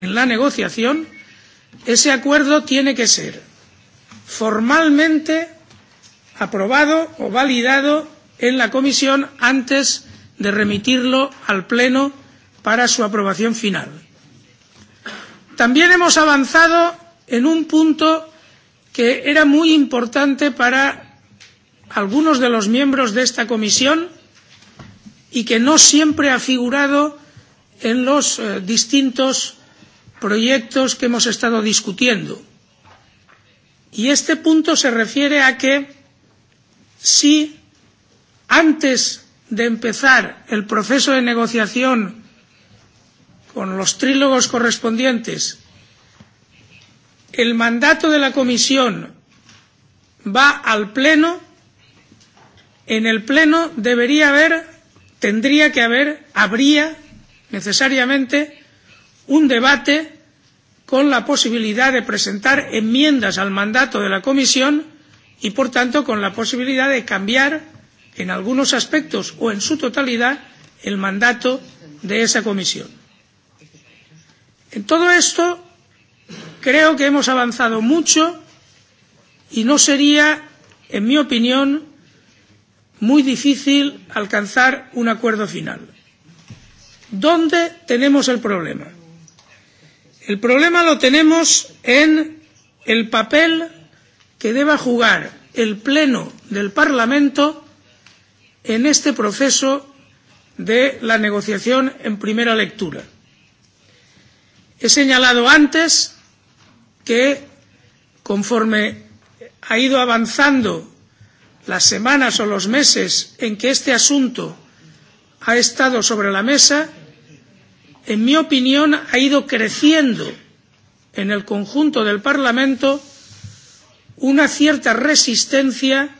en la negociación, ese acuerdo tiene que ser formalmente aprobado o validado en la comisión antes de remitirlo al pleno para su aprobación final. También hemos avanzado en un punto que era muy importante para algunos de los miembros de esta comisión y que no siempre ha figurado en los eh, distintos proyectos que hemos estado discutiendo. Y este punto se refiere a que si antes de empezar el proceso de negociación con los trílogos correspondientes, el mandato de la Comisión va al Pleno, en el Pleno debería haber, tendría que haber, habría necesariamente un debate con la posibilidad de presentar enmiendas al mandato de la comisión y por tanto con la posibilidad de cambiar en algunos aspectos o en su totalidad el mandato de esa comisión. En todo esto creo que hemos avanzado mucho y no sería, en mi opinión, muy difícil alcanzar un acuerdo final. ¿Dónde tenemos el problema? El problema lo tenemos en el papel que deba jugar el Pleno del Parlamento en este proceso de la negociación en primera lectura. He señalado antes que conforme ha ido avanzando las semanas o los meses en que este asunto ha estado sobre la mesa, en mi opinión, ha ido creciendo en el conjunto del Parlamento una cierta resistencia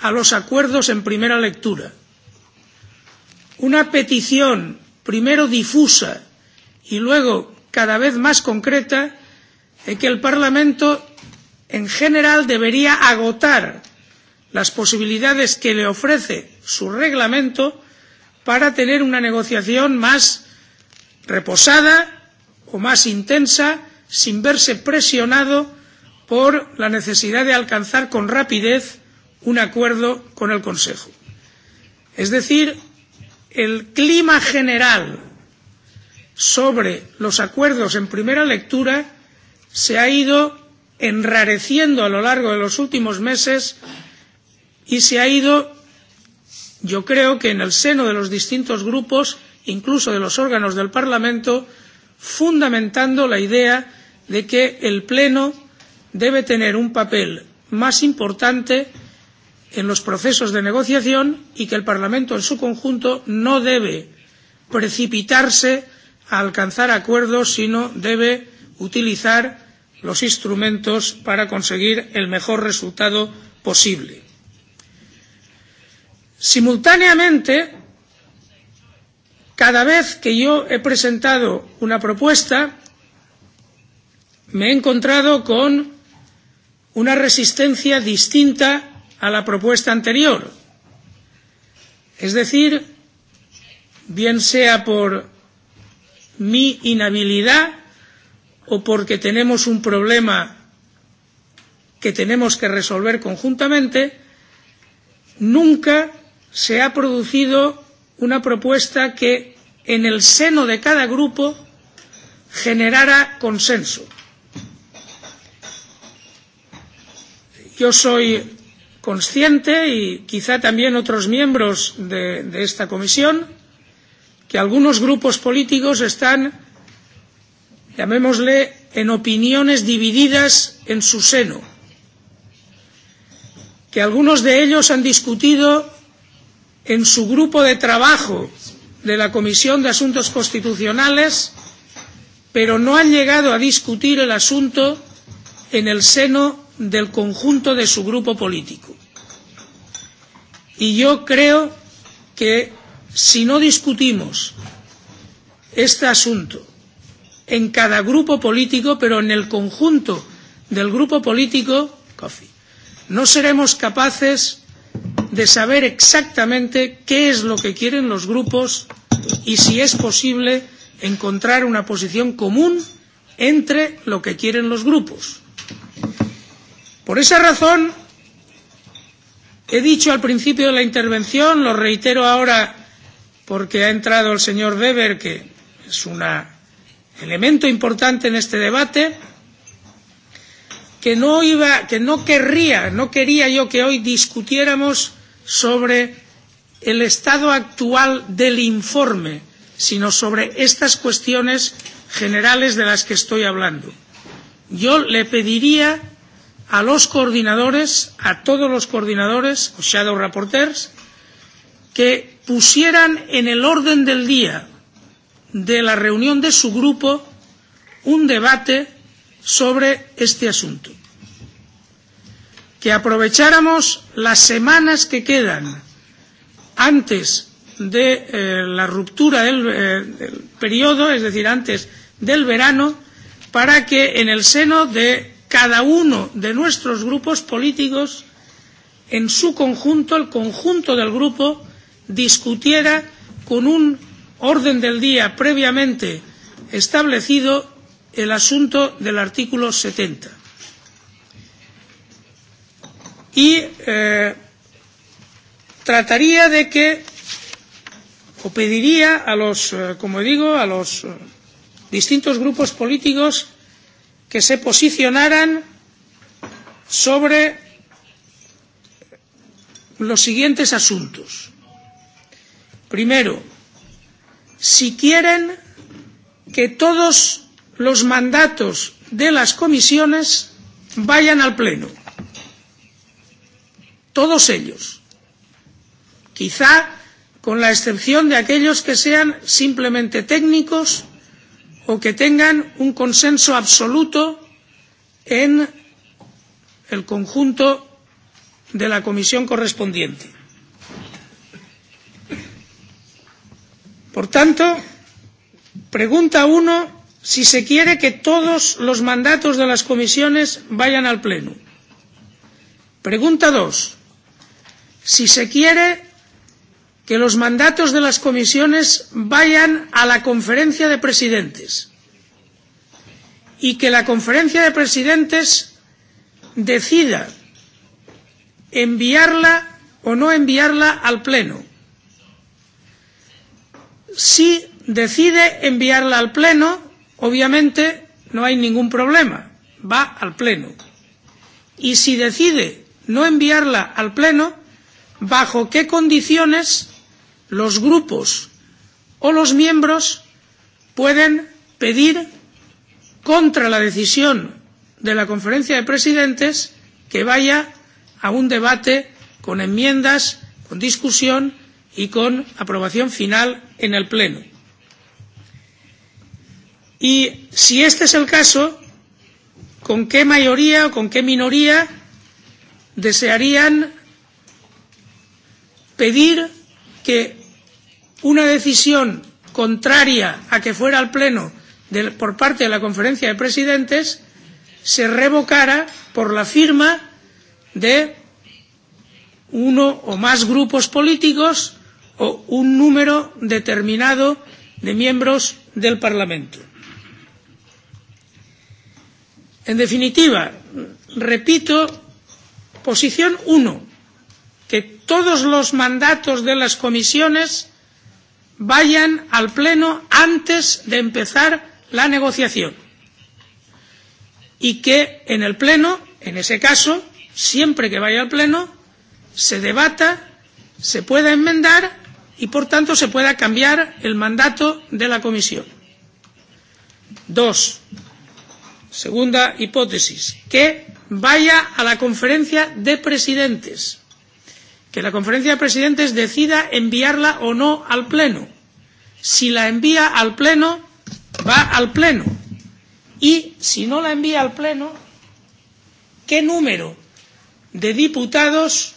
a los acuerdos en primera lectura. Una petición, primero difusa y luego cada vez más concreta, de que el Parlamento en general debería agotar las posibilidades que le ofrece su reglamento para tener una negociación más reposada o más intensa sin verse presionado por la necesidad de alcanzar con rapidez un acuerdo con el Consejo. Es decir, el clima general sobre los acuerdos en primera lectura se ha ido enrareciendo a lo largo de los últimos meses y se ha ido, yo creo que en el seno de los distintos grupos, incluso de los órganos del Parlamento, fundamentando la idea de que el Pleno debe tener un papel más importante en los procesos de negociación y que el Parlamento en su conjunto no debe precipitarse a alcanzar acuerdos, sino debe utilizar los instrumentos para conseguir el mejor resultado posible. Simultáneamente, Cada vez que yo he presentado una propuesta, me he encontrado con una resistencia distinta a la propuesta anterior. Es decir, bien sea por mi inhabilidad o porque tenemos un problema que tenemos que resolver conjuntamente, nunca se ha producido una propuesta que en el seno de cada grupo generara consenso. Yo soy consciente y quizá también otros miembros de, de esta comisión que algunos grupos políticos están, llamémosle, en opiniones divididas en su seno, que algunos de ellos han discutido en su grupo de trabajo de la Comisión de Asuntos Constitucionales, pero no han llegado a discutir el asunto en el seno del conjunto de su grupo político. Y yo creo que si no discutimos este asunto en cada grupo político, pero en el conjunto del grupo político, coffee, no seremos capaces de de saber exactamente qué es lo que quieren los grupos y si es posible encontrar una posición común entre lo que quieren los grupos. Por esa razón, he dicho al principio de la intervención, lo reitero ahora porque ha entrado el señor Weber, que es un elemento importante en este debate, que no, iba, que no querría, no quería yo que hoy discutiéramos sobre el estado actual del informe, sino sobre estas cuestiones generales de las que estoy hablando. Yo le pediría a los coordinadores, a todos los coordinadores, o shadow reporters, que pusieran en el orden del día de la reunión de su grupo un debate sobre este asunto que aprovecháramos las semanas que quedan antes de eh, la ruptura del, eh, del periodo, es decir, antes del verano, para que en el seno de cada uno de nuestros grupos políticos, en su conjunto, el conjunto del grupo, discutiera con un orden del día previamente establecido el asunto del artículo 70 y eh, trataría de que o pediría a los, eh, como digo, a los eh, distintos grupos políticos que se posicionaran sobre los siguientes asuntos. Primero, si quieren que todos los mandatos de las comisiones vayan al Pleno todos ellos quizá con la excepción de aquellos que sean simplemente técnicos o que tengan un consenso absoluto en el conjunto de la comisión correspondiente. Por tanto, pregunta uno si se quiere que todos los mandatos de las comisiones vayan al Pleno. Pregunta dos si se quiere que los mandatos de las comisiones vayan a la conferencia de presidentes y que la conferencia de presidentes decida enviarla o no enviarla al Pleno. Si decide enviarla al Pleno, obviamente no hay ningún problema, va al Pleno. Y si decide no enviarla al Pleno, bajo qué condiciones los grupos o los miembros pueden pedir contra la decisión de la conferencia de presidentes que vaya a un debate con enmiendas, con discusión y con aprobación final en el Pleno. Y si este es el caso, ¿con qué mayoría o con qué minoría desearían pedir que una decisión contraria a que fuera al Pleno de, por parte de la Conferencia de Presidentes se revocara por la firma de uno o más grupos políticos o un número determinado de miembros del Parlamento. En definitiva, repito, posición uno todos los mandatos de las comisiones vayan al Pleno antes de empezar la negociación y que en el Pleno, en ese caso, siempre que vaya al Pleno, se debata, se pueda enmendar y, por tanto, se pueda cambiar el mandato de la Comisión. Dos, segunda hipótesis, que vaya a la conferencia de presidentes que la conferencia de presidentes decida enviarla o no al Pleno. Si la envía al Pleno, va al Pleno. Y si no la envía al Pleno, ¿qué número de diputados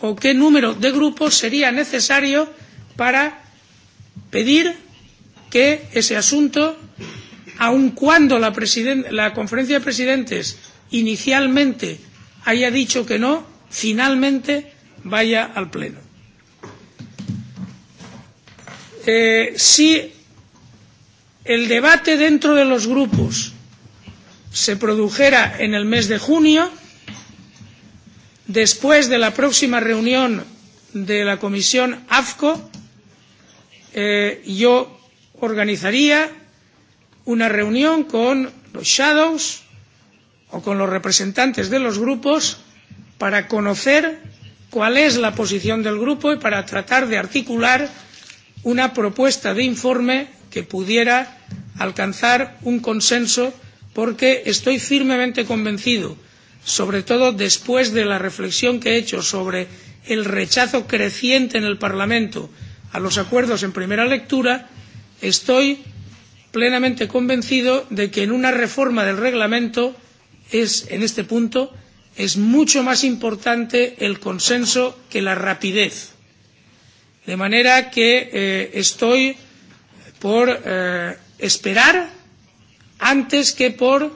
o qué número de grupos sería necesario para pedir que ese asunto, aun cuando la, la conferencia de presidentes inicialmente haya dicho que no, finalmente vaya al Pleno. Eh, si el debate dentro de los grupos se produjera en el mes de junio, después de la próxima reunión de la Comisión AFCO, eh, yo organizaría una reunión con los shadows o con los representantes de los grupos para conocer cuál es la posición del grupo y para tratar de articular una propuesta de informe que pudiera alcanzar un consenso porque estoy firmemente convencido sobre todo después de la reflexión que he hecho sobre el rechazo creciente en el parlamento a los acuerdos en primera lectura estoy plenamente convencido de que en una reforma del reglamento es en este punto es mucho más importante el consenso que la rapidez. De manera que eh, estoy por eh, esperar antes que por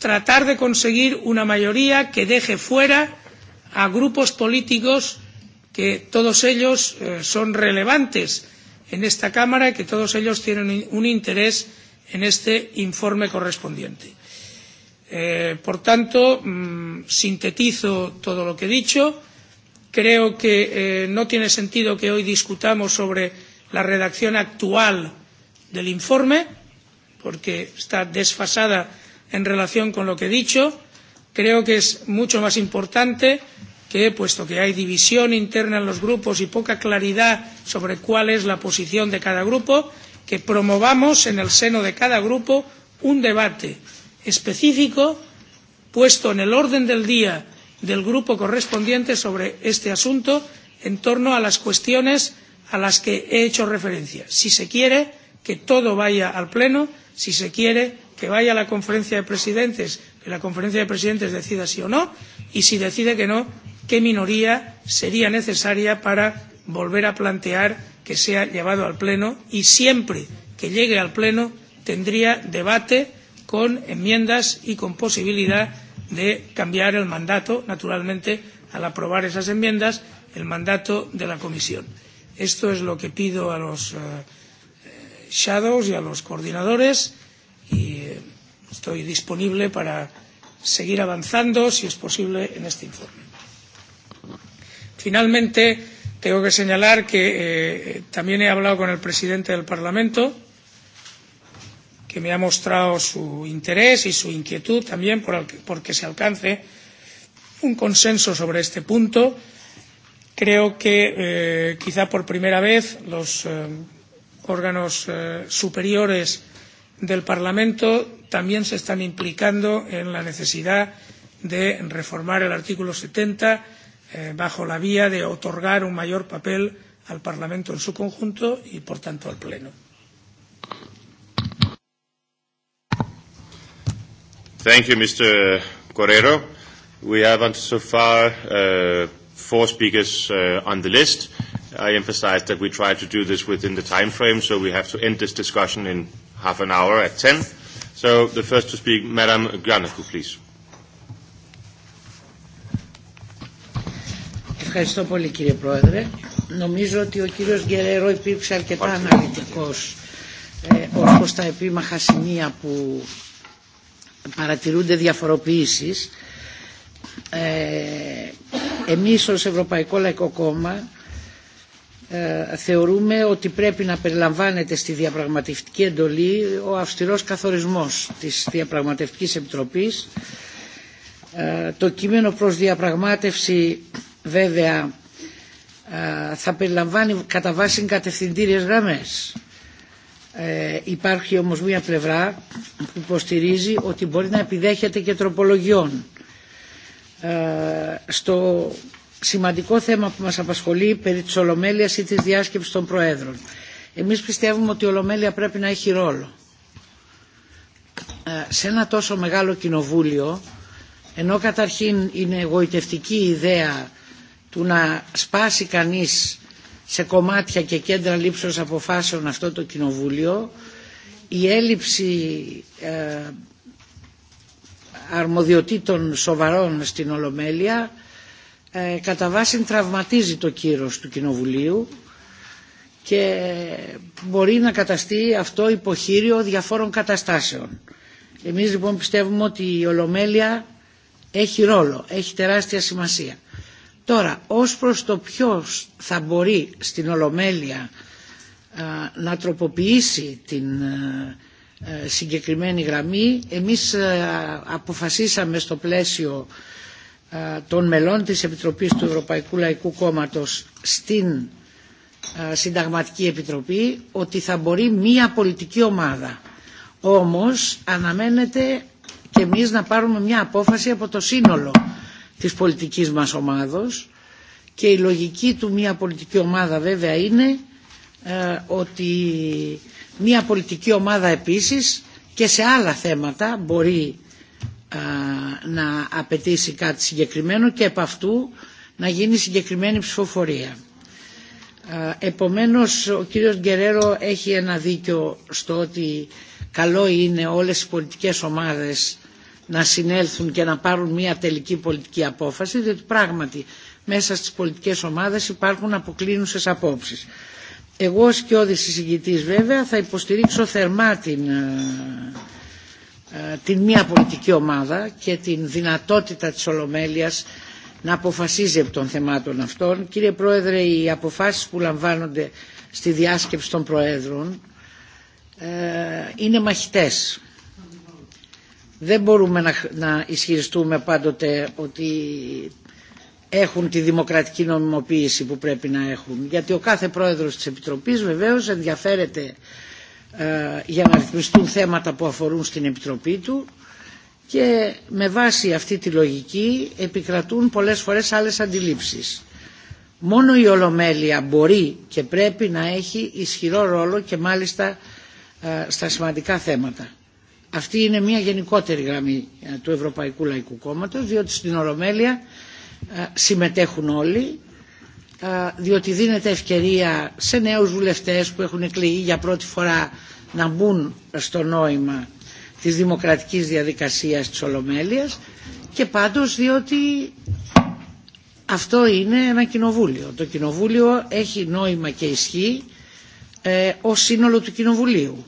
tratar de conseguir una mayoría que deje fuera a grupos políticos que todos ellos eh, son relevantes en esta Cámara y que todos ellos tienen un interés en este informe correspondiente. Eh, por tanto, mmm, sintetizo todo lo que he dicho. Creo que eh, no tiene sentido que hoy discutamos sobre la redacción actual del informe, porque está desfasada en relación con lo que he dicho. Creo que es mucho más importante que, puesto que hay división interna en los grupos y poca claridad sobre cuál es la posición de cada grupo, que promovamos en el seno de cada grupo un debate específico puesto en el orden del día del grupo correspondiente sobre este asunto en torno a las cuestiones a las que he hecho referencia si se quiere que todo vaya al pleno si se quiere que vaya a la conferencia de presidentes que la conferencia de presidentes decida sí o no y si decide que no qué minoría sería necesaria para volver a plantear que sea llevado al pleno y siempre que llegue al pleno tendría debate con enmiendas y con posibilidad de cambiar el mandato, naturalmente, al aprobar esas enmiendas, el mandato de la Comisión. Esto es lo que pido a los uh, shadows y a los coordinadores y eh, estoy disponible para seguir avanzando, si es posible, en este informe. Finalmente, tengo que señalar que eh, también he hablado con el presidente del Parlamento que me ha mostrado su interés y su inquietud también por, el, por que se alcance un consenso sobre este punto. Creo que eh, quizá por primera vez los eh, órganos eh, superiores del Parlamento también se están implicando en la necesidad de reformar el artículo 70 eh, bajo la vía de otorgar un mayor papel al Parlamento en su conjunto y, por tanto, al Pleno Thank you, Mr. Correro. We have until so far uh, four speakers uh, on the list. I emphasize that we try to do this within the time frame, so we have to end this discussion in half an hour at 10. So the first to speak, Madam Giannakou, please. Ευχαριστώ πολύ κύριε Πρόεδρε. Νομίζω ότι ο κύριος Γκερέρο υπήρξε αρκετά αναλυτικός ε, ως προς τα επίμαχα σημεία που παρατηρούνται διαφοροποιήσεις. Ε, εμείς ως Ευρωπαϊκό Λαϊκό Κόμμα ε, θεωρούμε ότι πρέπει να περιλαμβάνεται στη διαπραγματευτική εντολή ο αυστηρός καθορισμός της Διαπραγματευτικής Επιτροπής. Ε, το κείμενο προς διαπραγμάτευση βέβαια θα περιλαμβάνει κατά βάση κατευθυντήριες γραμμές Ε, υπάρχει όμως μια πλευρά που υποστηρίζει ότι μπορεί να επιδέχεται και τροπολογιών. Ε, στο σημαντικό θέμα που μας απασχολεί περί της Ολομέλειας ή της διάσκεψης των Προέδρων. Εμείς πιστεύουμε ότι η Ολομέλεια πρέπει να έχει ρόλο. Ε, σε ένα τόσο μεγάλο κοινοβούλιο, ενώ καταρχήν είναι εγωιτευτική η ιδέα του να σπάσει κανείς σε κομμάτια και κέντρα λήψεως αποφάσεων αυτό το κοινοβούλιο, η έλλειψη ε, αρμοδιοτήτων σοβαρών στην Ολομέλεια ε, κατά βάση τραυματίζει το κύρος του Κοινοβουλίου και μπορεί να καταστεί αυτό υποχείριο διαφόρων καταστάσεων. Εμείς λοιπόν πιστεύουμε ότι η Ολομέλεια έχει ρόλο, έχει τεράστια σημασία. Τώρα, ως προς το ποιος θα μπορεί στην Ολομέλεια α, να τροποποιήσει την α, συγκεκριμένη γραμμή, εμείς α, αποφασίσαμε στο πλαίσιο α, των μελών της Επιτροπής του Ευρωπαϊκού Λαϊκού Κόμματος στην α, Συνταγματική Επιτροπή ότι θα μπορεί μία πολιτική ομάδα. Όμως αναμένεται και εμείς να πάρουμε μια απόφαση από το σύνολο της πολιτικής μας ομάδος και η λογική του μια πολιτική ομάδα βέβαια είναι ε, ότι μια πολιτική ομάδα επίσης και σε άλλα θέματα μπορεί ε, να απαιτήσει κάτι συγκεκριμένο και επ' αυτού να γίνει συγκεκριμένη ψηφοφορία. Ε, επομένως ο κύριος Γκερέρο έχει ένα δίκιο στο ότι καλό είναι όλες οι πολιτικές ομάδες να συνέλθουν και να πάρουν μια τελική πολιτική απόφαση, διότι πράγματι μέσα στις πολιτικές ομάδες υπάρχουν αποκλίνουσες απόψεις. Εγώ ως κοιόδης συζητητής βέβαια θα υποστηρίξω θερμά την, την μία πολιτική ομάδα και την δυνατότητα της Ολομέλειας να αποφασίζει από των θεμάτων αυτών. Κύριε Πρόεδρε, οι αποφάσεις που λαμβάνονται στη διάσκεψη των Προέδρων ε, είναι μαχητές δεν μπορούμε να, να ισχυριστούμε πάντοτε ότι έχουν τη δημοκρατική νομιμοποίηση που πρέπει να έχουν. Γιατί ο κάθε πρόεδρος της Επιτροπής βεβαίως ενδιαφέρεται ε, για να ρυθμιστούν θέματα που αφορούν στην Επιτροπή του και με βάση αυτή τη λογική επικρατούν πολλές φορές άλλες αντιλήψεις. Μόνο η Ολομέλεια μπορεί και πρέπει να έχει ισχυρό ρόλο και μάλιστα ε, στα σημαντικά θέματα. Αυτή είναι μια γενικότερη γραμμή του Ευρωπαϊκού Λαϊκού Κόμματος, διότι στην Ολομέλεια συμμετέχουν όλοι, διότι δίνεται ευκαιρία σε νέους βουλευτές που έχουν εκλεγεί για πρώτη φορά να μπουν στο νόημα της δημοκρατικής διαδικασίας της Ολομέλειας και πάντως διότι αυτό είναι ένα κοινοβούλιο. Το κοινοβούλιο έχει νόημα και ισχύ ε, ως σύνολο του κοινοβουλίου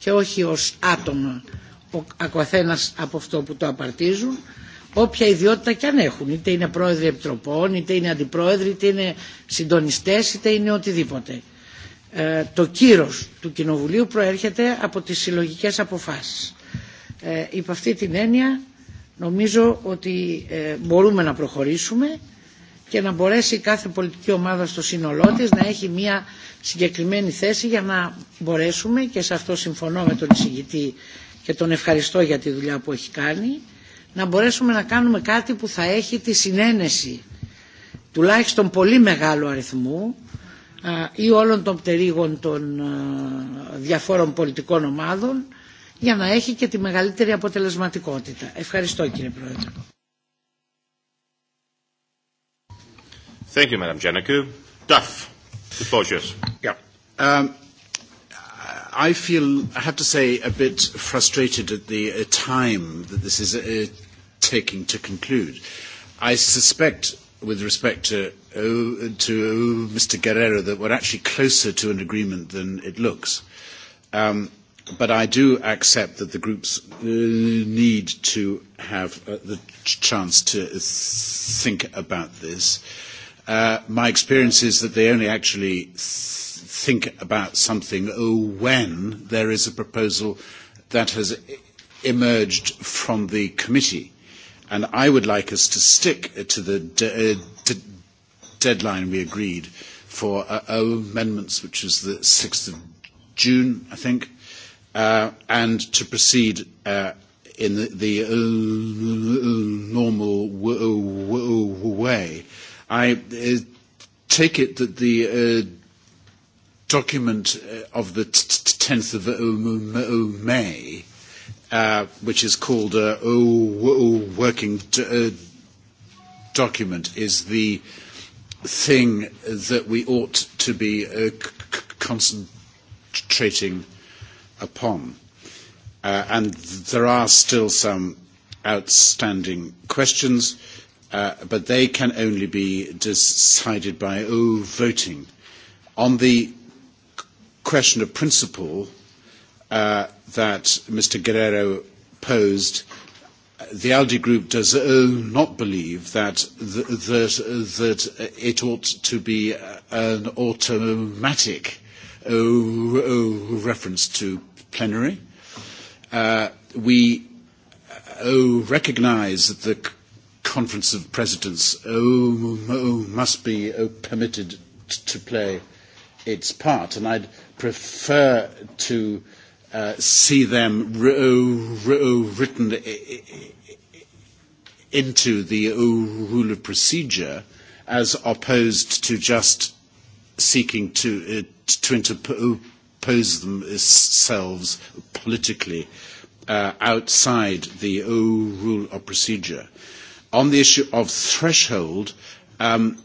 και όχι ως άτομα ο ακοθένας από αυτό που το απαρτίζουν, όποια ιδιότητα κι αν έχουν, είτε είναι πρόεδροι επιτροπών, είτε είναι αντιπρόεδροι, είτε είναι συντονιστές, είτε είναι οτιδήποτε. Ε, το κύρος του Κοινοβουλίου προέρχεται από τις συλλογικές αποφάσεις. Ε, υπ' αυτή την έννοια νομίζω ότι ε, μπορούμε να προχωρήσουμε και να μπορέσει κάθε πολιτική ομάδα στο σύνολό της να έχει μια συγκεκριμένη θέση για να μπορέσουμε και σε αυτό συμφωνώ με τον εισηγητή και τον ευχαριστώ για τη δουλειά που έχει κάνει να μπορέσουμε να κάνουμε κάτι που θα έχει τη συνένεση τουλάχιστον πολύ μεγάλου αριθμού ή όλων των πτερήγων των διαφόρων πολιτικών ομάδων για να έχει και τη μεγαλύτερη αποτελεσματικότητα. Ευχαριστώ κύριε Πρόεδρε. Thank you, Madam Janaku. Duff, the floor is yours. Yeah. Um, I feel, I have to say, a bit frustrated at the uh, time that this is uh, taking to conclude. I suspect, with respect to, uh, to oh, uh, Mr. Guerrero, that we're actually closer to an agreement than it looks. Um, but I do accept that the groups uh, need to have uh, the chance to uh, think about this. Uh, Uh, my experience is that they only actually th think about something when there is a proposal that has e-, emerged from the committee. And I would like us to stick to the de uh, de deadline we agreed for uh, amendments, which is the 6th of June, I think, uh, and to proceed uh, in the, the uh, normal way I uh, take it that the uh, document uh, of the t- 10th of uh, uh, May, uh, which is called a uh, oh, oh, working d- uh, document, is the thing that we ought to be uh, c- concentrating upon. Uh, and there are still some outstanding questions. Uh, but they can only be decided by oh, voting. On the question of principle uh, that Mr. Guerrero posed, the ALDE group does oh, not believe that, th that, that, it ought to be uh, an automatic oh, oh, reference to plenary. Uh, we uh, oh, recognise the Conference of Presidents oh, oh, must be oh, permitted to play its part, and I'd prefer to uh, see them oh, oh, written into the oh, rule of procedure as opposed to just seeking to, uh, to interpose themselves politically uh, outside the rule of procedure. Uh, On the issue of threshold, um,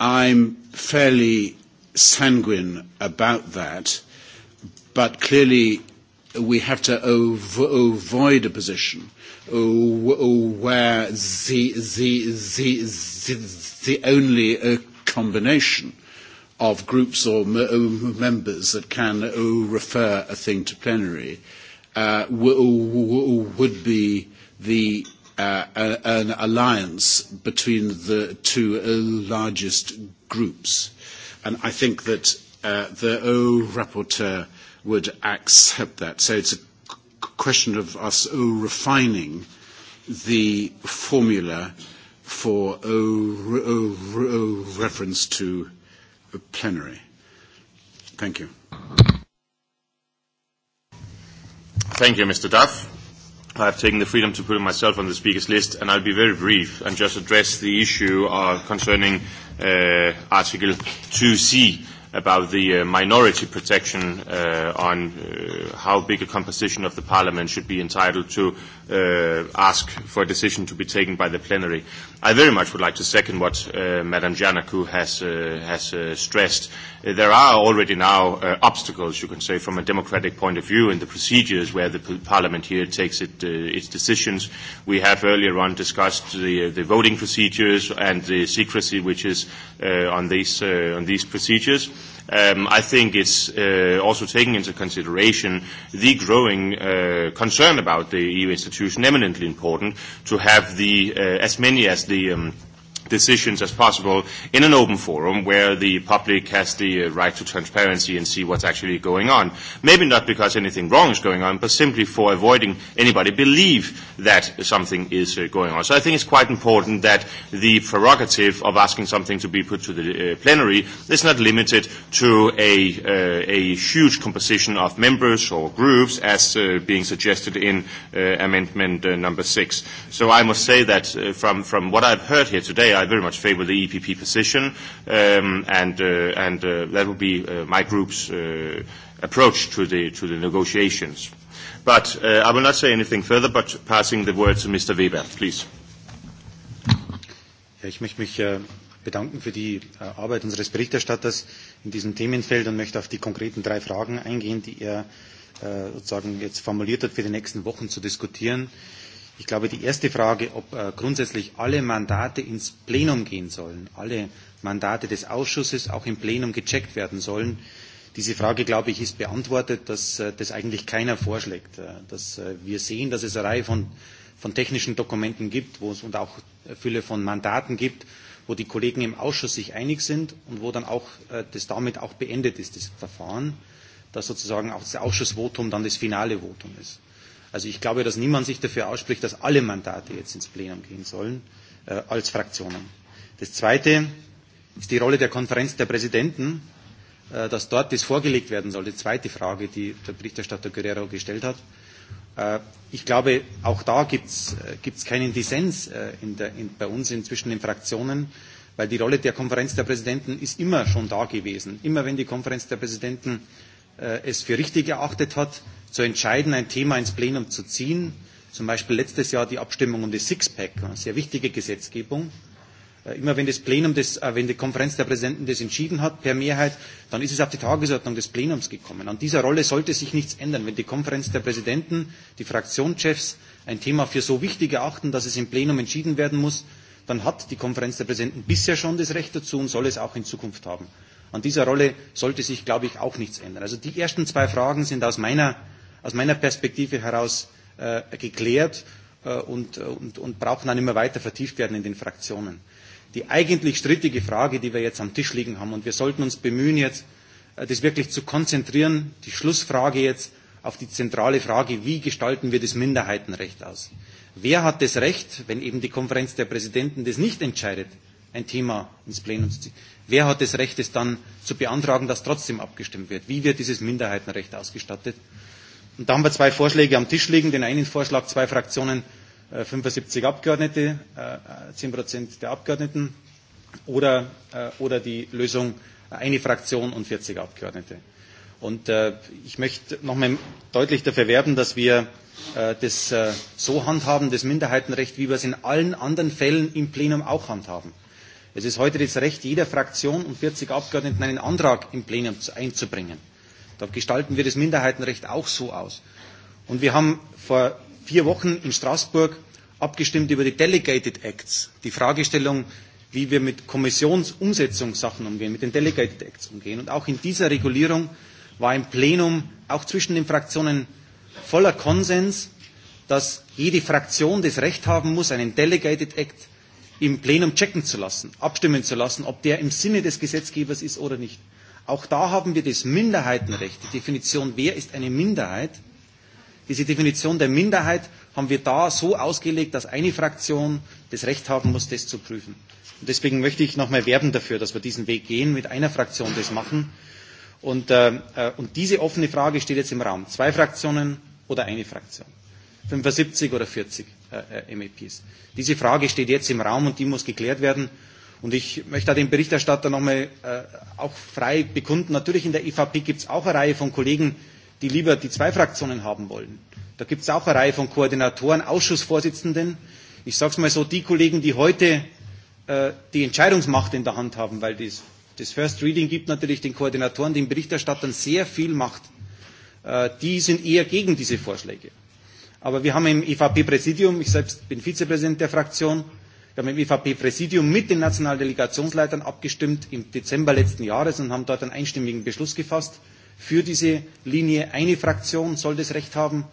I'm fairly sanguine about that, but clearly we have to avoid a position where the, the, the, the, only combination of groups or members that can refer a thing to plenary uh, would be the uh, an alliance between the two largest groups. And I think that uh, the O rapporteur would accept that. So it's a question of us refining the formula for o, o, o reference to plenary. Thank you. Thank you, Mr. Duff. I have taken the freedom to put myself on the speaker's list, and I'll be very brief and just address the issue uh, concerning uh, Article 2C about the uh, minority protection uh, on uh, how big a composition of the parliament should be entitled to uh, ask for a decision to be taken by the plenary. I very much would like to second what uh, Madam Janaku has, uh, has uh, stressed. Uh, there are already now uh, obstacles, you can say, from a democratic point of view in the procedures where the parliament here takes it, uh, its decisions. We have earlier on discussed the, uh, the voting procedures and the secrecy which is uh, on, these, uh, on these procedures um, I think it's uh, also taking into consideration the growing uh, concern about the EU institution eminently important to have the, uh, as many as the um, decisions as possible in an open forum where the public has the uh, right to transparency and see what's actually going on. Maybe not because anything wrong is going on, but simply for avoiding anybody believe that something is uh, going on. So I think it's quite important that the prerogative of asking something to be put to the uh, plenary is not limited to a, uh, a huge composition of members or groups as uh, being suggested in uh, amendment uh, number six. So I must say that uh, from, from what I've heard here today, I very much favor the EPP position, um, and, uh, and uh, that will be uh, my group's uh, approach to the, to the negotiations. But uh, I will not say anything further, but passing the word to Mr. Weber, please. Ja, ich möchte mich äh, bedanken für die äh, Arbeit unseres Berichterstatters in diesem Themenfeld und möchte auf die konkreten drei Fragen eingehen, die er äh, sozusagen jetzt formuliert hat, für die nächsten Wochen zu diskutieren. Äh, Ich glaube, die erste Frage, ob äh, grundsätzlich alle Mandate ins Plenum gehen sollen, alle Mandate des Ausschusses auch im Plenum gecheckt werden sollen, diese Frage, glaube ich, ist beantwortet, dass äh, das eigentlich keiner vorschlägt. Äh, dass äh, wir sehen, dass es eine Reihe von, von technischen Dokumenten gibt wo es, und auch Fülle von Mandaten gibt, wo die Kollegen im Ausschuss sich einig sind und wo dann auch äh, das damit auch beendet ist, das Verfahren, dass sozusagen auch das Ausschussvotum dann das finale Votum ist. Also ich glaube, dass niemand sich dafür ausspricht, dass alle Mandate jetzt ins Plenum gehen sollen äh, als Fraktionen. Das Zweite ist die Rolle der Konferenz der Präsidenten, äh, dass dort das vorgelegt werden soll. Die zweite Frage, die der Berichterstatter Guerrero gestellt hat. Äh, ich glaube, auch da gibt es äh, keinen Dissens äh, in der, in, bei uns zwischen den Fraktionen weil die Rolle der Konferenz der Präsidenten ist immer schon da gewesen. Immer wenn die Konferenz der Präsidenten äh, es für richtig erachtet hat, zu entscheiden, ein Thema ins Plenum zu ziehen. Zum Beispiel letztes Jahr die Abstimmung um das Sixpack, eine sehr wichtige Gesetzgebung. Äh, immer wenn das Plenum, das, äh, wenn die Konferenz der Präsidenten das entschieden hat per Mehrheit, dann ist es auf die Tagesordnung des Plenums gekommen. An dieser Rolle sollte sich nichts ändern. Wenn die Konferenz der Präsidenten, die Fraktionschefs ein Thema für so wichtig erachten, dass es im Plenum entschieden werden muss, dann hat die Konferenz der Präsidenten bisher schon das Recht dazu und soll es auch in Zukunft haben. An dieser Rolle sollte sich, glaube ich, auch nichts ändern. Also die ersten zwei Fragen sind aus meiner aus meiner Perspektive heraus äh, geklärt äh, und, äh, und, und brauchen dann immer weiter vertieft werden in den Fraktionen. Die eigentlich strittige Frage, die wir jetzt am Tisch liegen haben, und wir sollten uns bemühen, jetzt äh, das wirklich zu konzentrieren, die Schlussfrage jetzt auf die zentrale Frage, wie gestalten wir das Minderheitenrecht aus? Wer hat das Recht, wenn eben die Konferenz der Präsidenten das nicht entscheidet, ein Thema ins Plenum zu ziehen? Wer hat das Recht, es dann zu beantragen, dass trotzdem abgestimmt wird? Wie wird dieses Minderheitenrecht ausgestattet? Und da haben wir zwei Vorschläge am Tisch liegen. Den einen Vorschlag, zwei Fraktionen, 75 äh, Abgeordnete, 10 äh, Prozent der Abgeordneten oder, äh, oder die Lösung eine Fraktion und 40 Abgeordnete. Und äh, ich möchte nochmal deutlich dafür werben, dass wir äh, das äh, so handhaben, das Minderheitenrecht, wie wir es in allen anderen Fällen im Plenum auch handhaben. Es ist heute das Recht jeder Fraktion und 40 Abgeordneten, einen Antrag im Plenum einzubringen. Da gestalten wir das Minderheitenrecht auch so aus. Und wir haben vor vier Wochen in Straßburg abgestimmt über die Delegated Acts, die Fragestellung, wie wir mit Kommissionsumsetzungssachen umgehen, mit den Delegated Acts umgehen. Und auch in dieser Regulierung war im Plenum auch zwischen den Fraktionen voller Konsens, dass jede Fraktion das Recht haben muss, einen Delegated Act im Plenum checken zu lassen, abstimmen zu lassen, ob der im Sinne des Gesetzgebers ist oder nicht. Auch da haben wir das Minderheitenrecht, die Definition, wer ist eine Minderheit. Diese Definition der Minderheit haben wir da so ausgelegt, dass eine Fraktion das Recht haben muss, das zu prüfen. Und deswegen möchte ich nochmal werben dafür, dass wir diesen Weg gehen, mit einer Fraktion das machen. Und, äh, äh und diese offene Frage steht jetzt im Raum. Zwei Fraktionen oder eine Fraktion? 75 oder 40 äh, äh MEPs? Diese Frage steht jetzt im Raum und die muss geklärt werden. Und ich möchte den Berichterstatter nochmal äh, auch frei bekunden. Natürlich in der EVP gibt es auch eine Reihe von Kollegen, die lieber die zwei Fraktionen haben wollen. Da gibt es auch eine Reihe von Koordinatoren, Ausschussvorsitzenden. Ich sage es mal so, die Kollegen, die heute äh, die Entscheidungsmacht in der Hand haben, weil das, das First Reading gibt natürlich den Koordinatoren, den Berichterstattern sehr viel Macht. Äh, die sind eher gegen diese Vorschläge. Aber wir haben im EVP-Präsidium, ich selbst bin Vizepräsident der Fraktion, äh, Wir haben im EVP-Präsidium mit den nationalen Delegationsleitern abgestimmt im Dezember letzten Jahres und haben dort einen einstimmigen Beschluss gefasst für diese Linie. Eine Fraktion soll das Recht haben.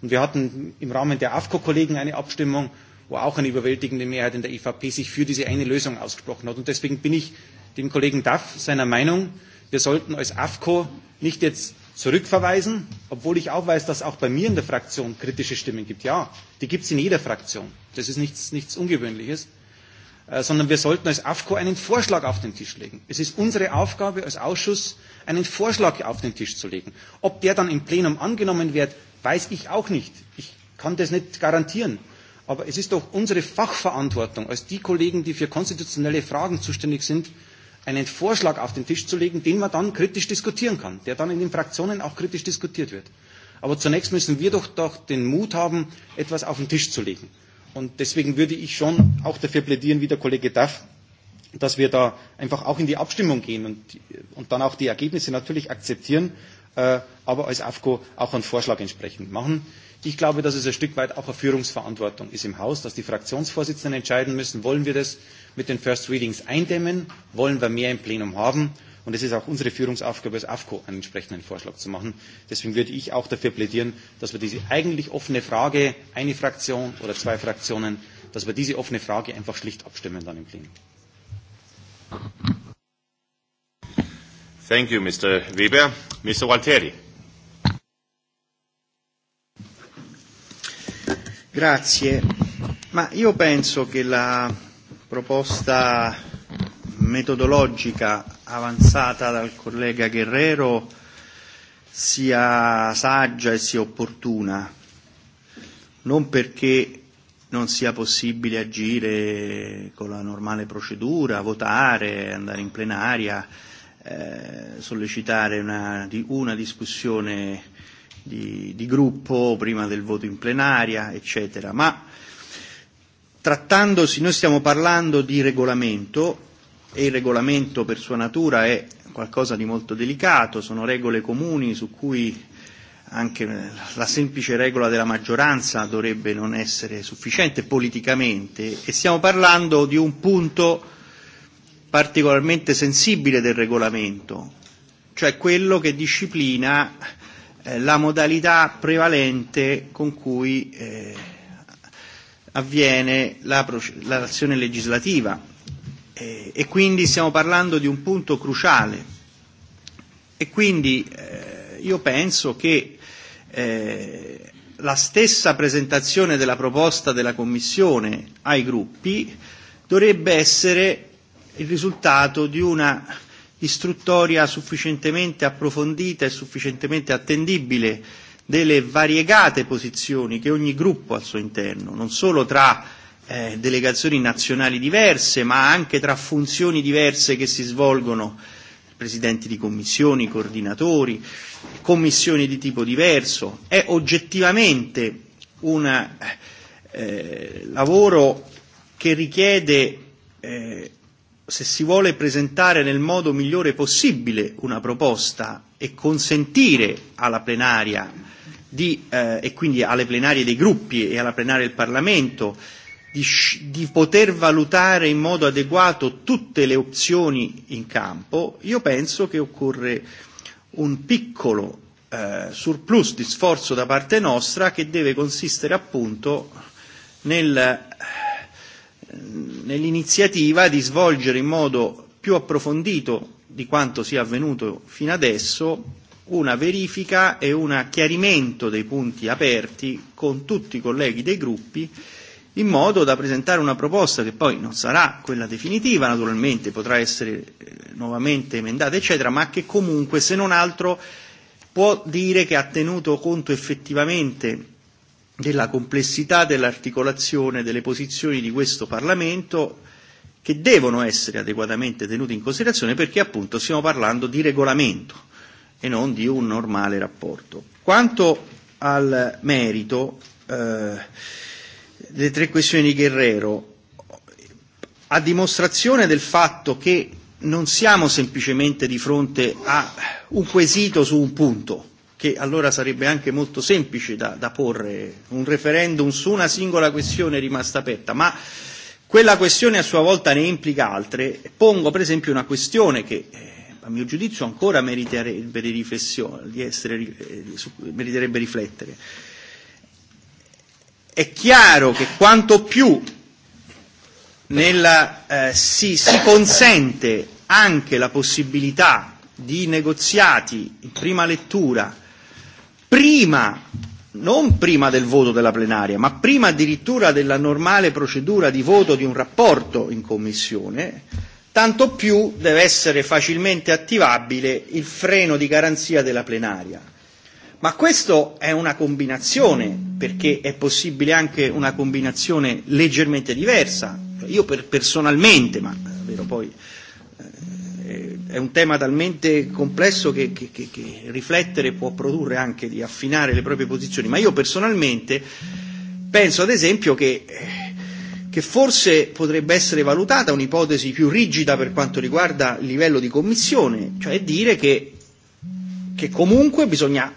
Und wir hatten im Rahmen der AFCO-Kollegen eine Abstimmung, wo auch eine überwältigende Mehrheit in der EVP sich für diese eine Lösung ausgesprochen hat. Und deswegen bin ich dem Kollegen Duff seiner Meinung, wir sollten als AFCO nicht jetzt zurückverweisen, obwohl ich auch weiß, dass auch bei mir in der Fraktion kritische Stimmen gibt. Ja, die gibt es in jeder Fraktion. Das ist nichts, nichts Ungewöhnliches. Äh, sondern wir sollten als AFCO einen Vorschlag auf den Tisch legen. Es ist unsere Aufgabe als Ausschuss, einen Vorschlag auf den Tisch zu legen. Ob der dann im Plenum angenommen wird, weiß ich auch nicht. Ich kann das nicht garantieren. Aber es ist doch unsere Fachverantwortung als die Kollegen, die für konstitutionelle Fragen zuständig sind, einen Vorschlag auf den Tisch zu legen, den man dann kritisch diskutieren kann, der dann in den Fraktionen auch kritisch diskutiert wird. Aber zunächst müssen wir doch, doch den Mut haben, etwas auf den Tisch zu legen. Und deswegen würde ich schon auch dafür plädieren, wie der Kollege Duff, dass wir da einfach auch in die Abstimmung gehen und, und dann auch die Ergebnisse natürlich akzeptieren, äh, aber als AFCO auch einen Vorschlag entsprechend machen. Ich glaube, dass es ein Stück weit auch eine Führungsverantwortung ist im Haus, dass die Fraktionsvorsitzenden entscheiden müssen, wollen wir das, mit den First Readings eindämmen, wollen wir mehr im Plenum haben. Und es ist auch unsere Führungsaufgabe als AFCO, einen entsprechenden Vorschlag zu machen. Deswegen würde ich auch dafür plädieren, dass wir diese eigentlich offene Frage, eine Fraktion oder zwei Fraktionen, dass wir diese offene Frage einfach schlicht abstimmen dann im Plenum. Thank you, Mr. Weber. Mr. Walteri. Grazie. Ma io penso che la proposta metodologica avanzata dal collega Guerrero sia saggia e sia opportuna, non perché non sia possibile agire con la normale procedura, votare, andare in plenaria, eh, sollecitare una, una discussione di, di gruppo prima del voto in plenaria, eccetera, ma eh, trattandosi, noi stiamo parlando di regolamento e il regolamento per sua natura è qualcosa di molto delicato, sono regole comuni su cui anche la semplice regola della maggioranza dovrebbe non essere sufficiente politicamente e stiamo parlando di un punto particolarmente sensibile del regolamento, cioè quello che disciplina eh, la modalità prevalente con cui eh, avviene la, l'azione legislativa eh, e quindi stiamo parlando di un punto cruciale e quindi eh, io penso che eh, la stessa presentazione della proposta della Commissione ai gruppi dovrebbe essere il risultato di una istruttoria sufficientemente approfondita e sufficientemente attendibile eh, delle variegate posizioni che ogni gruppo ha al suo interno, non solo tra eh, delegazioni nazionali diverse, ma anche tra funzioni diverse che si svolgono presidenti di commissioni, coordinatori, commissioni di tipo diverso, è oggettivamente un eh, lavoro che richiede, eh, se si vuole presentare nel modo migliore possibile una proposta e consentire alla plenaria di, eh, e quindi alle plenarie dei gruppi e alla plenaria del Parlamento di, di poter valutare in modo adeguato tutte le opzioni in campo, io penso che occorre un piccolo eh, surplus di sforzo da parte nostra che deve consistere appunto nel, eh, nell'iniziativa di svolgere in modo più approfondito di quanto sia avvenuto fino adesso una verifica e un chiarimento dei punti aperti con tutti i colleghi dei gruppi in modo da presentare una proposta che poi non sarà quella definitiva, naturalmente potrà essere eh, nuovamente emendata, eccetera, ma che comunque, se non altro, può dire che ha tenuto conto effettivamente della complessità dell'articolazione delle posizioni di questo Parlamento che devono essere adeguatamente tenute in considerazione perché appunto stiamo parlando di regolamento e non di un normale rapporto. Quanto al merito, eh, delle tre questioni di Guerrero, a dimostrazione del fatto che non siamo semplicemente di fronte a un quesito su un punto, che allora sarebbe anche molto semplice da, da porre, un referendum su una singola questione rimasta aperta, ma quella questione a sua volta ne implica altre. Pongo per esempio una questione che eh, a mio giudizio ancora meriterebbe di riflessione, di essere, eh, meriterebbe riflettere. È chiaro che quanto più nella, eh, si, si consente anche la possibilità di negoziati in prima lettura, prima, non prima del voto della plenaria, ma prima addirittura della normale procedura di voto di un rapporto in Commissione, tanto più deve essere facilmente attivabile il freno di garanzia della plenaria. Ma questo è una combinazione, perché è possibile anche una combinazione leggermente diversa. Io per, personalmente, ma vero poi eh, è un tema talmente complesso che, che, che, che riflettere può produrre anche di affinare le proprie posizioni, ma io personalmente penso ad esempio che eh, che forse potrebbe essere valutata un'ipotesi più rigida per quanto riguarda il livello di commissione, cioè dire che, che comunque bisogna,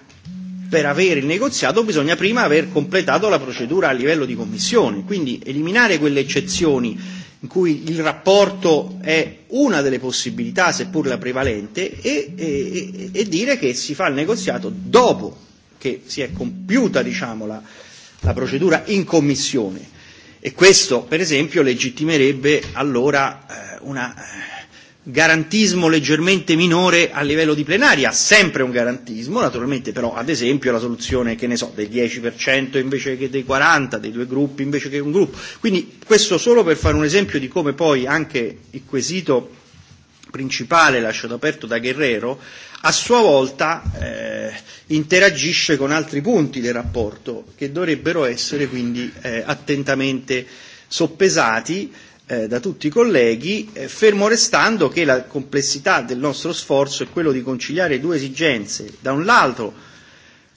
per avere il negoziato bisogna prima aver completato la procedura a livello di commissione, quindi eliminare quelle eccezioni in cui il rapporto è una delle possibilità, seppur la prevalente, e, e, e, e dire che si fa il negoziato dopo che si è compiuta diciamo, la, la procedura in commissione. E questo, per esempio, legittimerebbe allora eh, un eh, garantismo leggermente minore a livello di plenaria, sempre un garantismo, naturalmente però ad esempio la soluzione che ne so, del 10% invece che dei 40, dei due gruppi invece che un gruppo. Quindi questo solo per fare un esempio di come poi anche il quesito principale lasciato aperto da Guerrero, a sua volta eh, interagisce con altri punti del rapporto che dovrebbero essere quindi eh, attentamente soppesati eh, da tutti i colleghi, eh, fermo restando che la complessità del nostro sforzo è quello di conciliare due esigenze. Da un lato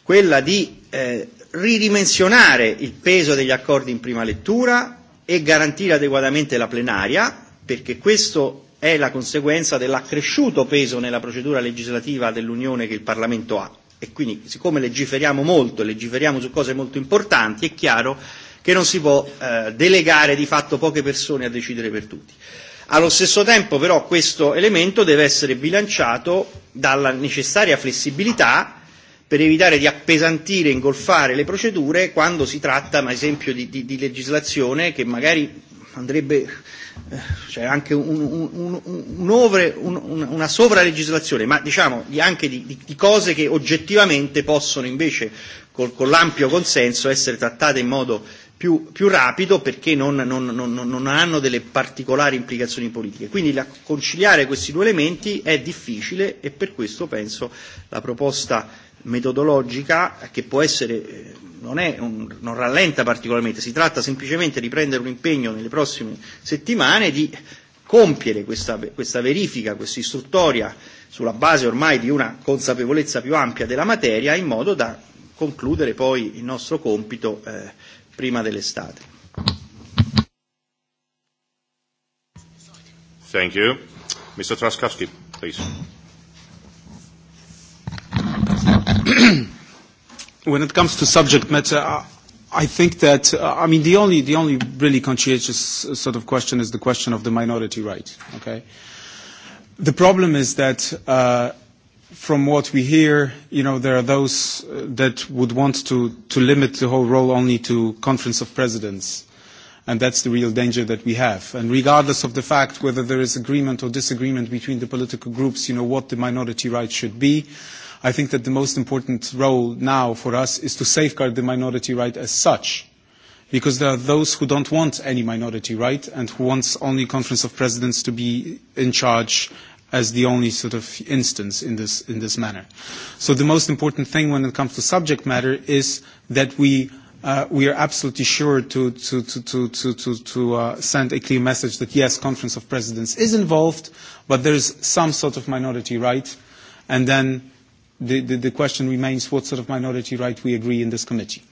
quella di eh, ridimensionare il peso degli accordi in prima lettura e garantire adeguatamente la plenaria, perché questo è la conseguenza dell'accresciuto peso nella procedura legislativa dell'Unione che il Parlamento ha. E quindi, siccome legiferiamo molto e legiferiamo su cose molto importanti, è chiaro che non si può eh, delegare di fatto poche persone a decidere per tutti. Allo stesso tempo però questo elemento deve essere bilanciato dalla necessaria flessibilità per evitare di appesantire e ingolfare le procedure quando si tratta, ad esempio, di, di, di legislazione che magari andrebbe Eh, c'è anche un, un, un, un over, un, una sovralegislazione, ma diciamo anche di, di, di cose che oggettivamente possono invece col, con l'ampio consenso essere trattate in modo più, più rapido perché non, non, non, non hanno delle particolari implicazioni politiche. Quindi la, conciliare questi due elementi è difficile e per questo penso la proposta metodologica che può essere, eh, non, è un, non rallenta particolarmente, si tratta semplicemente di prendere un impegno nelle prossime settimane di compiere questa, questa verifica, questa istruttoria sulla base ormai di una consapevolezza più ampia della materia in modo da concludere poi il nostro compito eh, prima dell'estate. Thank you. Mr. Traskowski, please. when it comes to subject matter, I, think that uh, I mean the only the only really conscientious uh, sort of question is the question of the minority right. Okay, the problem is that. Uh, from what we hear, you know, there are those uh, that would want to, to limit the whole role only to conference of presidents. And that's the real danger that we have. And regardless of the fact whether there is agreement or disagreement between the political groups, you know, what the minority right should be, uh, I think that the most important role now for us is to safeguard the minority right as such, because there are those who don't want any minority right and who wants only Conference of Presidents to be in charge as the only sort of instance in this, in this manner. So the most important thing when it comes to subject matter is that we uh, we are absolutely sure to, to, to, to, to, to uh, send a clear message that yes, Conference of Presidents is involved, but there is some sort of minority right, and then the, the, the question remains what sort of minority right we agree in this committee.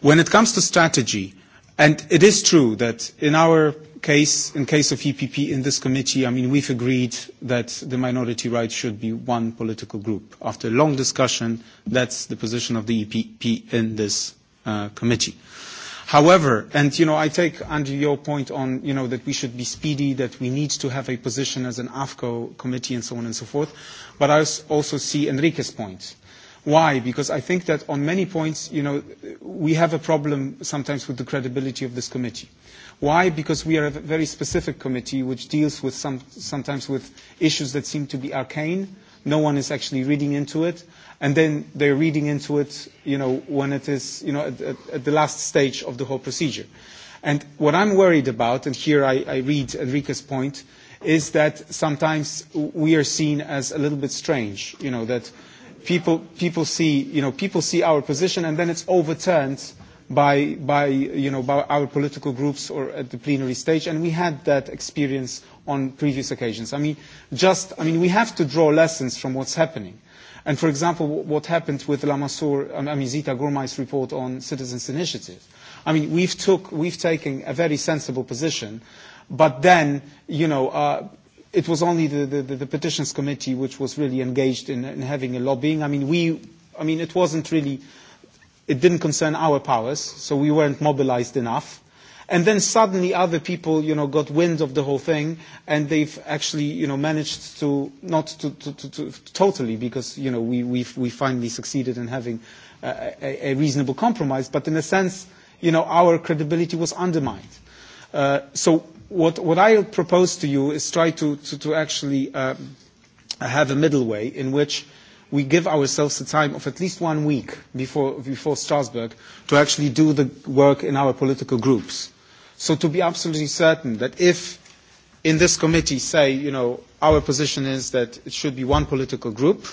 When it comes to strategy, and it is true that in our case, in case of EPP in this committee, I mean, we've agreed that the minority right should be one political group. After long discussion, that's the position of the EPP in this uh, committee. However, and you know, I take Andrew your point on you know that we should be speedy, that we need to have a position as an AFCO committee and so on and so forth. But I also see Enrique's point. Why? Because I think that on many points, you know, we have a problem sometimes with the credibility of this committee. Why? Because we are a very specific committee which deals with some, sometimes with issues that seem to be arcane. No one is actually reading into it and then they're reading into it, you know, when it is, you know, at, at, at the last stage of the whole procedure. And what I'm worried about, and here I, I read Enrique's point, is that sometimes we are seen as a little bit strange, you know, that people, people see, you know, people see our position and then it's overturned by, by, you know, by our political groups or at the plenary stage, and we had that experience on previous occasions. I mean, just, I mean, we have to draw lessons from what's happening. And for example, what happened with Lamassoure, um, I mean, Zita Gourmay's report on citizens' initiative. I mean, we've, took, we've taken a very sensible position, but then, you know, uh, it was only the, the, the petitions committee which was really engaged in, in having a lobbying. I mean, we, I mean, it wasn't really, it didn't concern our powers, so we weren't mobilized enough. And then suddenly other people, you know, got wind of the whole thing and they've actually, you know, managed to, not to, to, to, to totally, because, you know, we, we've, we finally succeeded in having a, a reasonable compromise, but in a sense, you know, our credibility was undermined. Uh, so what, what I propose to you is try to, to, to actually uh, have a middle way in which we give ourselves a time of at least one week before, before Strasbourg to actually do the work in our political groups. So to be absolutely certain that if in this committee say, you know, our position is that it should be one political group,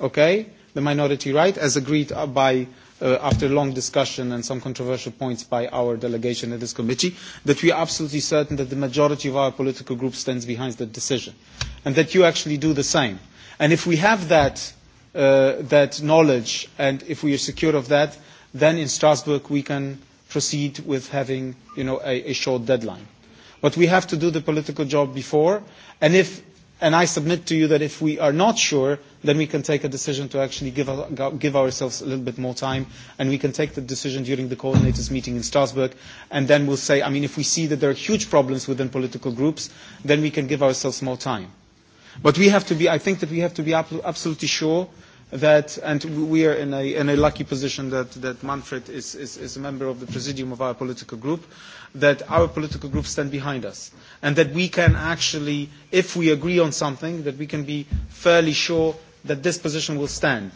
okay, the minority right, as agreed by, uh, after long discussion and some controversial points by our delegation at this committee, that we are absolutely certain that the majority of our political group stands behind the decision, and that you actually do the same. And if we have that, uh, that knowledge, and if we are secure of that, then in Strasbourg we can proceed with having you know, a, a short deadline. But we have to do the political job before, and if and I submit to you that if we are not sure, then we can take a decision to actually give, give ourselves a little bit more time, and we can take the decision during the coordinators' meeting in Strasbourg, and then we'll say, I mean, if we see that there are huge problems within political groups, then we can give ourselves more time. But we have to be, I think that we have to be absolutely sure that, and we are in a, in a lucky position that, that Manfred is, is, is a member of the presidium of our political group, that our political group stand behind us, and that we can actually, if we agree on something, that we can be fairly sure that this position will stand.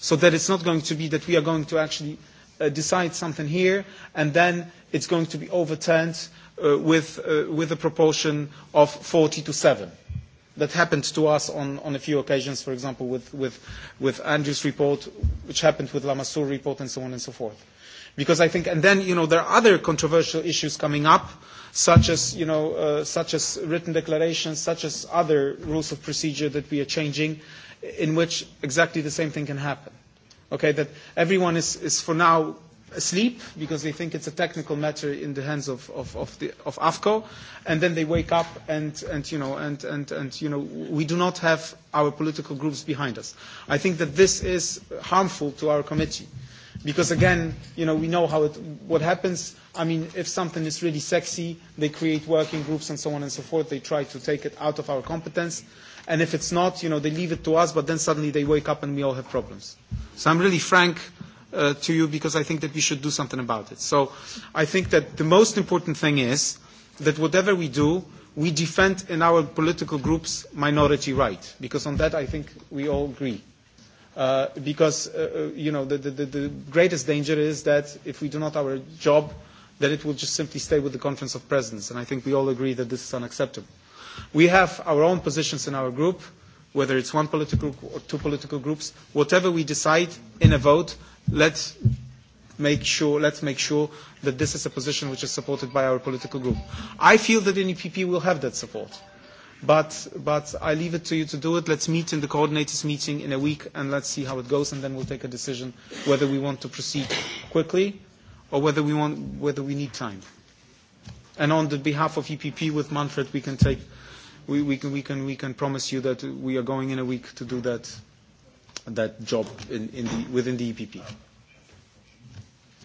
So that it's not going to be that we are going to actually uh, decide something here, and then it's going to be overturned uh, with, uh, with a proportion of 40 to 7 that happened to us on, on a few occasions, for example, with, with, with Andrew's report, which happened with Lamassoure report, and so on and so forth. Because I think, and then, you know, there are other controversial issues coming up, such as, you know, uh, such as written declarations, such as other rules of procedure that we are changing, in which exactly the same thing can happen. Okay, that everyone is, is for now asleep because they think it's a technical matter in the hands of, of, of, the, of AFCO, and then they wake up and, and, you know, and, and, and you know, we do not have our political groups behind us. I think that this is harmful to our committee because again, you know, we know how it, what happens. I mean, if something is really sexy, they create working groups and so on and so forth. They try to take it out of our competence. And if it's not, you know, they leave it to us, but then suddenly they wake up and we all have problems. So I'm really frank uh, to you because I think that we should do something about it. So I think that the most important thing is that whatever we do, we defend in our political groups minority right, because on that I think we all agree. Uh, because, uh, uh you know, the, the, the greatest danger is that if we do not our job, that it will just simply stay with the Conference of Presidents. And I think we all agree that this is unacceptable. We have our own positions in our group. Uh, whether it's one political group or two political groups, whatever we decide in a vote, let's make sure, let's make sure that this is a position which is supported by our political group. I feel that the EPP will have that support. But, but I leave it to you to do it. Let's meet in the coordinators meeting in a week and let's see how it goes and then we'll take a decision whether we want to proceed quickly or whether we, want, whether we need time. And on the behalf of EPP with Manfred, we can take we, we, can, we, can, we can promise you that we are going in a week to do that, that job in, in the, within the EPP.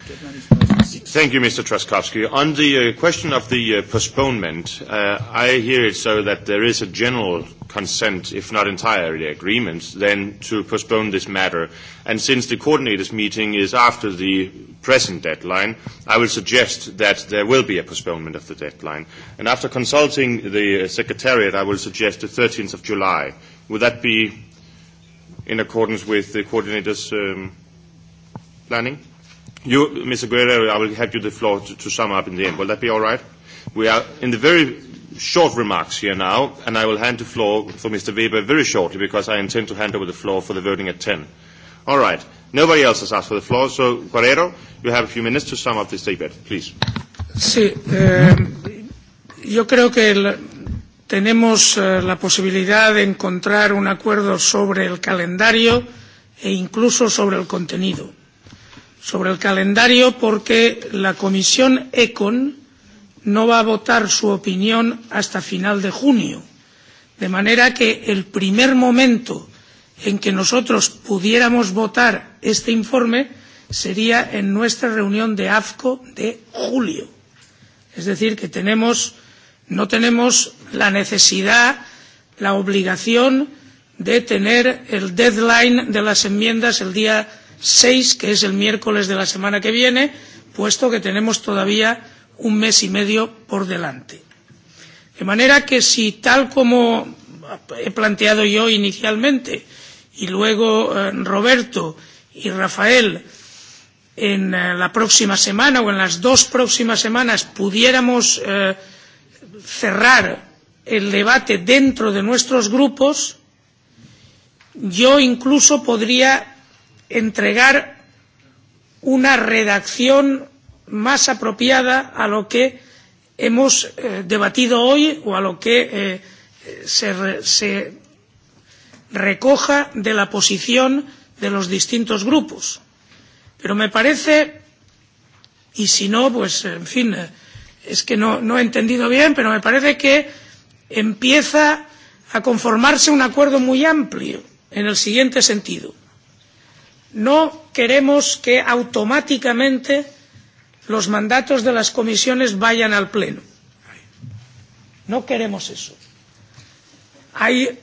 Thank you, Mr. Truskowski. On the uh, question of the uh, postponement, uh, I hear it so that there is a general consent, if not entirely agreement, then to postpone this matter. And since the coordinators' meeting is after the present deadline, I will suggest that there will be a postponement of the deadline. And after consulting the uh, Secretariat, I will suggest the 13th of July. Would that be in accordance with the coordinators' um, planning? You, Mr. Guerrero, I will have you the floor to, to sum up in the end. Will that be all right? We are in the very short remarks here now, and I will hand the floor for Mr. Weber very shortly because I intend to hand over the floor for the voting at 10. All right. Nobody else has asked for the floor, so Guerrero, you have a few minutes to sum up this debate, please. Sí, eh, yo creo que el, tenemos eh, la posibilidad de encontrar un acuerdo sobre el calendario e incluso sobre el contenido sobre el calendario porque la comisión econ no va a votar su opinión hasta final de junio de manera que el primer momento en que nosotros pudiéramos votar este informe sería en nuestra reunión de afco de julio es decir que tenemos, no tenemos la necesidad la obligación de tener el deadline de las enmiendas el día seis que es el miércoles de la semana que viene puesto que tenemos todavía un mes y medio por delante. de manera que si tal como he planteado yo inicialmente y luego eh, roberto y rafael en eh, la próxima semana o en las dos próximas semanas pudiéramos eh, cerrar el debate dentro de nuestros grupos yo incluso podría entregar una redacción más apropiada a lo que hemos eh, debatido hoy o a lo que eh, se, re, se recoja de la posición de los distintos grupos. Pero me parece, y si no, pues en fin, eh, es que no, no he entendido bien, pero me parece que empieza a conformarse un acuerdo muy amplio en el siguiente sentido no queremos que automáticamente los mandatos de las comisiones vayan al pleno. No queremos eso. Hay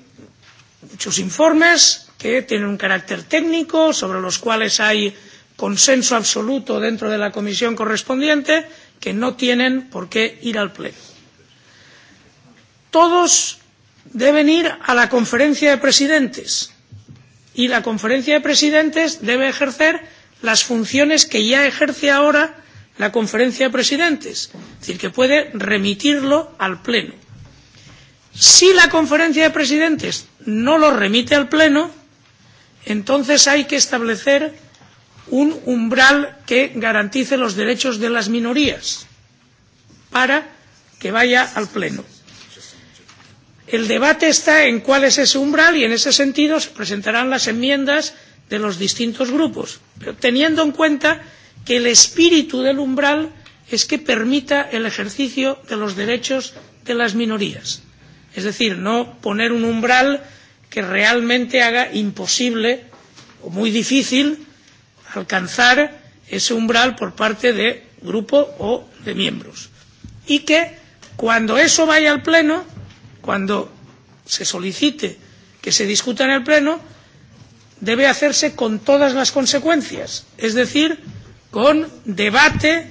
muchos informes que tienen un carácter técnico, sobre los cuales hay consenso absoluto dentro de la comisión correspondiente, que no tienen por qué ir al pleno. Todos deben ir a la conferencia de presidentes y la conferencia de presidentes debe ejercer las funciones que ya ejerce ahora la conferencia de presidentes es decir que puede remitirlo al pleno. si la conferencia de presidentes no lo remite al pleno entonces hay que establecer un umbral que garantice los derechos de las minorías para que vaya al pleno el debate está en cuál es ese umbral y en ese sentido se presentarán las enmiendas de los distintos grupos pero teniendo en cuenta que el espíritu del umbral es que permita el ejercicio de los derechos de las minorías es decir no poner un umbral que realmente haga imposible o muy difícil alcanzar ese umbral por parte de grupo o de miembros y que cuando eso vaya al pleno cuando se solicite que se discuta en el pleno debe hacerse con todas las consecuencias es decir con debate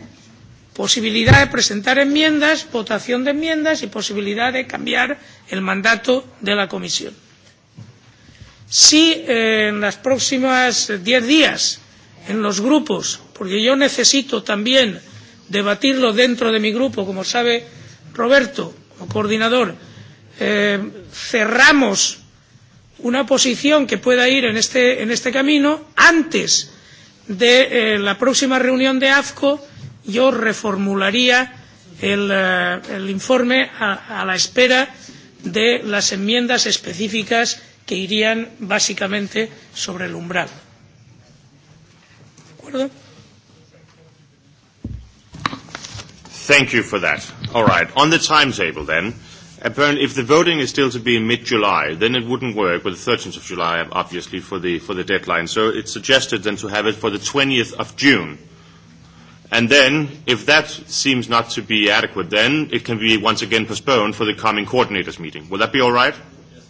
posibilidad de presentar enmiendas votación de enmiendas y posibilidad de cambiar el mandato de la comisión. si eh, en los próximos diez días en los grupos porque yo necesito también debatirlo dentro de mi grupo como sabe roberto como coordinador Eh, cerramos una posición que pueda ir en este, en este camino antes de eh, la próxima reunión de AFCO yo reformularía el, eh, el informe a, a la espera de las enmiendas específicas que irían básicamente sobre el umbral. ¿De acuerdo? Thank you for that. All right. On the timetable then apparently, if the voting is still to be in mid-July, then it wouldn't work with the 13th of July, obviously, for the, for the deadline. So it's suggested then to have it for the 20th of June. And then, if that seems not to be adequate, then it can be once again postponed for the coming coordinators meeting. Will that be all right? Yes.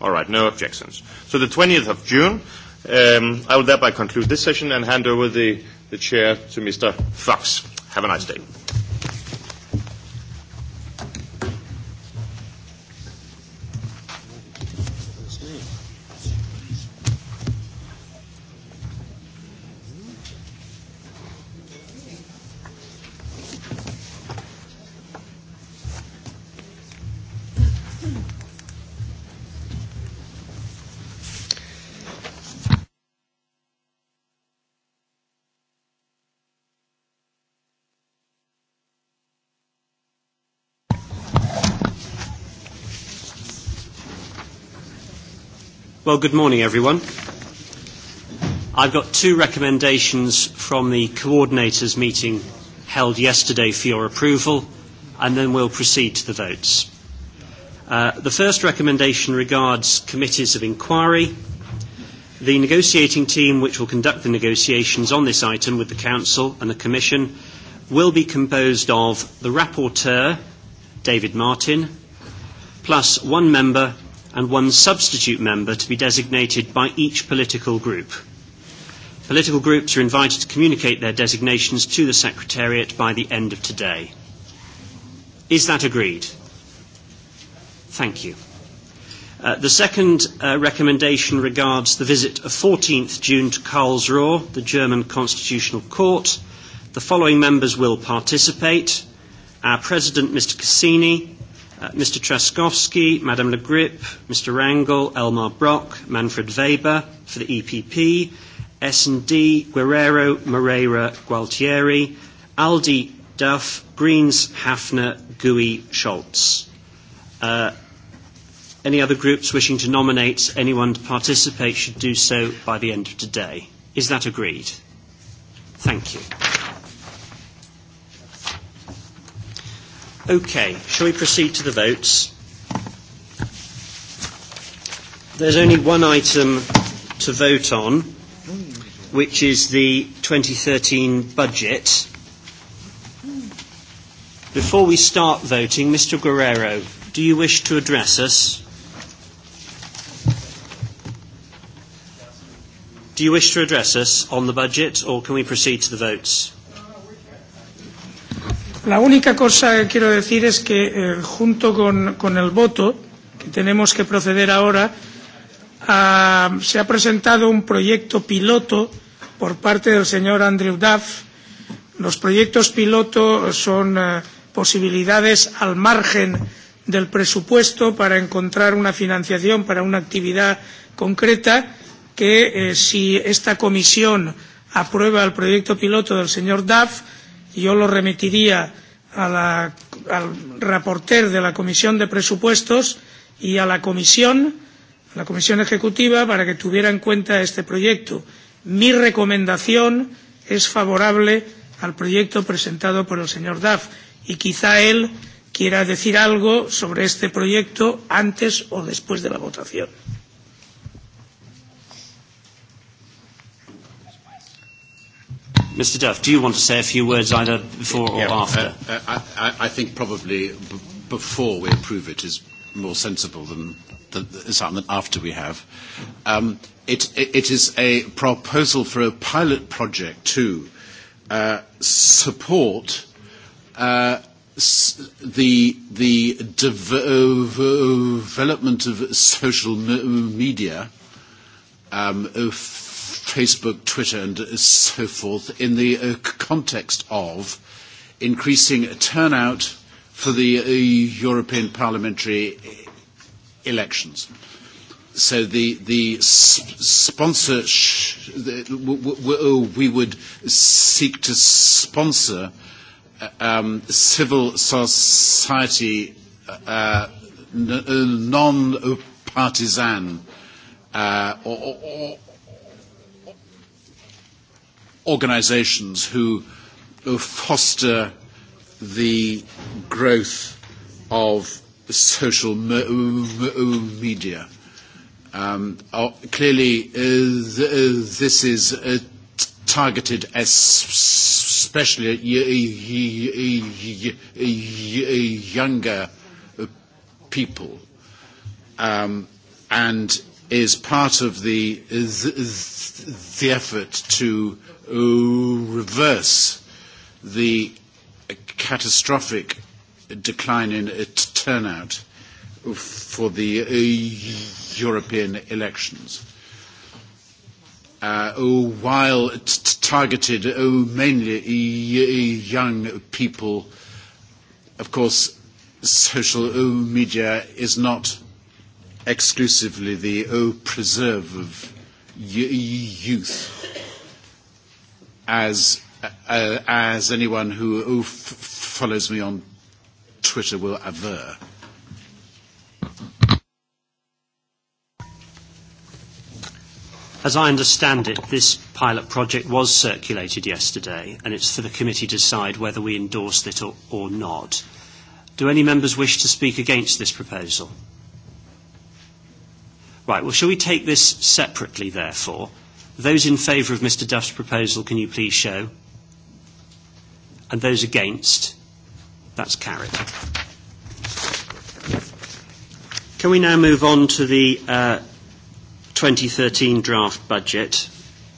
All right, no objections. So the 20th of June, um, I will thereby conclude this session and hand over the, the chair to Mr. Fox. Have a nice day. Well, good morning, everyone. I've got two recommendations from the coordinators meeting held yesterday for your approval, and then we'll proceed to the votes. Uh, the first recommendation regards committees of inquiry. The negotiating team, which will conduct the negotiations on this item with the Council and the Commission, will be composed of the rapporteur, David Martin, plus one member and one substitute member to be designated by each political group. Political groups are invited to communicate their designations to the Secretariat by the end of today. Is that agreed? Thank you. Uh, the second uh, recommendation regards the visit of 14th June to Karlsruhe, the German Constitutional Court. The following members will participate. Our President, Mr. Cassini, Uh, Mr. Traskowski, Madame Le Grip, Mr. Rangel, Elmar Brock, Manfred Weber for the EPP, S&D, Guerrero, Moreira, Gualtieri, Aldi, Duff, Greens, Hafner, Gui, Schultz. Uh, any other groups wishing to nominate anyone to participate should do so by the end of today. Is that agreed? Thank you. Okay, shall we proceed to the votes? There's only one item to vote on, which is the 2013 budget. Before we start voting, Mr. Guerrero, do you wish to address us? Do you wish to address us on the budget, or can we proceed to the votes? La única cosa que quiero decir es que, eh, junto con, con el voto que tenemos que proceder ahora, a, ah, se ha presentado un proyecto piloto por parte del señor Andrew Duff. Los proyectos piloto son eh, posibilidades al margen del presupuesto para encontrar una financiación para una actividad concreta que, eh, si esta comisión aprueba el proyecto piloto del señor Duff, yo lo remitiría a la, al reporter de la Comisión de Presupuestos y a la Comisión, a la Comisión Ejecutiva, para que tuviera en cuenta este proyecto. Mi recomendación es favorable al proyecto presentado por el señor Duff y quizá él quiera decir algo sobre este proyecto antes o después de la votación. Mr. Duff, do you want to say a few words either before or yeah, uh, after? Uh, uh, I, I think probably b- before we approve it is more sensible than something after we have. Um, it, it, it is a proposal for a pilot project to uh, support uh, the the development of social media um, of Facebook, Twitter, and so forth in the uh, context of increasing turnout for the uh, European parliamentary uh, elections. So the, the sp- sponsor, sh- the, w- w- w- oh, we would seek to sponsor uh, um, civil society, uh, n- uh, non-partisan uh, or, organisations who, foster the growth of social media. Um, oh, clearly, uh, th uh, this is uh, targeted especially at younger uh, people um, and is part of the, uh, the effort to reverse the catastrophic decline in turnout for the uh, European elections. Uh, while targeted uh, mainly uh, young people, of course, social uh, media is not exclusively the preserve of youth as uh, as anyone who, who f- follows me on Twitter will aver. As I understand it, this pilot project was circulated yesterday, and it's for the committee to decide whether we endorsed it or, or not. Do any members wish to speak against this proposal? Right, well, shall we take this separately, therefore? Those in favour of Mr Duff's proposal, can you please show? And those against? That's carried. Can we now move on to the uh, 2013 draft budget?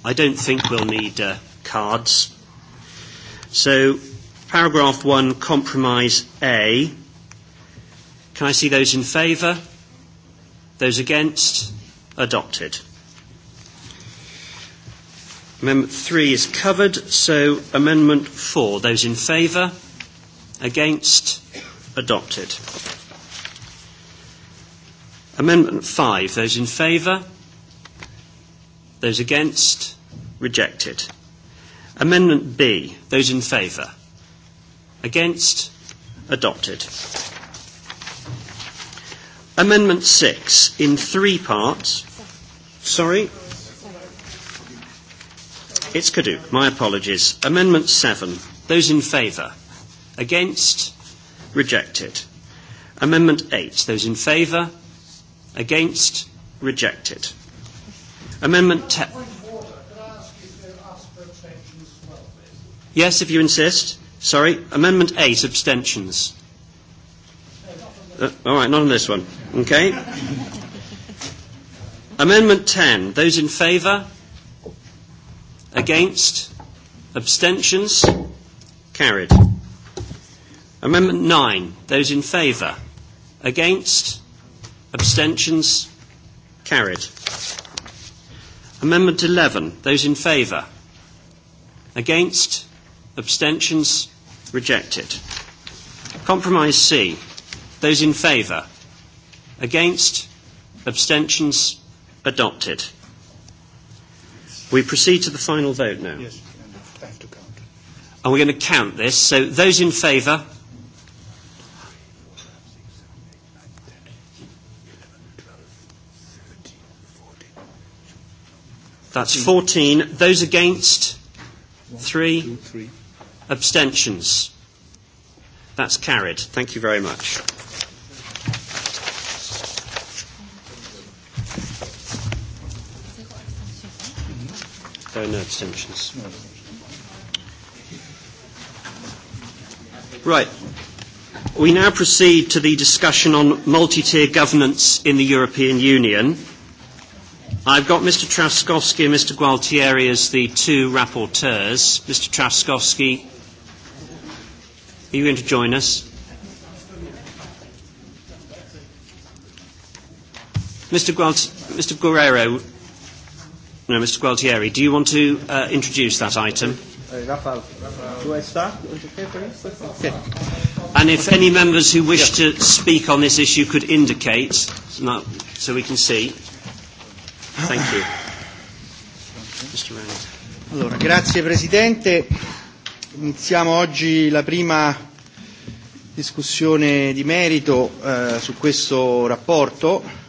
I don't think we'll need uh, cards. So, paragraph one, compromise A. Can I see those in favour? Those against? Adopted. Amendment 3 is covered, so Amendment 4. Those in favour? Against? Adopted. Amendment 5. Those in favour? Those against? Rejected. Amendment B. Those in favour? Against? Adopted. Amendment 6 in three parts. Sorry? It's Caduc. My apologies. Amendment 7. Those in favour? Against? Rejected. Amendment 8. Those in favour? Against? Rejected. Amendment 10. Yes, if you insist. Sorry. Amendment 8. Abstentions. Uh, all right, not on this one. Okay. Amendment 10. Those in favour? Against? Abstentions? Carried. Amendment 9. Those in favour? Against? Abstentions? Carried. Amendment 11. Those in favour? Against? Abstentions? Rejected. Compromise C. Those in favour? Against? Abstentions? Adopted. We proceed to the final vote now. Yes, I have to count. And we're going to count this. So those in favour. That's 14. Those against? Three. Two, three. Abstentions. That's carried. Thank you very much. There no abstentions. Right. We now proceed to the discussion on multi-tier governance in the European Union. I've got Mr. Traskowski and Mr. Gualtieri as the two rapporteurs. Mr. Traskowski, are you going to join us? Mr. Gualt- Mr. Guerrero, No, Mr. Gualtieri, do you want to uh, introduce that item? Eh, Rafael, do I start? Okay. And if any members who wish yes. to speak on this issue could indicate, so we can see. Thank you. Mr. Rand. Allora, grazie Presidente. Iniziamo oggi la prima discussione di merito eh, su questo rapporto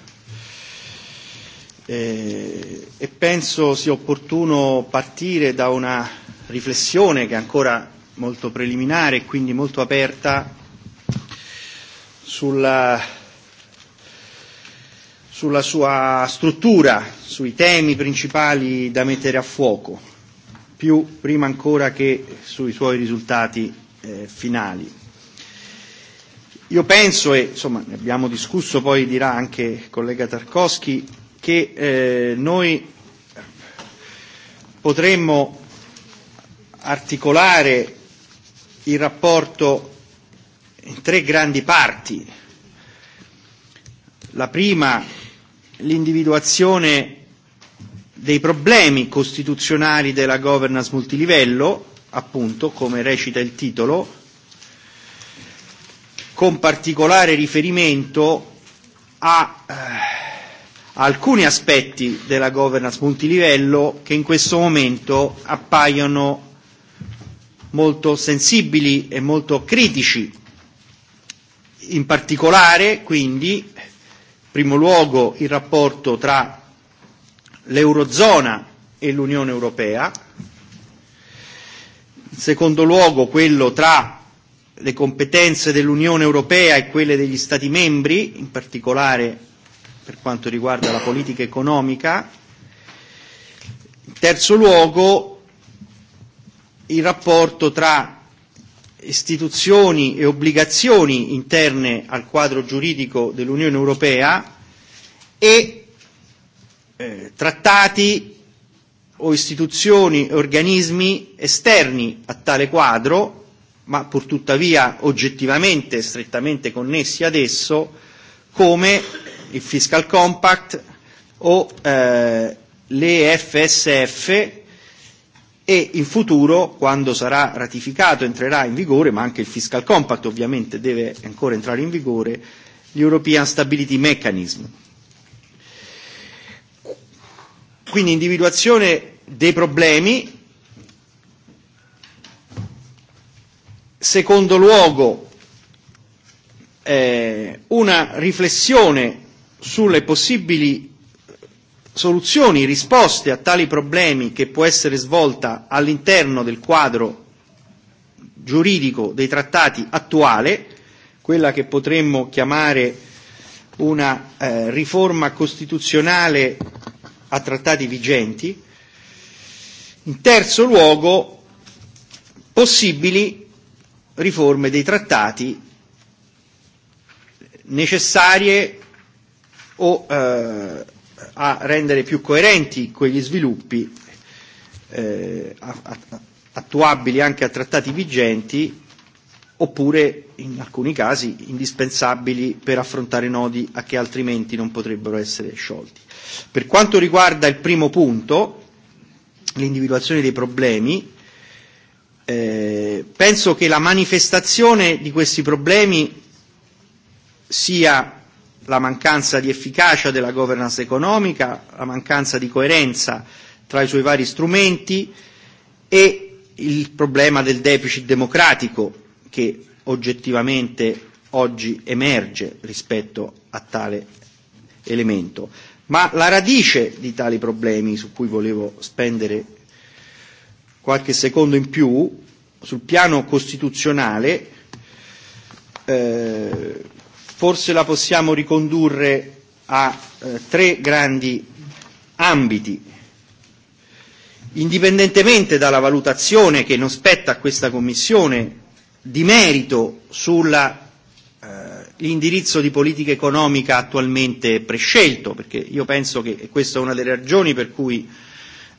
eh, e penso sia opportuno partire da una riflessione che è ancora molto preliminare e quindi molto aperta sulla, sulla sua struttura, sui temi principali da mettere a fuoco, più prima ancora che sui suoi risultati eh, finali. Io penso, e insomma ne abbiamo discusso, poi dirà anche il collega Tarkovsky, che eh, noi potremmo articolare il rapporto in tre grandi parti. La prima, l'individuazione dei problemi costituzionali della governance multilivello, appunto, come recita il titolo, con particolare riferimento a eh, alcuni aspetti della governance multilivello che in questo momento appaiono molto sensibili e molto critici. In particolare, quindi, in primo luogo il rapporto tra l'Eurozona e l'Unione Europea, in secondo luogo quello tra le competenze dell'Unione Europea e quelle degli Stati membri, in particolare per quanto riguarda la politica economica. In terzo luogo, il rapporto tra istituzioni e obbligazioni interne al quadro giuridico dell'Unione Europea e eh, trattati o istituzioni e organismi esterni a tale quadro, ma pur tuttavia oggettivamente strettamente connessi ad esso, come il Fiscal Compact o eh, le FSF e in futuro, quando sarà ratificato, entrerà in vigore, ma anche il Fiscal Compact ovviamente deve ancora entrare in vigore, l'European Stability Mechanism. Quindi individuazione dei problemi, secondo luogo eh, una riflessione sulle possibili soluzioni, risposte a tali problemi che può essere svolta all'interno del quadro giuridico dei trattati attuale, quella che potremmo chiamare una eh, riforma costituzionale a trattati vigenti. In terzo luogo, possibili riforme dei trattati necessarie o eh, a rendere più coerenti quegli sviluppi eh, attuabili anche a trattati vigenti oppure in alcuni casi indispensabili per affrontare nodi a che altrimenti non potrebbero essere sciolti. Per quanto riguarda il primo punto, l'individuazione dei problemi, eh, penso che la manifestazione di questi problemi sia la mancanza di efficacia della governance economica, la mancanza di coerenza tra i suoi vari strumenti e il problema del deficit democratico che oggettivamente oggi emerge rispetto a tale elemento. Ma la radice di tali problemi, su cui volevo spendere qualche secondo in più, sul piano costituzionale, eh, forse la possiamo ricondurre a eh, tre grandi ambiti. Indipendentemente dalla valutazione che non spetta a questa Commissione di merito sull'indirizzo eh, di politica economica attualmente prescelto, perché io penso che questa è una delle ragioni per cui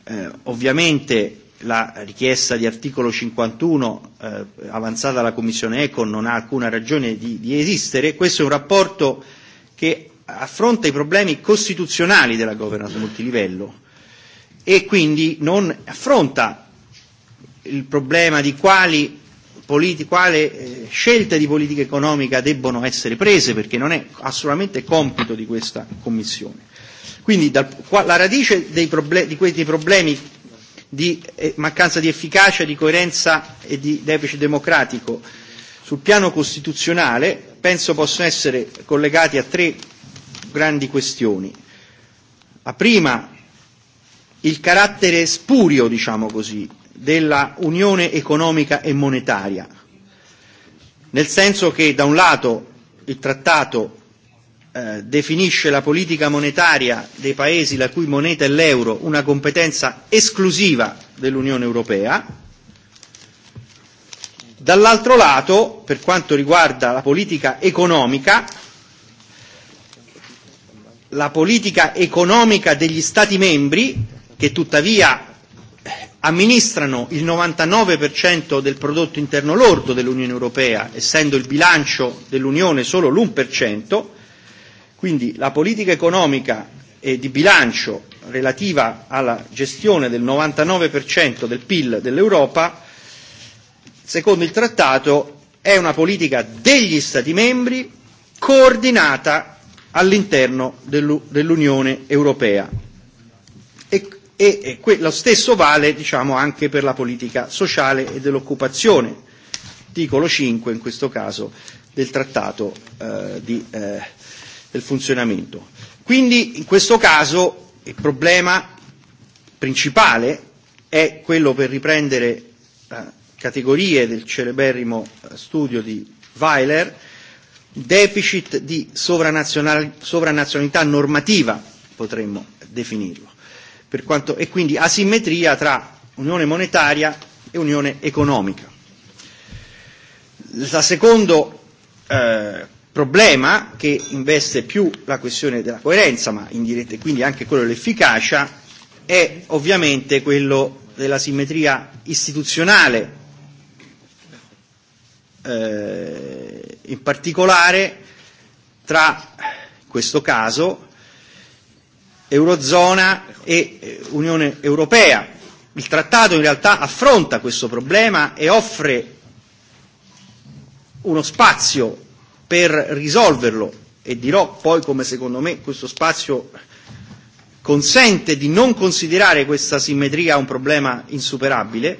eh, ovviamente la richiesta di articolo 51 eh, avanzata dalla Commissione Econ non ha alcuna ragione di, di esistere. Questo è un rapporto che affronta i problemi costituzionali della governance multilivello e quindi non affronta il problema di quali politi- quale eh, scelte di politica economica debbono essere prese, perché non è assolutamente compito di questa Commissione. Quindi dal, qua, la radice dei, proble- di questi problemi di eh, mancanza di efficacia, di coerenza e di deficit democratico. Sul piano costituzionale penso possono essere collegati a tre grandi questioni. La prima, il carattere spurio, diciamo così, della unione economica e monetaria, nel senso che da un lato il trattato Eh, definisce la politica monetaria dei paesi la cui moneta è l'euro una competenza esclusiva dell'Unione Europea, Dall'altro lato, per quanto riguarda la politica economica, la politica economica degli Stati membri, che tuttavia eh, amministrano il 99% del prodotto interno lordo dell'Unione Europea, essendo il bilancio dell'Unione solo l'1%, Quindi la politica economica e di bilancio relativa alla gestione del 99% del PIL dell'Europa, secondo il trattato, è una politica degli Stati membri coordinata all'interno dell'Unione Europea. E, e, e lo stesso vale diciamo, anche per la politica sociale e dell'occupazione, articolo 5 in questo caso del trattato eh, di eh, del funzionamento. Quindi in questo caso il problema principale è quello per riprendere eh, categorie del celeberrimo eh, studio di Weiler, deficit di sovranazional- sovranazionalità normativa potremmo definirlo, per quanto, e quindi asimmetria tra unione monetaria e unione economica. La secondo eh, problema che investe più la questione della coerenza, ma indirette quindi anche quello dell'efficacia, è ovviamente quello della simmetria istituzionale, eh, in particolare tra, in questo caso, Eurozona e eh, Unione Europea. Il trattato in realtà affronta questo problema e offre uno spazio per risolverlo e dirò poi come secondo me questo spazio consente di non considerare questa simmetria un problema insuperabile,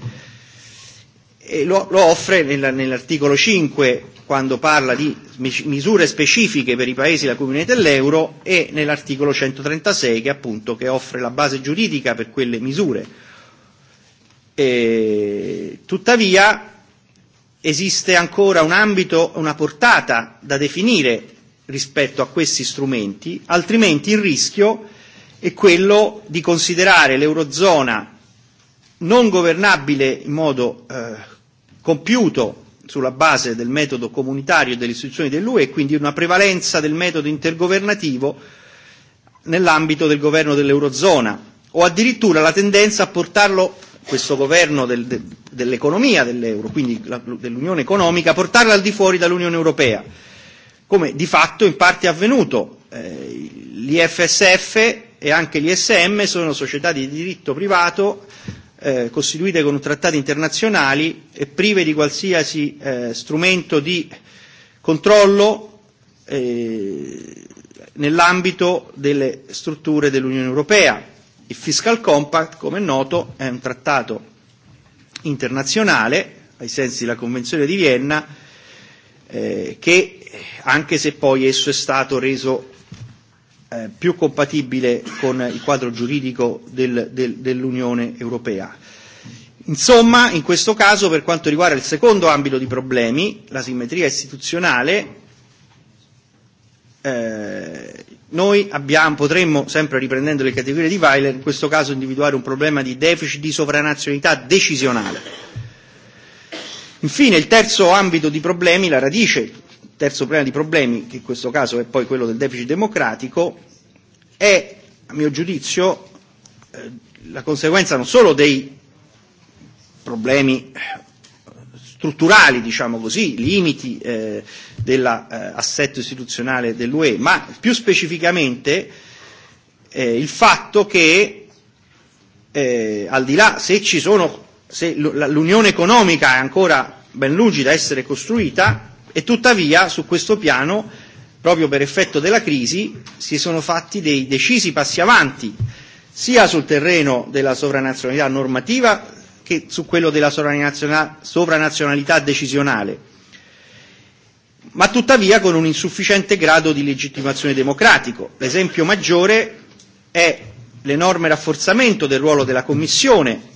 e lo, lo offre nel, nell'articolo 5 quando parla di misure specifiche per i paesi la cui moneta è l'euro e nell'articolo 136 che appunto che offre la base giuridica per quelle misure. E, tuttavia esiste ancora un ambito, una portata da definire rispetto a questi strumenti, altrimenti il rischio è quello di considerare l'Eurozona non governabile in modo eh, compiuto sulla base del metodo comunitario e delle istituzioni dell'UE e quindi una prevalenza del metodo intergovernativo nell'ambito del governo dell'Eurozona o addirittura la tendenza a portarlo questo governo del, de, dell'economia dell'euro, quindi la, dell'unione economica, portarla al di fuori dall'Unione Europea, come di fatto in parte è avvenuto. Eh, L'IFSF e anche l'ISM sono società di diritto privato eh, costituite con trattati internazionali e prive di qualsiasi eh, strumento di controllo eh, nell'ambito delle strutture dell'Unione Europea Il Fiscal Compact, come è noto, è un trattato internazionale, ai sensi della Convenzione di Vienna, eh, che, anche se poi esso è stato reso eh, più compatibile con il quadro giuridico del, del, dell'Unione Europea. Insomma, in questo caso, per quanto riguarda il secondo ambito di problemi, la simmetria istituzionale, eh, noi abbiamo, potremmo, sempre riprendendo le categorie di Weiler, in questo caso individuare un problema di deficit di sovranazionalità decisionale. Infine, il terzo ambito di problemi, la radice, il terzo problema di problemi, che in questo caso è poi quello del deficit democratico, è, a mio giudizio, eh, la conseguenza non solo dei problemi strutturali, diciamo così, limiti eh, dell'assetto eh, istituzionale dell'UE, ma più specificamente eh, il fatto che eh, al di là se ci sono se l'unione economica è ancora ben lungi da essere costruita e tuttavia su questo piano proprio per effetto della crisi si sono fatti dei decisi passi avanti sia sul terreno della sovranazionalità normativa che su quello della sovranazionalità decisionale, ma tuttavia con un insufficiente grado di legittimazione democratico. L'esempio maggiore è l'enorme rafforzamento del ruolo della Commissione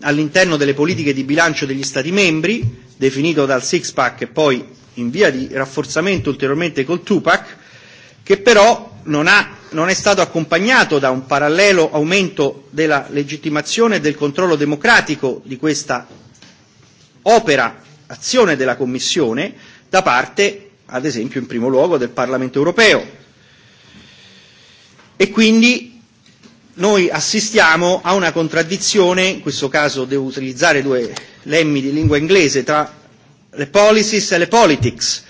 all'interno delle politiche di bilancio degli Stati membri, definito dal six pack e poi in via di rafforzamento ulteriormente col two pack, che però non ha non è stato accompagnato da un parallelo aumento della legittimazione e del controllo democratico di questa opera, azione della Commissione, da parte, ad esempio, in primo luogo del Parlamento europeo. E quindi noi assistiamo a una contraddizione, in questo caso devo utilizzare due lemmi di lingua inglese, tra le policies e le politics,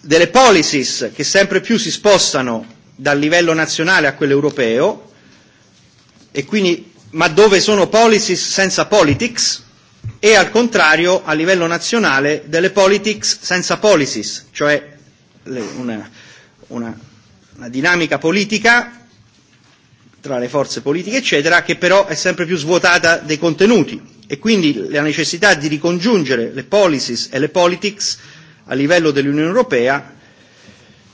delle policies che sempre più si spostano dal livello nazionale a quello europeo, e quindi, ma dove sono policies senza politics, e al contrario a livello nazionale delle politics senza policies, cioè le, una, una, una dinamica politica tra le forze politiche, eccetera, che però è sempre più svuotata dei contenuti e quindi la necessità di ricongiungere le policies e le politics a livello dell'Unione Europea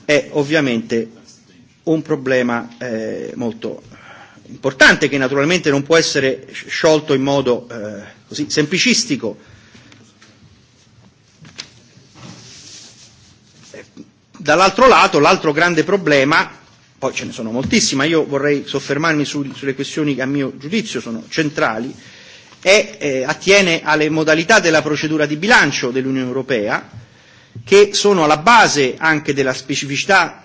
è ovviamente un problema eh, molto importante che naturalmente non può essere sciolto in modo eh, così semplicistico. Eh, dall'altro lato, l'altro grande problema, poi ce ne sono moltissime, io vorrei soffermarmi su, sulle questioni che a mio giudizio sono centrali, è, eh, attiene alle modalità della procedura di bilancio dell'Unione Europea, che sono alla base anche della specificità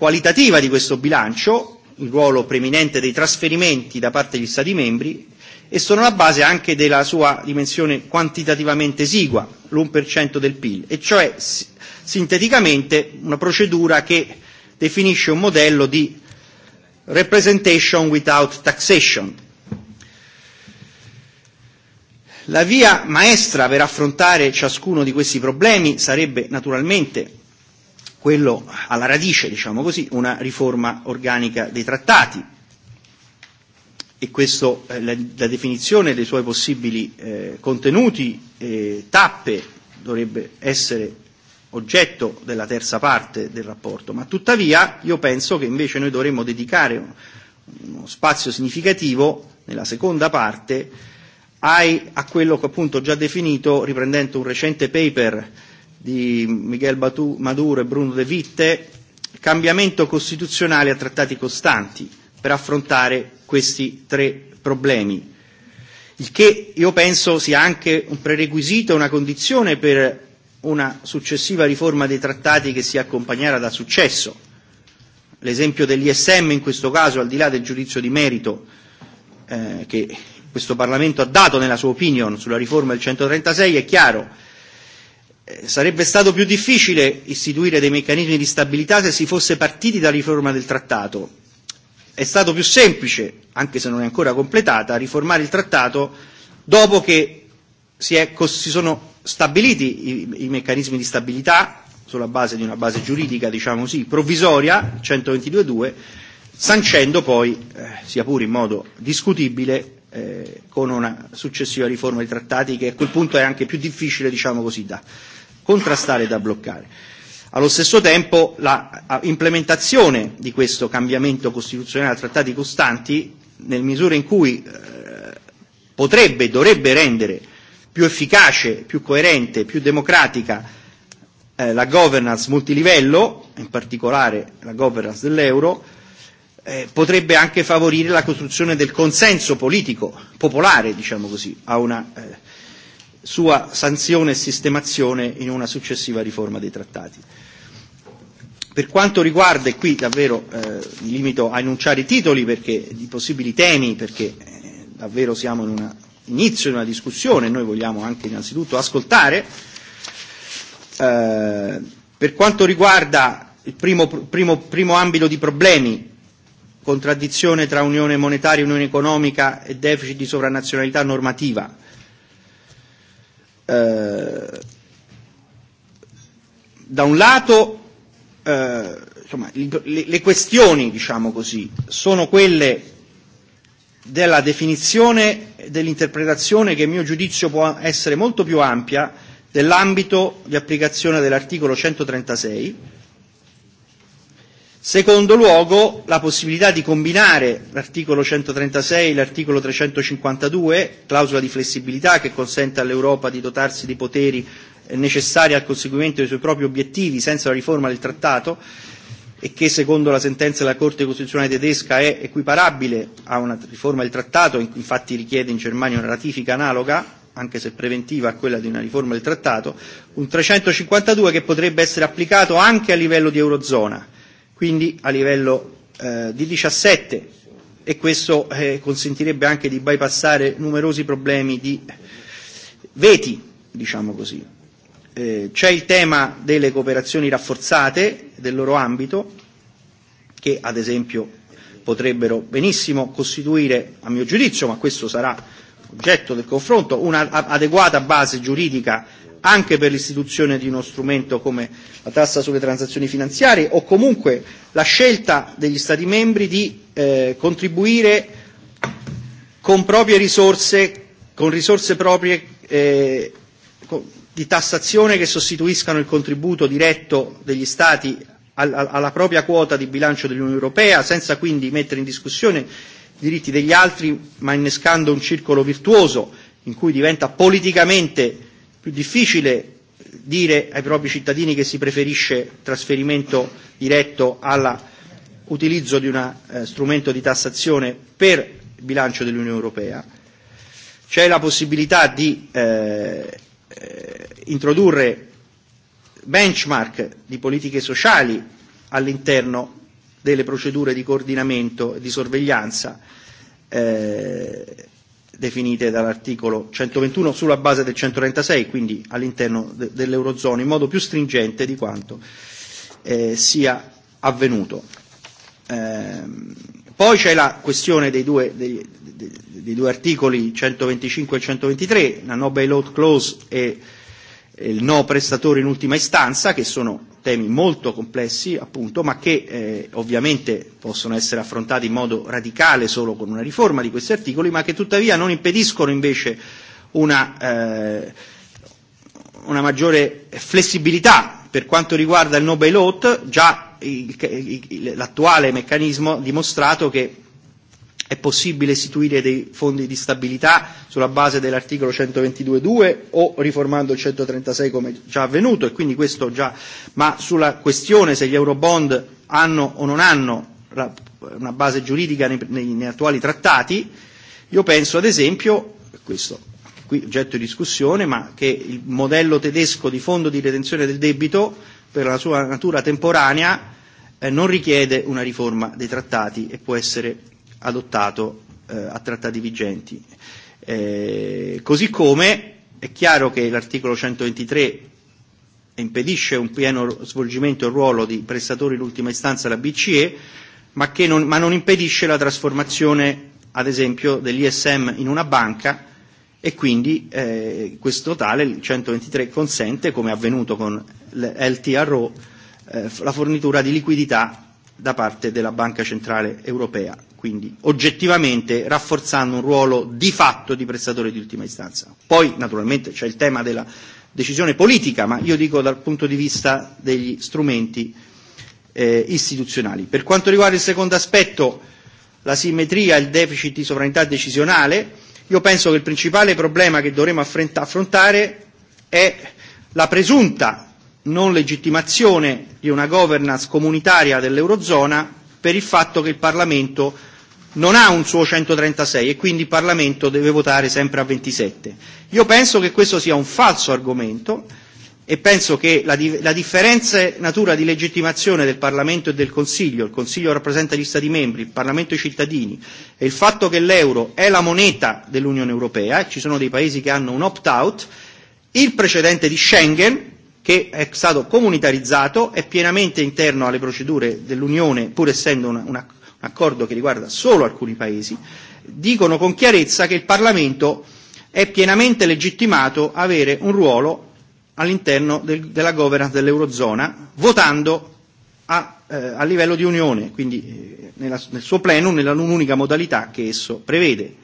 qualitativa di questo bilancio, il ruolo preminente dei trasferimenti da parte degli Stati membri e sono la base anche della sua dimensione quantitativamente esigua, l'1% del PIL, e cioè sinteticamente una procedura che definisce un modello di representation without taxation. La via maestra per affrontare ciascuno di questi problemi sarebbe naturalmente quello alla radice, diciamo così, una riforma organica dei trattati e questo, eh, la, la definizione dei suoi possibili eh, contenuti, eh, tappe, dovrebbe essere oggetto della terza parte del rapporto, ma tuttavia io penso che invece noi dovremmo dedicare uno spazio significativo nella seconda parte ai, a quello che appunto ho già definito, riprendendo un recente paper di Miguel Batu, Maduro e Bruno De Vitte, cambiamento costituzionale a trattati costanti per affrontare questi tre problemi, il che io penso sia anche un prerequisito, una condizione per una successiva riforma dei trattati che sia accompagnata da successo. L'esempio dell'ISM in questo caso, al di là del giudizio di merito eh, che questo Parlamento ha dato nella sua opinion sulla riforma del 136, è chiaro sarebbe stato più difficile istituire dei meccanismi di stabilità se si fosse partiti dalla riforma del trattato. È stato più semplice, anche se non è ancora completata, riformare il trattato dopo che si, è, si sono stabiliti i, i meccanismi di stabilità sulla base di una base giuridica, diciamo così, provvisoria, 122.2, sancendo poi, eh, sia pure in modo discutibile, eh, con una successiva riforma dei trattati che a quel punto è anche più difficile, diciamo così, da, contrastare e da bloccare. Allo stesso tempo l'implementazione di questo cambiamento costituzionale a trattati costanti, nel misura in cui eh, potrebbe e dovrebbe rendere più efficace, più coerente, più democratica eh, la governance multilivello, in particolare la governance dell'euro, eh, potrebbe anche favorire la costruzione del consenso politico, popolare diciamo così, a una eh, sua sanzione e sistemazione in una successiva riforma dei trattati. Per quanto riguarda, e qui davvero eh, mi limito a enunciare i titoli perché, di possibili temi, perché eh, davvero siamo in un inizio di una discussione e noi vogliamo anche innanzitutto ascoltare, eh, per quanto riguarda il primo, primo, primo ambito di problemi, contraddizione tra unione monetaria e unione economica e deficit di sovranazionalità normativa, Eh, da un lato eh, insomma, le, le questioni, diciamo così, sono quelle della definizione e dell'interpretazione che a mio giudizio può essere molto più ampia dell'ambito di applicazione dell'articolo 136 Secondo luogo, la possibilità di combinare l'articolo 136 e l'articolo 352, clausola di flessibilità che consente all'Europa di dotarsi dei poteri necessari al conseguimento dei suoi propri obiettivi senza la riforma del trattato e che secondo la sentenza della Corte Costituzionale tedesca è equiparabile a una riforma del trattato, infatti richiede in Germania una ratifica analoga, anche se preventiva a quella di una riforma del trattato, un 352 che potrebbe essere applicato anche a livello di Eurozona quindi a livello eh, di 17 e questo eh, consentirebbe anche di bypassare numerosi problemi di veti, diciamo così. Eh, c'è il tema delle cooperazioni rafforzate del loro ambito, che ad esempio potrebbero benissimo costituire, a mio giudizio, ma questo sarà oggetto del confronto, un'adeguata base giuridica anche per l'istituzione di uno strumento come la tassa sulle transazioni finanziarie o comunque la scelta degli Stati membri di eh, contribuire con proprie risorse, con risorse proprie eh, di tassazione che sostituiscano il contributo diretto degli Stati alla propria quota di bilancio dell'Unione Europea, senza quindi mettere in discussione i diritti degli altri, ma innescando un circolo virtuoso in cui diventa politicamente eh, più difficile dire ai propri cittadini che si preferisce trasferimento diretto all'utilizzo di un eh, strumento di tassazione per il bilancio dell'Unione Europea. C'è la possibilità di eh, eh, introdurre benchmark di politiche sociali all'interno delle procedure di coordinamento e di sorveglianza eh, definite dall'articolo 121 sulla base del 136, quindi all'interno de- dell'Eurozona, in modo più stringente di quanto eh, sia avvenuto. Ehm, poi c'è la questione dei due, dei, dei, dei due articoli 125 e 123, la no bailout clause e il no prestatore in ultima istanza, che sono temi molto complessi appunto, ma che eh, ovviamente possono essere affrontati in modo radicale solo con una riforma di questi articoli, ma che tuttavia non impediscono invece una, eh, una maggiore flessibilità per quanto riguarda il no bailout, già l'attuale meccanismo ha dimostrato che è possibile istituire dei fondi di stabilità sulla base dell'articolo 122.2 o riformando il 136 come già avvenuto e quindi questo già, ma sulla questione se gli eurobond hanno o non hanno la, una base giuridica nei, nei, nei attuali trattati, io penso ad esempio, questo qui oggetto di discussione, ma che il modello tedesco di fondo di retenzione del debito per la sua natura temporanea eh, non richiede una riforma dei trattati e può essere adottato eh, a trattati vigenti. Eh, così come è chiaro che l'articolo 123 impedisce un pieno svolgimento del ruolo di prestatori in ultima istanza alla BCE, ma, che non, ma non impedisce la trasformazione, ad esempio, dell'ISM in una banca e quindi eh, questo tale, il 123, consente, come è avvenuto con l'LTRO, eh, la fornitura di liquidità da parte della Banca Centrale Europea quindi oggettivamente rafforzando un ruolo di fatto di prestatore di ultima istanza. Poi naturalmente c'è il tema della decisione politica, ma io dico dal punto di vista degli strumenti eh, istituzionali. Per quanto riguarda il secondo aspetto, la simmetria e il deficit di sovranità decisionale, io penso che il principale problema che dovremo affrontare è la presunta non legittimazione di una governance comunitaria dell'Eurozona per il fatto che il Parlamento non ha un suo 136 e quindi il Parlamento deve votare sempre a 27. Io penso che questo sia un falso argomento e penso che la, di la differenza natura di legittimazione del Parlamento e del Consiglio, il Consiglio rappresenta gli Stati membri, il Parlamento e i cittadini, e il fatto che l'euro è la moneta dell'Unione Europea, ci sono dei paesi che hanno un opt-out, il precedente di Schengen, che è stato comunitarizzato, è pienamente interno alle procedure dell'Unione, pur essendo una, una accordo che riguarda solo alcuni paesi, dicono con chiarezza che il Parlamento è pienamente legittimato a avere un ruolo all'interno del, della governance dell'Eurozona, votando a, eh, a livello di Unione, quindi eh, nella, nel suo plenum, un'unica modalità che esso prevede.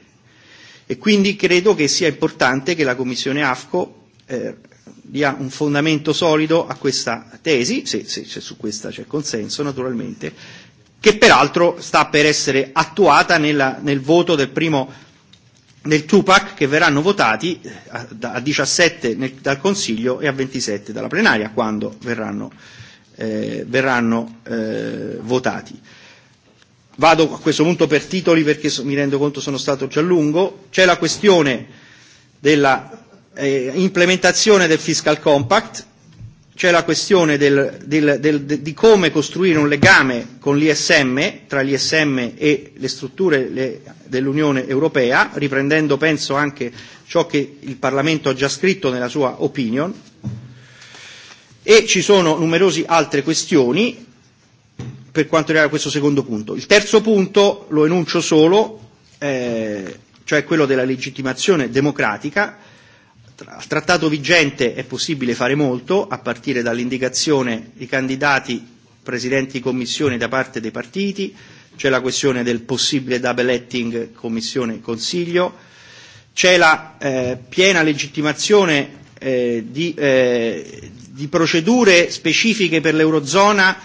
E quindi credo che sia importante che la Commissione AFCO eh, dia un fondamento solido a questa tesi, se, se, se su questa c'è consenso naturalmente, che peraltro sta per essere attuata nella, nel voto del primo del Tupac che verranno votati eh, a, a 17 nel, dal Consiglio e a 27 dalla plenaria quando verranno, eh, verranno eh, votati. Vado a questo punto per titoli perché so, mi rendo conto sono stato già lungo. C'è la questione della eh, implementazione del Fiscal Compact c'è la questione del, del, del, de, di come costruire un legame con l'ISM, tra l'ISM e le strutture le, dell'Unione Europea, riprendendo penso anche ciò che il Parlamento ha già scritto nella sua opinion, e ci sono numerose altre questioni per quanto riguarda questo secondo punto. Il terzo punto lo enuncio solo, eh, cioè quello della legittimazione democratica, Al trattato vigente è possibile fare molto, a partire dall'indicazione di candidati presidenti di commissione da parte dei partiti, c'è la questione del possibile double acting commissione-consiglio, e c'è la eh, piena legittimazione eh, di, eh, di procedure specifiche per l'Eurozona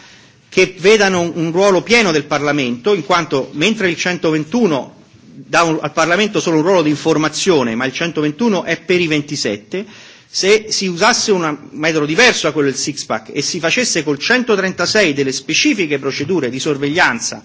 che vedano un ruolo pieno del Parlamento, in quanto mentre il 121 dà un, al Parlamento solo un ruolo di informazione, ma il 121 è per i 27, se si usasse un metodo diverso da quello del six pack e si facesse col 136 delle specifiche procedure di sorveglianza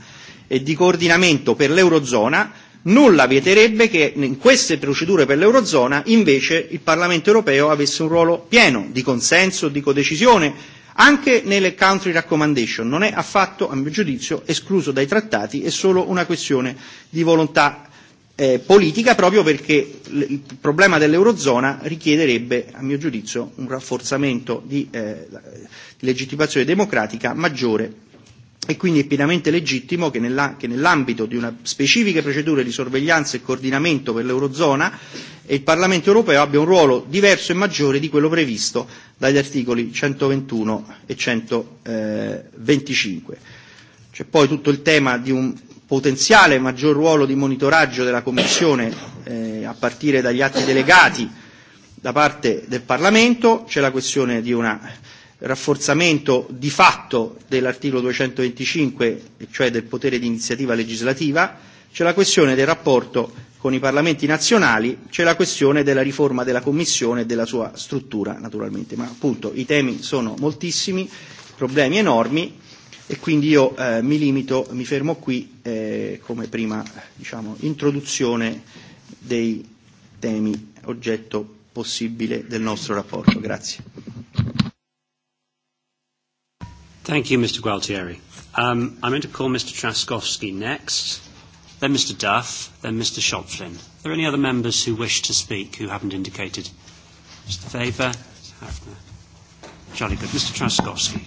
e di coordinamento per l'Eurozona, nulla vieterebbe che in queste procedure per l'Eurozona invece il Parlamento europeo avesse un ruolo pieno di consenso, di codecisione, Anche nelle country recommendation non è affatto, a mio giudizio, escluso dai trattati, è solo una questione di volontà eh, politica proprio perché il problema dell'Eurozona richiederebbe, a mio giudizio, un rafforzamento di, eh, di legittimazione democratica maggiore È quindi pienamente legittimo che, nella, che nell'ambito di una specifica procedura di sorveglianza e coordinamento per l'Eurozona e il Parlamento europeo abbia un ruolo diverso e maggiore di quello previsto dagli articoli 121 e 125. C'è poi tutto il tema di un potenziale maggior ruolo di monitoraggio della Commissione eh, a partire dagli atti delegati da parte del Parlamento, c'è la questione di una rafforzamento di fatto dell'articolo 225, e cioè del potere di iniziativa legislativa, c'è la questione del rapporto con i parlamenti nazionali, c'è la questione della riforma della Commissione e della sua struttura, naturalmente. Ma appunto i temi sono moltissimi, problemi enormi e quindi io eh, mi limito, mi fermo qui eh, come prima diciamo, introduzione dei temi oggetto possibile del nostro rapporto. Grazie. Thank you, Mr. Gualtieri. Um, I'm going to call Mr. Traskowski next, then Mr. Duff, then Mr. Shopflin. Are there any other members who wish to speak who haven't indicated? Mr. Faber, Jolly good. Mr. Traskowski.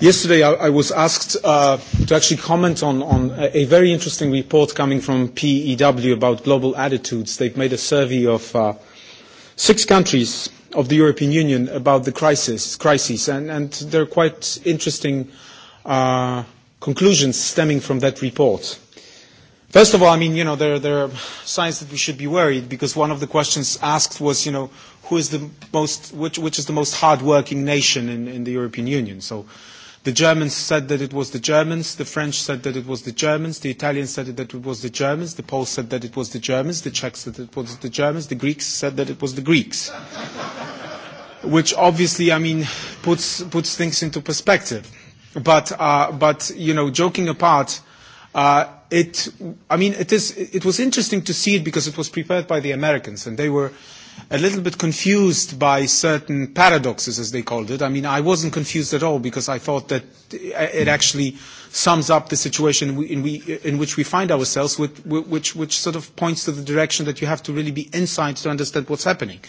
Yesterday, I, I was asked uh, to actually comment on, on a, a very interesting report coming from PEW about global attitudes. They've made a survey of uh, six countries of the European Union about the crisis, crises, and, and there are quite interesting uh, conclusions stemming from that report. First of all, I mean, you know, there, there are signs that we should be worried because one of the questions asked was, you know, who is the most, which, which is the most hardworking nation in, in the European Union? So The Germans said that it was the Germans, the French said that it was the Germans, the Italians said that it was the Germans, the Poles said that it was the Germans, the Czechs said that it was the Germans, the Greeks said that it was the Greeks. Which obviously, I mean, puts, puts things into perspective. But, uh, but you know, joking apart, uh, it, I mean, it, is, it was interesting to see it because it was prepared by the Americans and they were, a little bit confused by certain paradoxes, as they called it. I mean, I wasn't confused at all because I thought that it actually sums up the situation in, we, in which we find ourselves, which, which sort of points to the direction that you have to really be inside to understand what's happening.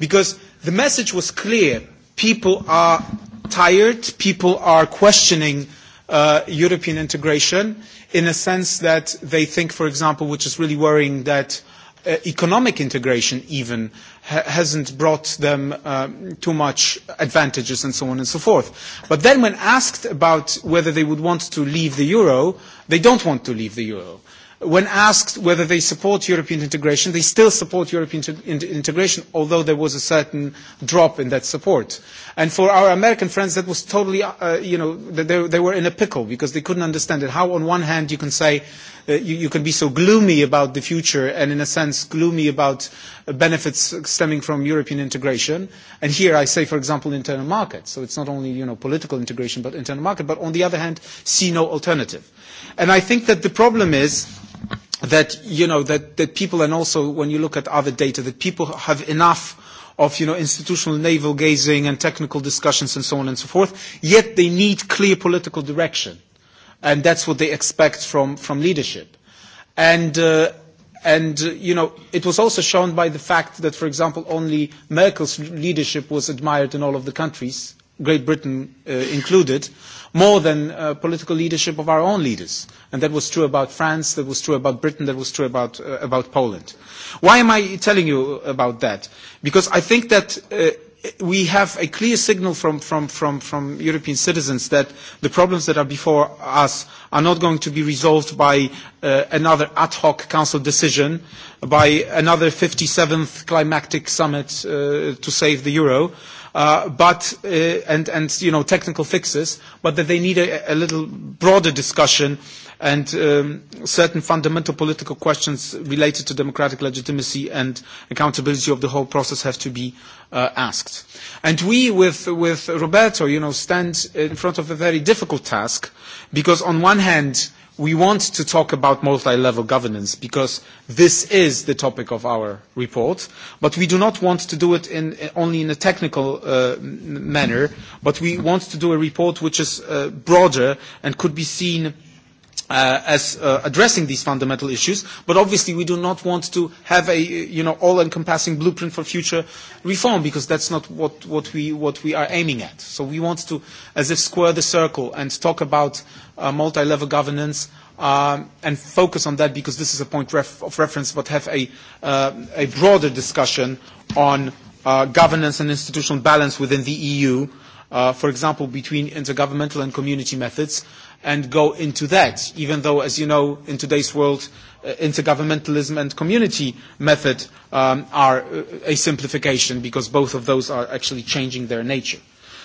Because the message was clear. People are tired. People are questioning uh, European integration in a sense that they think, for example, which is really worrying, that – uh, economic integration even ha hasn't brought them uh, too much advantages and so on and so forth. But then when asked about whether they would want to leave the euro, they don't want to leave the euro. When asked whether they support European integration, they still support European in integration, although there was a certain drop in that support. And for our American friends, that was totally, uh, you know, they, they were in a pickle because they couldn't understand it. How on one hand you can say, Uh, you, you can be so gloomy about the future and in a sense gloomy about uh, benefits stemming from European integration. And here I say, for example, internal market. So it's not only you know, political integration, but internal market. But on the other hand, see no alternative. And I think that the problem is that, you know, that, that people, and also when you look at other data, that people have enough of you know, institutional navel gazing and technical discussions and so on and so forth, yet they need clear political direction and that's what they expect from, from leadership. And, uh, and uh, you know, it was also shown by the fact that, for example, only Merkel's leadership was admired in all of the countries, Great Britain uh, included, more than uh, political leadership of our own leaders. And that was true about France, that was true about Britain, that was true about, uh, about Poland. Why am I telling you about that? Because I think that uh, we have a clear signal from, from, from, from European citizens that the problems that are before us are not going to be resolved by uh, another ad hoc Council decision, by another 57th climactic summit uh, to save the euro, uh, but, uh, and, and you know, technical fixes, but that they need a, a little broader discussion uh, and um, certain fundamental political questions related to democratic legitimacy and accountability of the whole process have to be uh, asked. And we, with, with Roberto, you know, stand in front of a very difficult task because on one hand, we want to talk about multi-level governance because this is the topic of our report, but we do not want to do it in, only in a technical uh, manner, but we want to do a report which is uh, broader and could be seen uh, as uh, addressing these fundamental issues, but obviously we do not want to have a you know all-encompassing blueprint for future reform because that's not what, what, we, what we are aiming at. So we want to, as if square the circle and talk about uh, multi-level governance um, and focus on that because this is a point ref of reference, but have a, uh, a broader discussion on uh, governance and institutional balance within the EU, uh, for example, between intergovernmental and community methods and go into that, even though, as you know, in today's world, uh, intergovernmentalism and community method um, are uh, a simplification because both of those are actually changing their nature.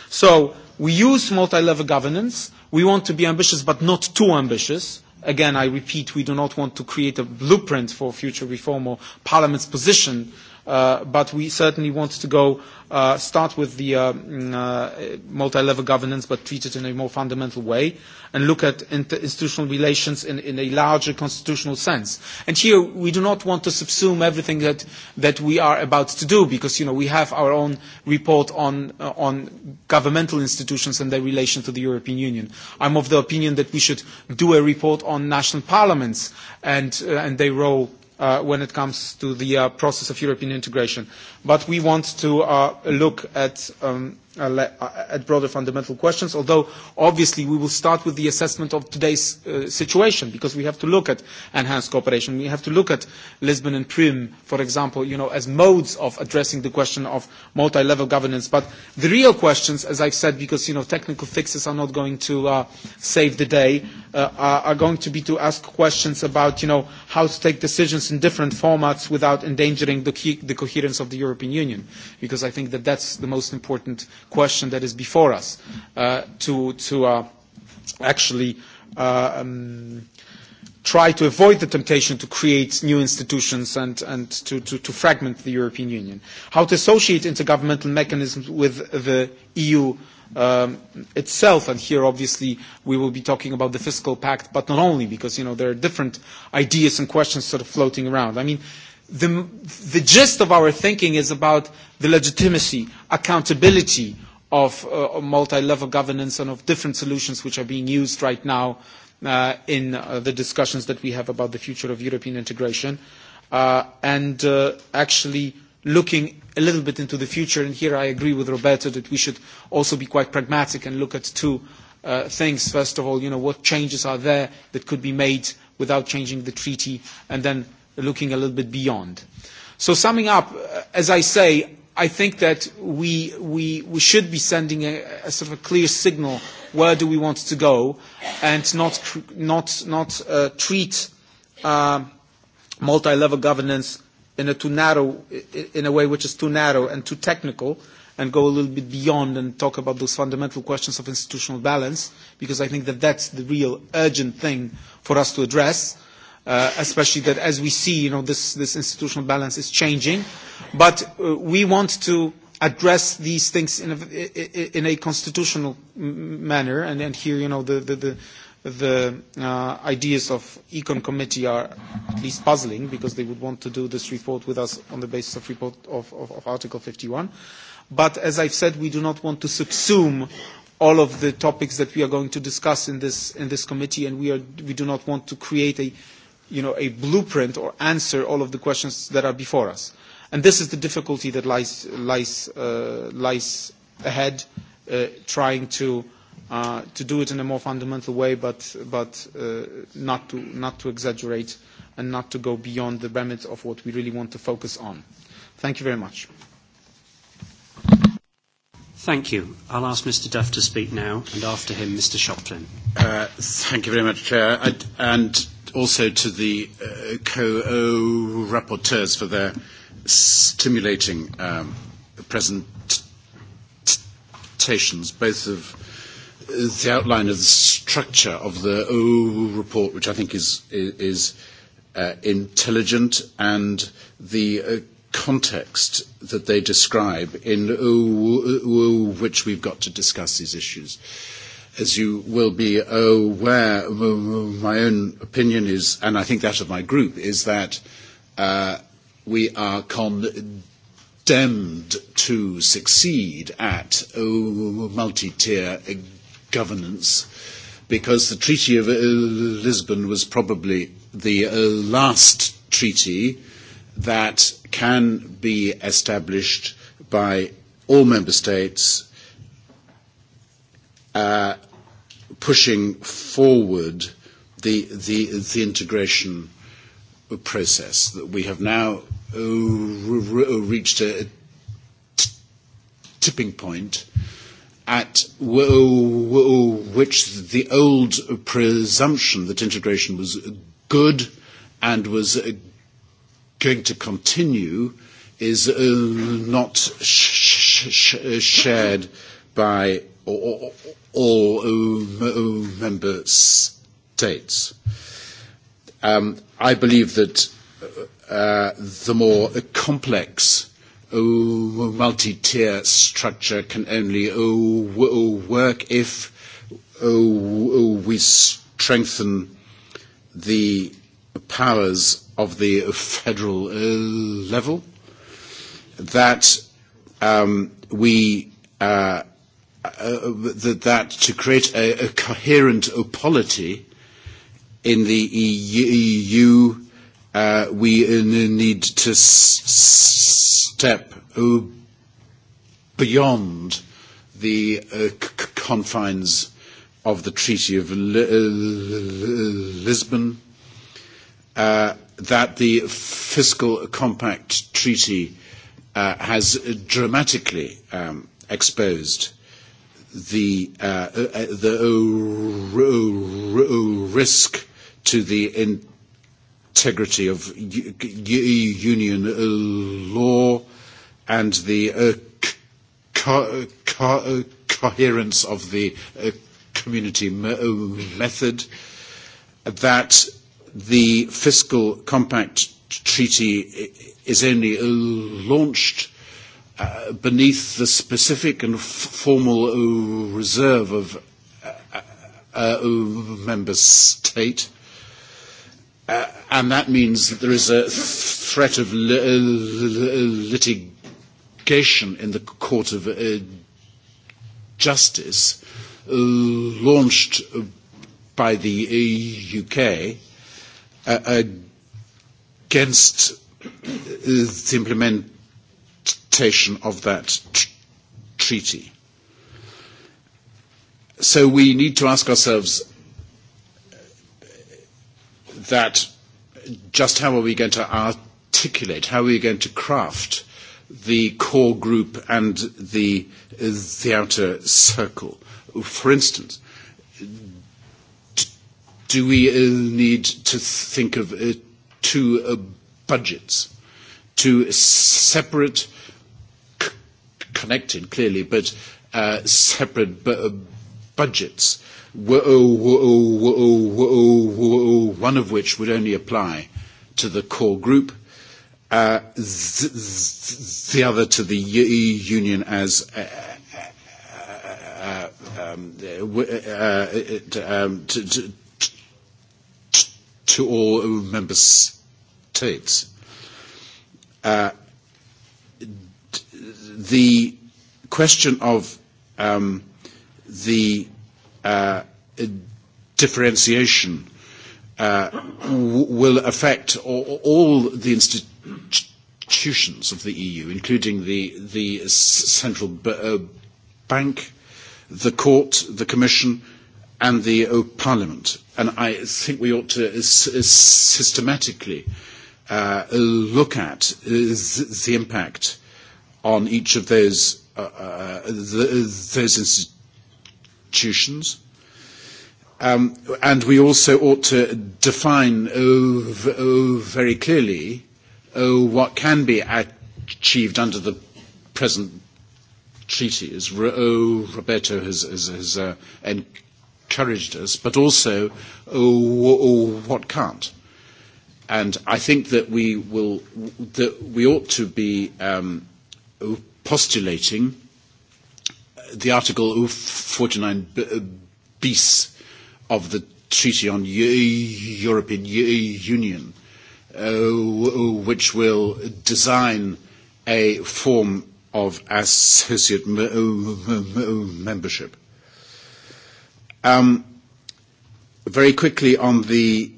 So we use multi-level governance. We want to be ambitious, but not too ambitious. Again, I repeat, we do not want to create a blueprint for future reform or Parliament's position uh, Uh, but we certainly want to go uh, start with the uh, mm, uh, multi-level governance, but treat it in a more fundamental way, and look at institutional relations in, in, a larger constitutional sense. And here we do not want to subsume everything that, that we are about to do, because you know we have our own report on, uh, on governmental institutions and their relation to the European Union. I'm of the opinion that we should do a report on national parliaments and, and their role Uh, when it comes to the uh, process of European integration. But we want to uh, look at, um, uh, uh, at broader fundamental questions, although obviously we will start with the assessment of today's uh, situation, because we have to look at enhanced cooperation. We have to look at Lisbon and Prim, for example, you know, as modes of addressing the question of multi-level governance. But the real questions, as I've said, because you know, technical fixes are not going to uh, save the day, uh, are going to be to ask questions about you know, how to take decisions in different formats without endangering the, key, the coherence of the Euro European Union, because I think that that's the most important question that is before us uh, to, to uh, actually uh, um, try to avoid the temptation to create new institutions and, and to, to, to fragment the European Union. How to associate intergovernmental mechanisms with the EU um, itself, and here obviously we will be talking about the fiscal pact, but not only, because you know there are different ideas and questions sort of floating around. I mean, uh, the, the gist of our thinking is about the legitimacy, accountability of uh, multi-level governance and of different solutions which are being used right now uh, in uh, the discussions that we have about the future of European integration. Uh, and uh, actually looking a little bit into the future, and here I agree with Roberto that we should also be quite pragmatic and look at two uh, things. First of all, you know, what changes are there that could be made without changing the treaty, and then looking a little bit beyond. So summing up, uh, as I say, I think that we, we, we should be sending a, sort of a clear signal where do we want to go and not, not, not uh, treat uh, multi-level governance in a, too narrow, in a way which is too narrow and too technical and go a little bit beyond and talk about those fundamental questions of institutional balance because I think that that's the real urgent thing for us to address uh, especially that as we see, you know, this, this institutional balance is changing. But uh, we want to address these things in a, in a constitutional manner, and, and here, you know, the, the, the, the uh, ideas of Econ Committee are at least puzzling because they would want to do this report with us on the basis of, report of, of, of Article 51. But as I've said, we do not want to subsume all of the topics that we are going to discuss in this, in this committee, and we, are, we do not want to create a you know, a blueprint or answer all of the questions that are before us. And this is the difficulty that lies, lies, uh, lies ahead, uh, trying to, uh, to do it in a more fundamental way, but, but uh, not, to, not to exaggerate and not to go beyond the remit of what we really want to focus on. Thank you very much. Thank you. I'll ask Mr. Duff to speak now, and after him, Mr. Shopton. Uh, thank you very much, Chair. I, and also to the uh, co-rapporteurs for their stimulating um, presentations, both of the outline of the structure of the o report, which I think is, is uh, intelligent, and the uh, context that they describe in o, uh, which we've got to discuss these issues. Uh, As you will be aware, my own opinion is, and I think that of my group, is that uh, we are condemned to succeed at oh, multi-tier governance because the Treaty of uh, Lisbon was probably the uh, last treaty that can be established by all member states Uh, pushing forward the, the, the integration process that we have now uh, uh, reached a tipping point at which the old presumption that integration was good and was going to continue is not shared by All member states. Um, I believe that uh, the more complex uh, multi-tier structure can only uh, work if uh, we strengthen the powers of the federal level, that um, we that, uh, uh, that to create a, a coherent polity in the EU, e uh, we uh, need to s- step beyond the uh, c- confines of the Treaty of L- Lisbon, uh, that the Fiscal Compact Treaty uh, has dramatically um, exposed the, uh, uh the uh, risk to the integrity of union uh, law and the coherence of the community method that the fiscal compact treaty is only launched Uh, beneath the specific and f- formal uh, reserve of a uh, uh, uh, member state. Uh, and that means that there is a th- threat of li- uh, litigation in the Court of uh, Justice uh, launched by the UK uh, against the implementation interpretation of that tr- treaty. So we need to ask ourselves uh, that just how are we going to articulate, how are we going to craft the core group and the, the outer circle? For instance, do we uh, need to think of uh, two budgets, two separate connected clearly, but uh, separate bu- uh, budgets, one of which would only apply to the core group, uh, the other to the union as uh, uh, uh um, to, um, to all member states. Uh, the question of um, the uh, differentiation uh, w- will affect all, all the institutions of the EU, including the, the central b- uh, bank, the court, the commission, and the uh, parliament. And I think we ought to s- systematically uh, look at uh, the impact on each of those, uh, uh, the, those institutions. Um, and we also ought to define oh, oh, very clearly oh, what can be achieved under the present treaty, as oh, Roberto has, has, has uh, encouraged us, but also oh, oh, what can't. And I think that we will, that we ought to be um, postulating the Article 49 uh, bis of the Treaty on European Union, uh, which will design a form of associate uh, membership. Um, very quickly on the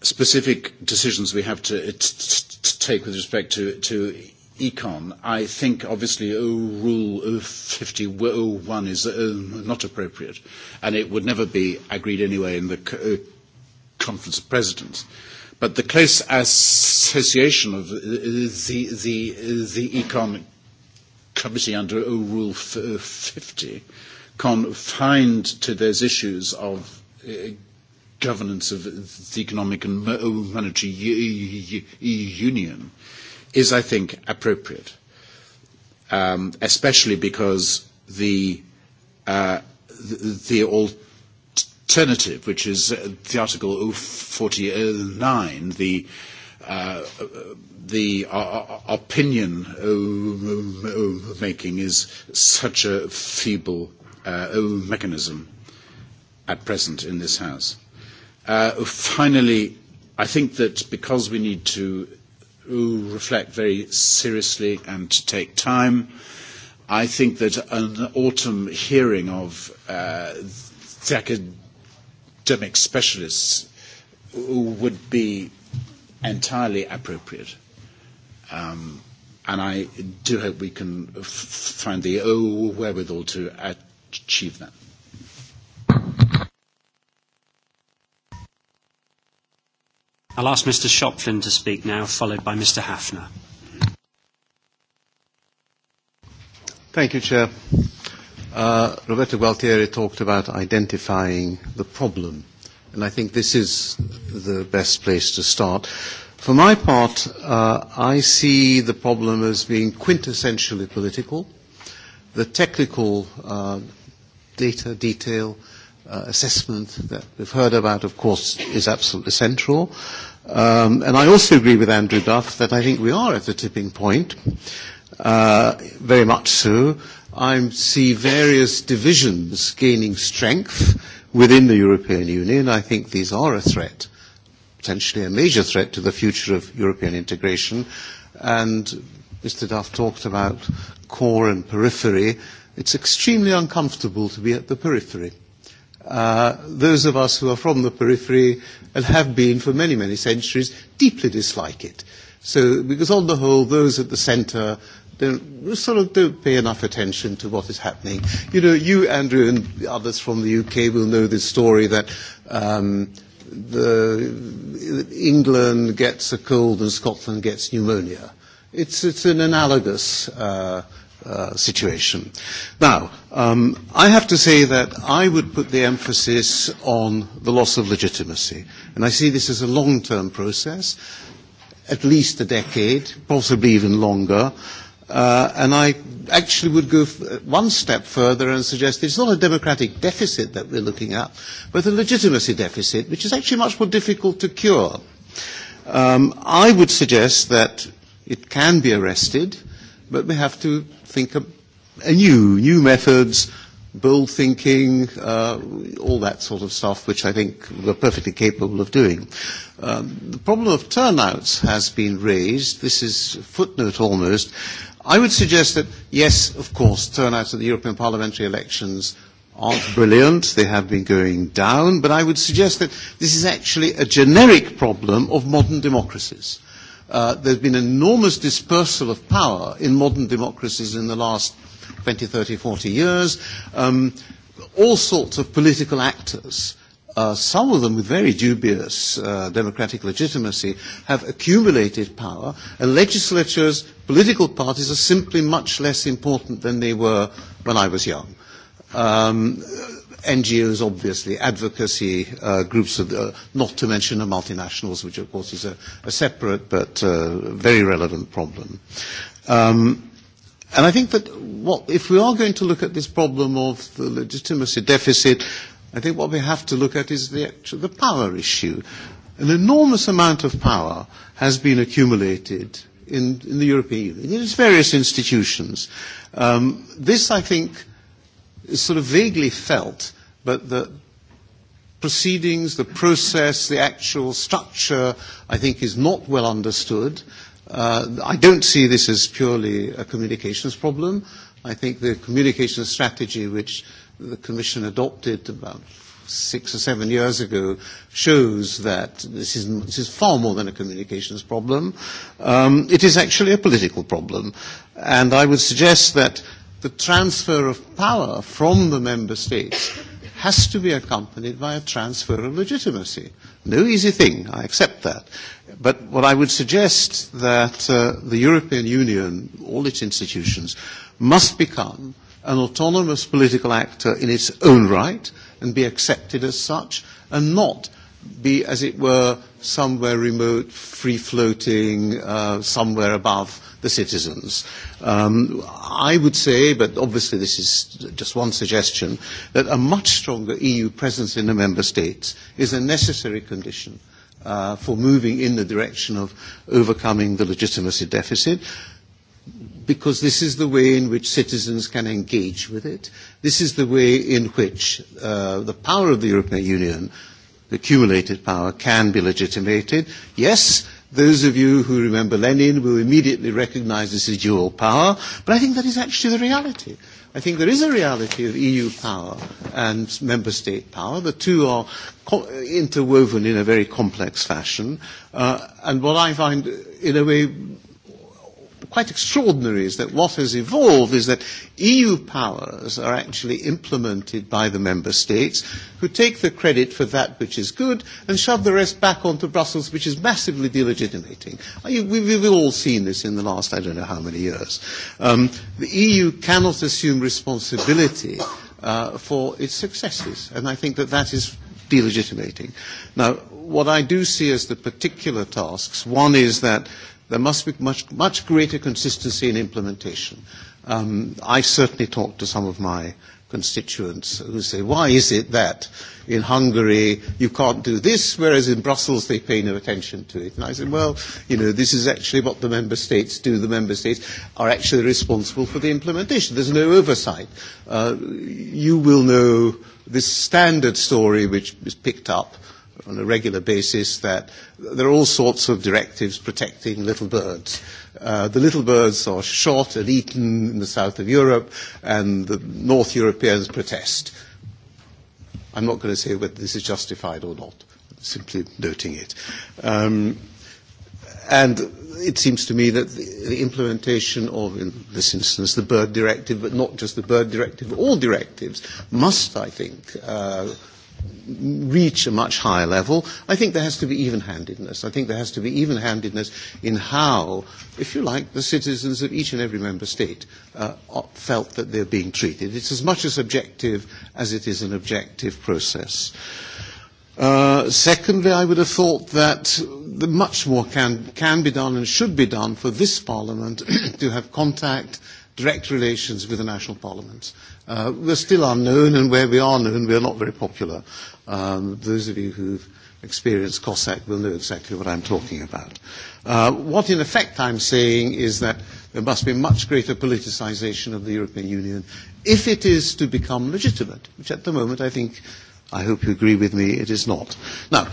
specific decisions we have to, to, take with respect to, to econ, I think obviously oh, Rule 51 is uh, not appropriate, and it would never be agreed anyway in the uh, Conference of Presidents. But the close association of uh, the, the, the econ committee under oh, Rule 50 confined to those issues of governance of the economic and monetary union is, I think, appropriate, um, especially because the, uh, the, the alternative, which is uh, the Article 49, the uh, the uh, uh opinion uh, making is such a feeble uh, mechanism at present in this House. Uh, finally, I think that because we need to reflect very seriously and to take time. I think that an autumn hearing of uh, academic specialists would be entirely appropriate. Um, and I do hope we can find the oh, wherewithal to achieve that. I'll ask Mr. Shopflin to speak now, followed by Mr. Hafner. Thank you, Chair. Uh, Roberto Gualtieri talked about identifying the problem, and I think this is the best place to start. For my part, uh, I see the problem as being quintessentially political. The technical uh, data detail uh, assessment that we've heard about, of course, is absolutely central. Um, and I also agree with Andrew Duff that I think we are at a tipping point, uh, very much so. I see various divisions gaining strength within the European Union. I think these are a threat, potentially a major threat to the future of European integration. And Mr. Duff talked about core and periphery. It's extremely uncomfortable to be at the periphery. Uh, those of us who are from the periphery and have been for many, many centuries deeply dislike it. So, because on the whole, those at the centre don't sort of don't pay enough attention to what is happening. You know, you, Andrew, and others from the UK will know this story that um, the, England gets a cold and Scotland gets pneumonia. It's, it's an analogous uh, Uh, situation. Now, um, I have to say that I would put the emphasis on the loss of legitimacy. And I see this as a long-term process, at least a decade, possibly even longer. Uh, and I actually would go f- uh, one step further and suggest it's not a democratic deficit that we're looking at, but a legitimacy deficit, which is actually much more difficult to cure. Um, I would suggest that it can be arrested. Uh, but we have to think anew, new methods, bold thinking, uh, all that sort of stuff, which I think we're perfectly capable of doing. Um, the problem of turnouts has been raised. This is footnote almost. I would suggest that, yes, of course, turnouts at the European parliamentary elections aren't brilliant. They have been going down. But I would suggest that this is actually a generic problem of modern democracies Uh, Uh, there's been an enormous dispersal of power in modern democracies in the last 20, 30, 40 years. Um, all sorts of political actors, uh, some of them with very dubious uh, democratic legitimacy, have accumulated power, and legislatures, political parties are simply much less important than they were when I was young. Um, NGOs, obviously, advocacy uh, groups, of, uh, not to mention the multinationals, which, of course, is a, a separate but uh, very relevant problem. Um, and I think that what, if we are going to look at this problem of the legitimacy deficit, I think what we have to look at is the, actual, the power issue. An enormous amount of power has been accumulated in, in the European Union, in its various institutions. Um, this, I think, is sort of vaguely felt, but the proceedings, the process, the actual structure, I think, is not well understood. Uh, I don't see this as purely a communications problem. I think the communications strategy which the Commission adopted about six or seven years ago shows that this is, this is far more than a communications problem. Um, it is actually a political problem. And I would suggest that the transfer of power from the member states has to be accompanied by a transfer of legitimacy. No easy thing, I accept that. But what I would suggest that uh, the European Union, all its institutions, must become an autonomous political actor in its own right and be accepted as such and not be, as it were, somewhere remote, free-floating, uh, somewhere above the citizens. Um, I would say, but obviously this is just one suggestion, that a much stronger EU presence in the member states is a necessary condition uh, for moving in the direction of overcoming the legitimacy deficit because this is the way in which citizens can engage with it. This is the way in which uh, the power of the European Union, the accumulated power, can be legitimated. Yes, Those of you who remember Lenin will immediately recognize this as dual power, but I think that is actually the reality. I think there is a reality of EU power and member state power. The two are interwoven in a very complex fashion. Uh, and what I find, in a way, quite extraordinary is that what has evolved is that EU powers are actually implemented by the member states who take the credit for that which is good and shove the rest back onto Brussels, which is massively delegitimating. We've all seen this in the last I don't know how many years. Um, the EU cannot assume responsibility uh, for its successes, and I think that that is delegitimating. Now, what I do see as the particular tasks, one is that There must be much, much greater consistency in implementation. Um, I certainly talked to some of my constituents who say, why is it that in Hungary you can't do this, whereas in Brussels they pay no attention to it? And I said, well, you know, this is actually what the member states do. The member states are actually responsible for the implementation. There's no oversight. Uh, you will know this standard story which is picked up uh, on a regular basis that there are all sorts of directives protecting little birds. Uh, the little birds are shot and eaten in the south of Europe, and the North Europeans protest. I'm not going to say whether this is justified or not, simply noting it. Um, and it seems to me that the, the implementation of, in this instance, the bird directive, but not just the bird directive, all directives, must, I think, uh, reach a much higher level. I think there has to be even-handedness. I think there has to be even-handedness in how, if you like, the citizens of each and every member state uh, felt that they're being treated. It's as much a subjective as it is an objective process. Uh, secondly, I would have thought that the much more can, can be done and should be done for this Parliament to have contact direct relations with the national parliaments. Uh, we're still unknown, and where we are known, we're not very popular. Um, those of you who've experienced Cossack will know exactly what I'm talking about. Uh, what, in effect, I'm saying is that there must be much greater politicisation of the European Union if it is to become legitimate, which at the moment I think, I hope you agree with me, it is not. Now,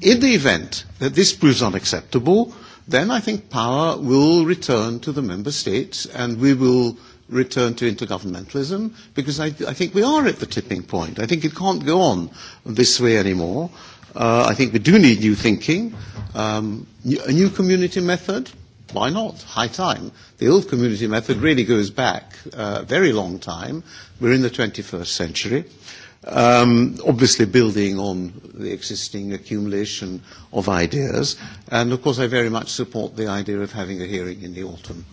in the event that this proves unacceptable, then I think power will return to the member states and we will return to intergovernmentalism because I, I think we are at the tipping point. I think it can't go on this way anymore. Uh, I think we do need new thinking, um, a new community method. Why not? High time. The old community method really goes back a uh, very long time. We're in the 21st century. Uh, um, obviously building on the existing accumulation of ideas. And of course, I very much support the idea of having a hearing in the autumn.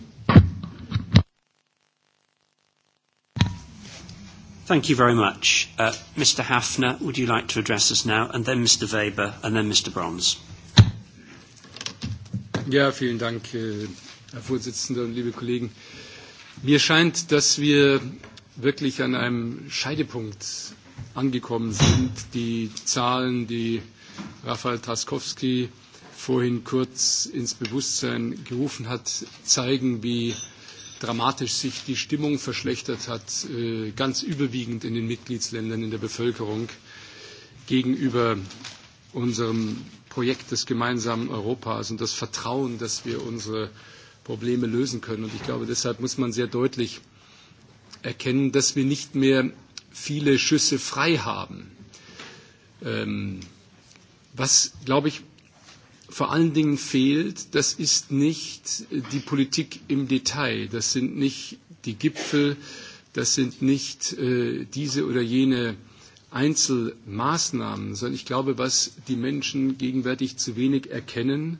Thank you very much. Uh, Mr. Hafner, would you like to address us now? And then Mr. Weber, and then Mr. Brons. Ja, vielen Dank, äh, Herr Vorsitzender und liebe Kollegen. Mir scheint, dass wir wirklich an einem Scheidepunkt angekommen sind. Die Zahlen, die Rafael Taskowski vorhin kurz ins Bewusstsein gerufen hat, zeigen, wie dramatisch sich die Stimmung verschlechtert hat, äh, ganz überwiegend in den Mitgliedsländern, in der Bevölkerung gegenüber unserem Projekt des gemeinsamen Europas und das Vertrauen, dass wir unsere Probleme lösen können. Und ich glaube, deshalb muss man sehr deutlich erkennen, dass wir nicht mehr viele Schüsse frei haben. Ähm, was, glaube ich, vor allen Dingen fehlt, das ist nicht die Politik im Detail, das sind nicht die Gipfel, das sind nicht äh, diese oder jene Einzelmaßnahmen, sondern ich glaube, was die Menschen gegenwärtig zu wenig erkennen,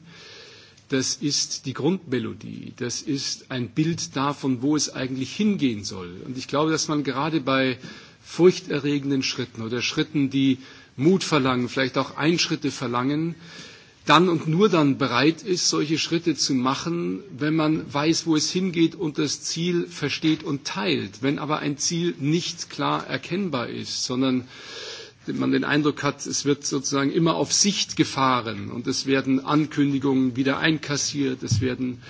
das ist die Grundmelodie, das ist ein Bild davon, wo es eigentlich hingehen soll. Und ich glaube, dass man gerade bei äh, furchterregenden Schritten oder Schritten, die Mut verlangen, vielleicht auch Einschritte verlangen, dann und nur dann bereit ist, solche Schritte zu machen, wenn man weiß, wo es hingeht und das Ziel versteht und teilt. Wenn aber ein Ziel nicht klar erkennbar ist, sondern man den Eindruck hat, es wird sozusagen immer auf Sicht gefahren und es werden Ankündigungen wieder einkassiert, es werden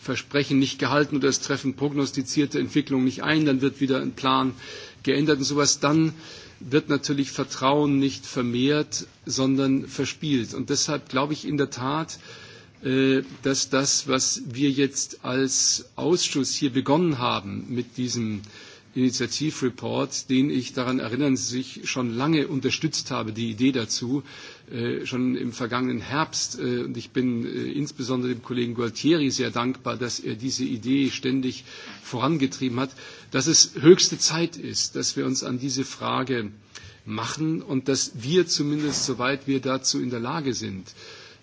Versprechen nicht gehalten oder es treffen prognostizierte Entwicklungen nicht ein, dann wird wieder ein Plan äh, geändert und sowas, dann wird natürlich Vertrauen nicht vermehrt, sondern verspielt. Und deshalb glaube ich in der Tat, äh, dass das, was wir jetzt als Ausschuss hier begonnen haben mit diesem Initiativreport, den ich daran erinnern Sie sich schon lange unterstützt habe, die Idee dazu, Äh, schon im vergangenen Herbst. Äh, und ich bin äh, insbesondere dem Kollegen Gualtieri sehr dankbar, dass er diese Idee ständig vorangetrieben hat, dass es höchste Zeit ist, dass wir uns an diese Frage machen und dass wir zumindest, soweit wir dazu in der Lage sind,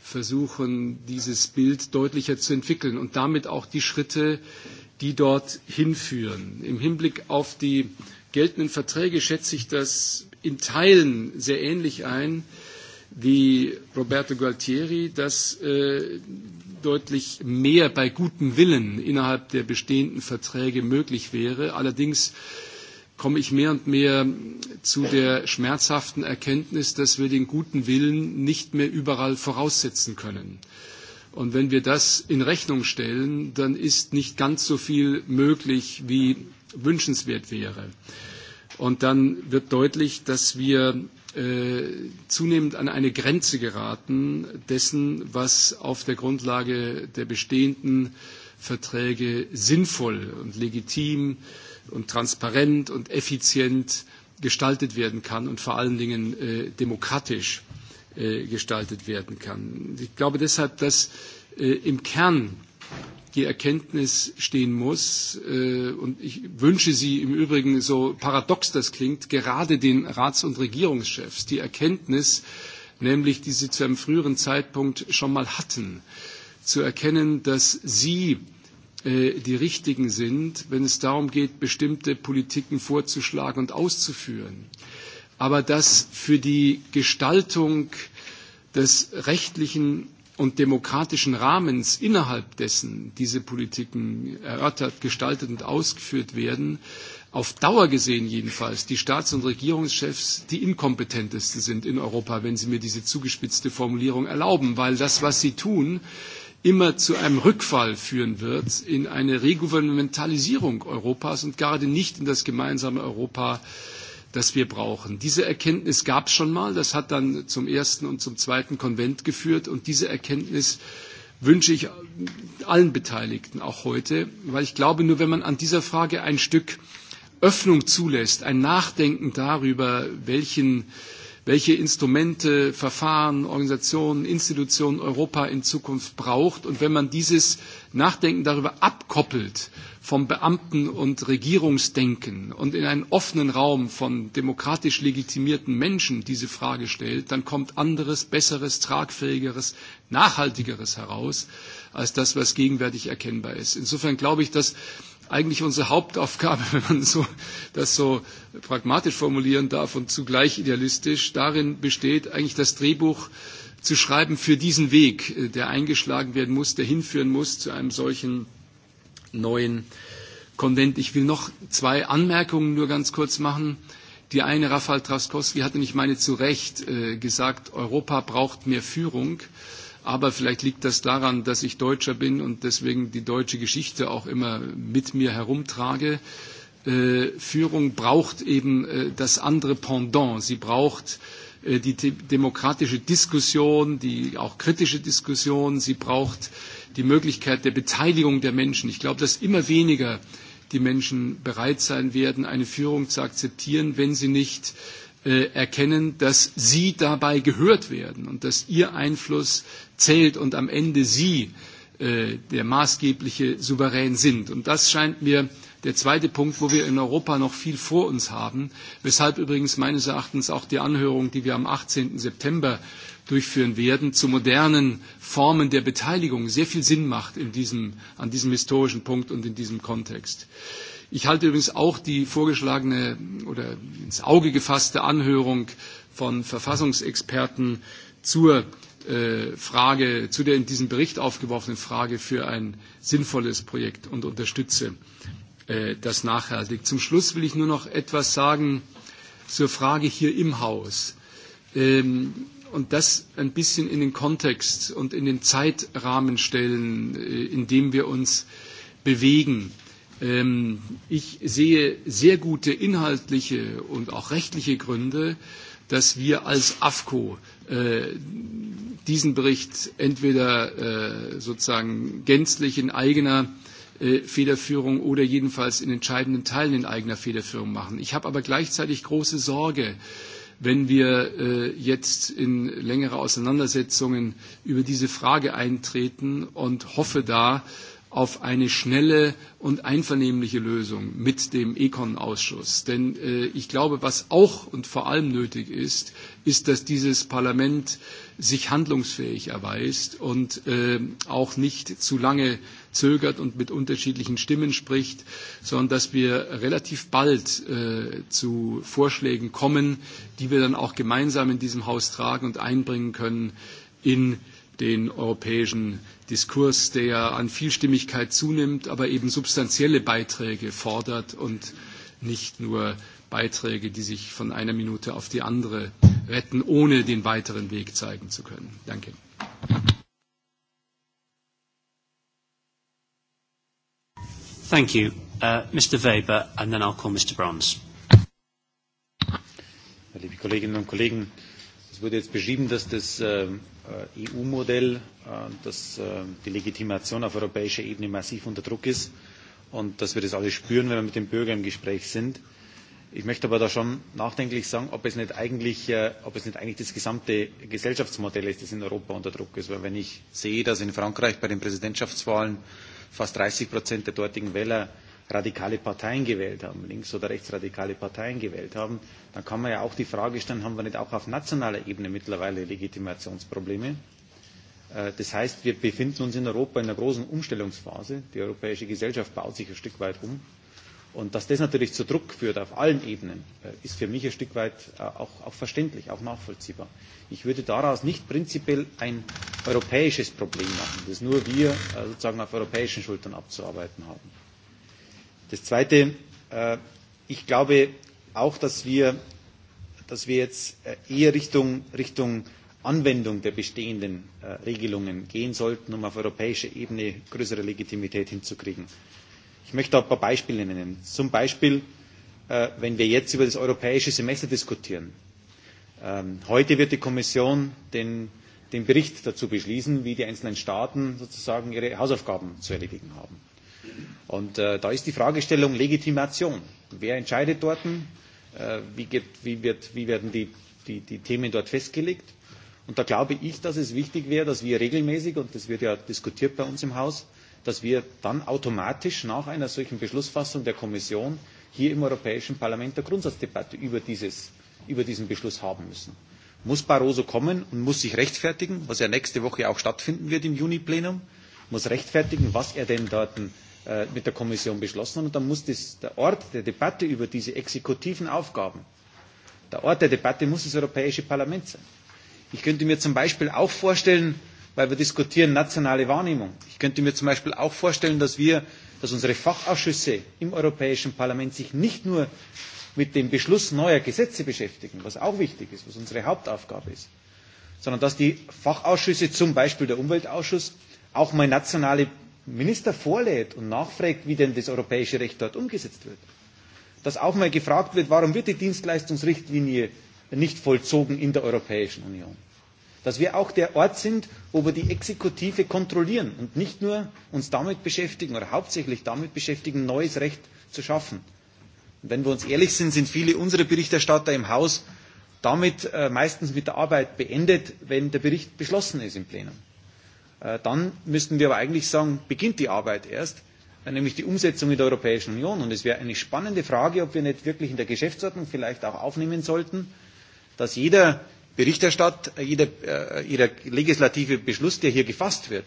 versuchen, dieses Bild deutlicher zu entwickeln und damit auch die Schritte, die dort hinführen. Im Hinblick auf die geltenden Verträge schätze ich das in Teilen sehr ähnlich ein wie Roberto Gualtieri, dass äh, deutlich mehr bei gutem Willen innerhalb der bestehenden Verträge möglich wäre. Allerdings komme ich mehr und mehr zu der schmerzhaften Erkenntnis, dass wir den guten Willen nicht mehr überall voraussetzen können. Und wenn wir das in Rechnung stellen, dann ist nicht ganz so viel möglich, wie wünschenswert wäre. Und dann wird deutlich, dass wir Äh, zunehmend an eine Grenze geraten dessen, was auf der Grundlage der bestehenden Verträge sinnvoll und legitim und transparent und effizient gestaltet werden kann und vor allen Dingen äh, demokratisch äh, gestaltet werden kann. Ich glaube deshalb, dass äh, im Kern die Erkenntnis stehen muss, äh, und ich wünsche sie im Übrigen, so paradox das klingt, gerade den Rats- und Regierungschefs, die Erkenntnis, nämlich die sie zu einem früheren Zeitpunkt schon mal hatten, zu erkennen, dass sie äh, die richtigen sind, wenn es darum geht, bestimmte Politiken vorzuschlagen und auszuführen. Aber dass für die Gestaltung des rechtlichen und demokratischen Rahmens, innerhalb dessen diese Politiken erörtert, gestaltet und ausgeführt werden, auf Dauer gesehen jedenfalls die Staats- und Regierungschefs die inkompetentesten sind in Europa, wenn Sie mir diese zugespitzte Formulierung erlauben, weil das, was sie tun, immer zu einem Rückfall führen wird in eine Regouvernementalisierung Europas und gerade nicht in das gemeinsame Europa das wir brauchen. Diese Erkenntnis gab es schon mal. Das hat dann zum ersten und zum zweiten Konvent geführt. Und diese Erkenntnis wünsche ich allen Beteiligten auch heute, weil ich glaube, nur wenn man an dieser Frage ein Stück Öffnung zulässt, ein Nachdenken darüber, welchen äh, welche Instrumente, Verfahren, Organisationen, Institutionen Europa in Zukunft braucht. Und wenn man dieses Nachdenken darüber abkoppelt vom Beamten- und Regierungsdenken und in einen offenen Raum von demokratisch legitimierten Menschen diese Frage stellt, dann kommt anderes, besseres, tragfähigeres, nachhaltigeres heraus als das, was gegenwärtig erkennbar ist. Insofern glaube ich, dass eigentlich unsere Hauptaufgabe, wenn man so, das so pragmatisch formulieren darf und zugleich idealistisch, darin besteht, eigentlich das Drehbuch zu schreiben für diesen Weg, äh, der eingeschlagen werden muss, der hinführen muss zu einem solchen neuen Konvent. Ich will noch zwei Anmerkungen nur ganz kurz machen. Die eine, Rafael Traskowski hatte nicht meine zu Recht äh, gesagt, Europa braucht mehr Führung. Äh, Aber vielleicht liegt das daran, dass ich Deutscher bin und deswegen die deutsche Geschichte auch immer mit mir herumtrage. Äh, Führung braucht eben äh, das andere Pendant. Sie braucht äh, die demokratische Diskussion, die auch kritische Diskussion. Sie braucht die Möglichkeit der Beteiligung der Menschen. Ich glaube, dass immer weniger die Menschen bereit sein werden, eine Führung zu akzeptieren, wenn sie nicht erkennen, dass sie dabei gehört werden und dass ihr Einfluss zählt und am Ende sie äh, der maßgebliche Souverän sind. Und das scheint mir der zweite Punkt, wo wir in Europa noch viel vor uns haben, weshalb übrigens meines Erachtens auch die Anhörung, die wir am 18. September durchführen werden, zu modernen Formen der Beteiligung sehr viel Sinn macht in diesem, an diesem historischen Punkt und in diesem Kontext. Ich halte übrigens auch die vorgeschlagene oder ins Auge gefasste Anhörung von Verfassungsexperten zur äh, Äh, Frage, zu der in diesem Bericht aufgeworfenen Frage für ein sinnvolles Projekt und unterstütze äh, das nachhaltig. Zum Schluss will ich nur noch etwas sagen zur Frage hier im Haus ähm, und das ein bisschen in den Kontext und in den Zeitrahmen stellen, äh, in dem wir uns bewegen. Ähm, ich sehe sehr gute inhaltliche und auch rechtliche Gründe, dass wir als AFCO Äh, diesen Bericht entweder äh, sozusagen gänzlich in eigener äh, Federführung oder jedenfalls in entscheidenden Teilen in eigener Federführung machen. Ich habe aber gleichzeitig große Sorge, wenn wir äh, jetzt in längere Auseinandersetzungen über diese Frage eintreten und hoffe da, auf eine schnelle und einvernehmliche Lösung mit dem Econ-Ausschuss. Denn äh, ich glaube, was auch und vor allem nötig ist, ist, dass dieses Parlament sich handlungsfähig erweist und äh, auch nicht zu lange zögert und mit unterschiedlichen Stimmen spricht, sondern dass wir relativ bald äh, zu Vorschlägen kommen, die wir dann auch gemeinsam in diesem Haus tragen und einbringen können in äh, den europäischen Diskurs, der an Vielstimmigkeit zunimmt, aber eben substanzielle Beiträge fordert und nicht nur Beiträge, die sich von einer Minute auf die andere retten, ohne den weiteren Weg zeigen zu können. Danke. Thank you. Uh, Mr. Weber, and then I'll call Mr. Brons. Liebe Kolleginnen und Kollegen, es wurde jetzt beschrieben, dass das äh, Äh, EU-Modell, äh, dass äh, die Legitimation auf europäischer Ebene massiv unter Druck ist und dass wir das alles spüren, wenn wir mit dem Bürger im Gespräch sind. Ich möchte aber da schon nachdenklich sagen, ob es nicht eigentlich, ob es nicht eigentlich das gesamte Gesellschaftsmodell ist, das in Europa unter Druck ist. Weil wenn ich sehe, dass in Frankreich bei den Präsidentschaftswahlen fast 30 Prozent der dortigen Wähler radikale Parteien gewählt haben, links- oder rechtsradikale Parteien gewählt haben, dann kann man ja auch die Frage stellen, haben wir nicht auch auf nationaler Ebene mittlerweile Legitimationsprobleme? Äh, das heißt, wir befinden uns in Europa in einer großen Umstellungsphase. Die europäische Gesellschaft baut sich ein Stück weit um. Und dass das natürlich zu Druck führt auf allen Ebenen, äh, ist für mich ein Stück weit äh, auch, auch verständlich, auch nachvollziehbar. Ich würde daraus nicht prinzipiell ein europäisches Problem machen, das nur wir sozusagen auf europäischen Schultern abzuarbeiten haben. Das Zweite, äh, ich glaube auch, dass wir, dass wir jetzt äh, eher Richtung, Richtung Anwendung der bestehenden äh, Regelungen gehen sollten, um auf europäischer Ebene größere Legitimität hinzukriegen. Ich möchte ein paar Beispiele nennen. Zum Beispiel, wenn wir jetzt über das europäische Semester diskutieren. Ähm, heute wird die Kommission den, den Bericht dazu beschließen, wie die einzelnen Staaten sozusagen ihre Hausaufgaben zu erledigen haben. Und äh, da ist die Fragestellung Legitimation. Wer entscheidet dort? Äh, wie, geht, wie, wird, wie werden die, die, die Themen dort festgelegt? Und da glaube ich, dass es wichtig wäre, dass wir regelmäßig, und das wird ja diskutiert bei uns im Haus, dass wir dann automatisch nach einer solchen Beschlussfassung der Kommission hier im Europäischen Parlament eine Grundsatzdebatte über, dieses, über diesen Beschluss haben müssen. Muss Barroso kommen und muss sich rechtfertigen, was ja nächste Woche auch stattfinden wird im Juni-Plenum? muss rechtfertigen, was er denn dort äh, mit der Kommission beschlossen hat. Und dann muss das, der Ort der Debatte über diese exekutiven Aufgaben, der Ort der Debatte muss das Europäische Parlament sein. Ich könnte mir zum Beispiel auch vorstellen, weil wir diskutieren nationale Wahrnehmung. Ich könnte mir zum Beispiel auch vorstellen, dass wir, dass unsere Fachausschüsse im Europäischen Parlament sich nicht nur mit dem Beschluss neuer Gesetze beschäftigen, was auch wichtig ist, was unsere Hauptaufgabe ist, sondern dass die Fachausschüsse, zum Beispiel der Umweltausschuss, auch mal nationale Minister vorlädt und nachfragt, wie denn das europäische Recht dort umgesetzt wird. Dass auch mal gefragt wird, warum wird die Dienstleistungsrichtlinie nicht vollzogen in der Europäischen Union. Dass wir auch der Ort sind, wo wir die Exekutive kontrollieren und nicht nur uns damit beschäftigen oder hauptsächlich damit beschäftigen, neues Recht zu schaffen. Und wenn wir uns ehrlich sind, sind viele unserer Berichterstatter im Haus damit äh, meistens mit der Arbeit beendet, wenn der Bericht beschlossen ist im Plenum. Äh, dann müssten wir aber eigentlich sagen, beginnt die Arbeit erst, äh, nämlich die Umsetzung in der Europäischen Union. Und es wäre eine spannende Frage, ob wir nicht wirklich in der Geschäftsordnung vielleicht auch aufnehmen sollten, dass jeder Berichterstatter, äh, jeder, jeder legislative Beschluss, der hier gefasst wird,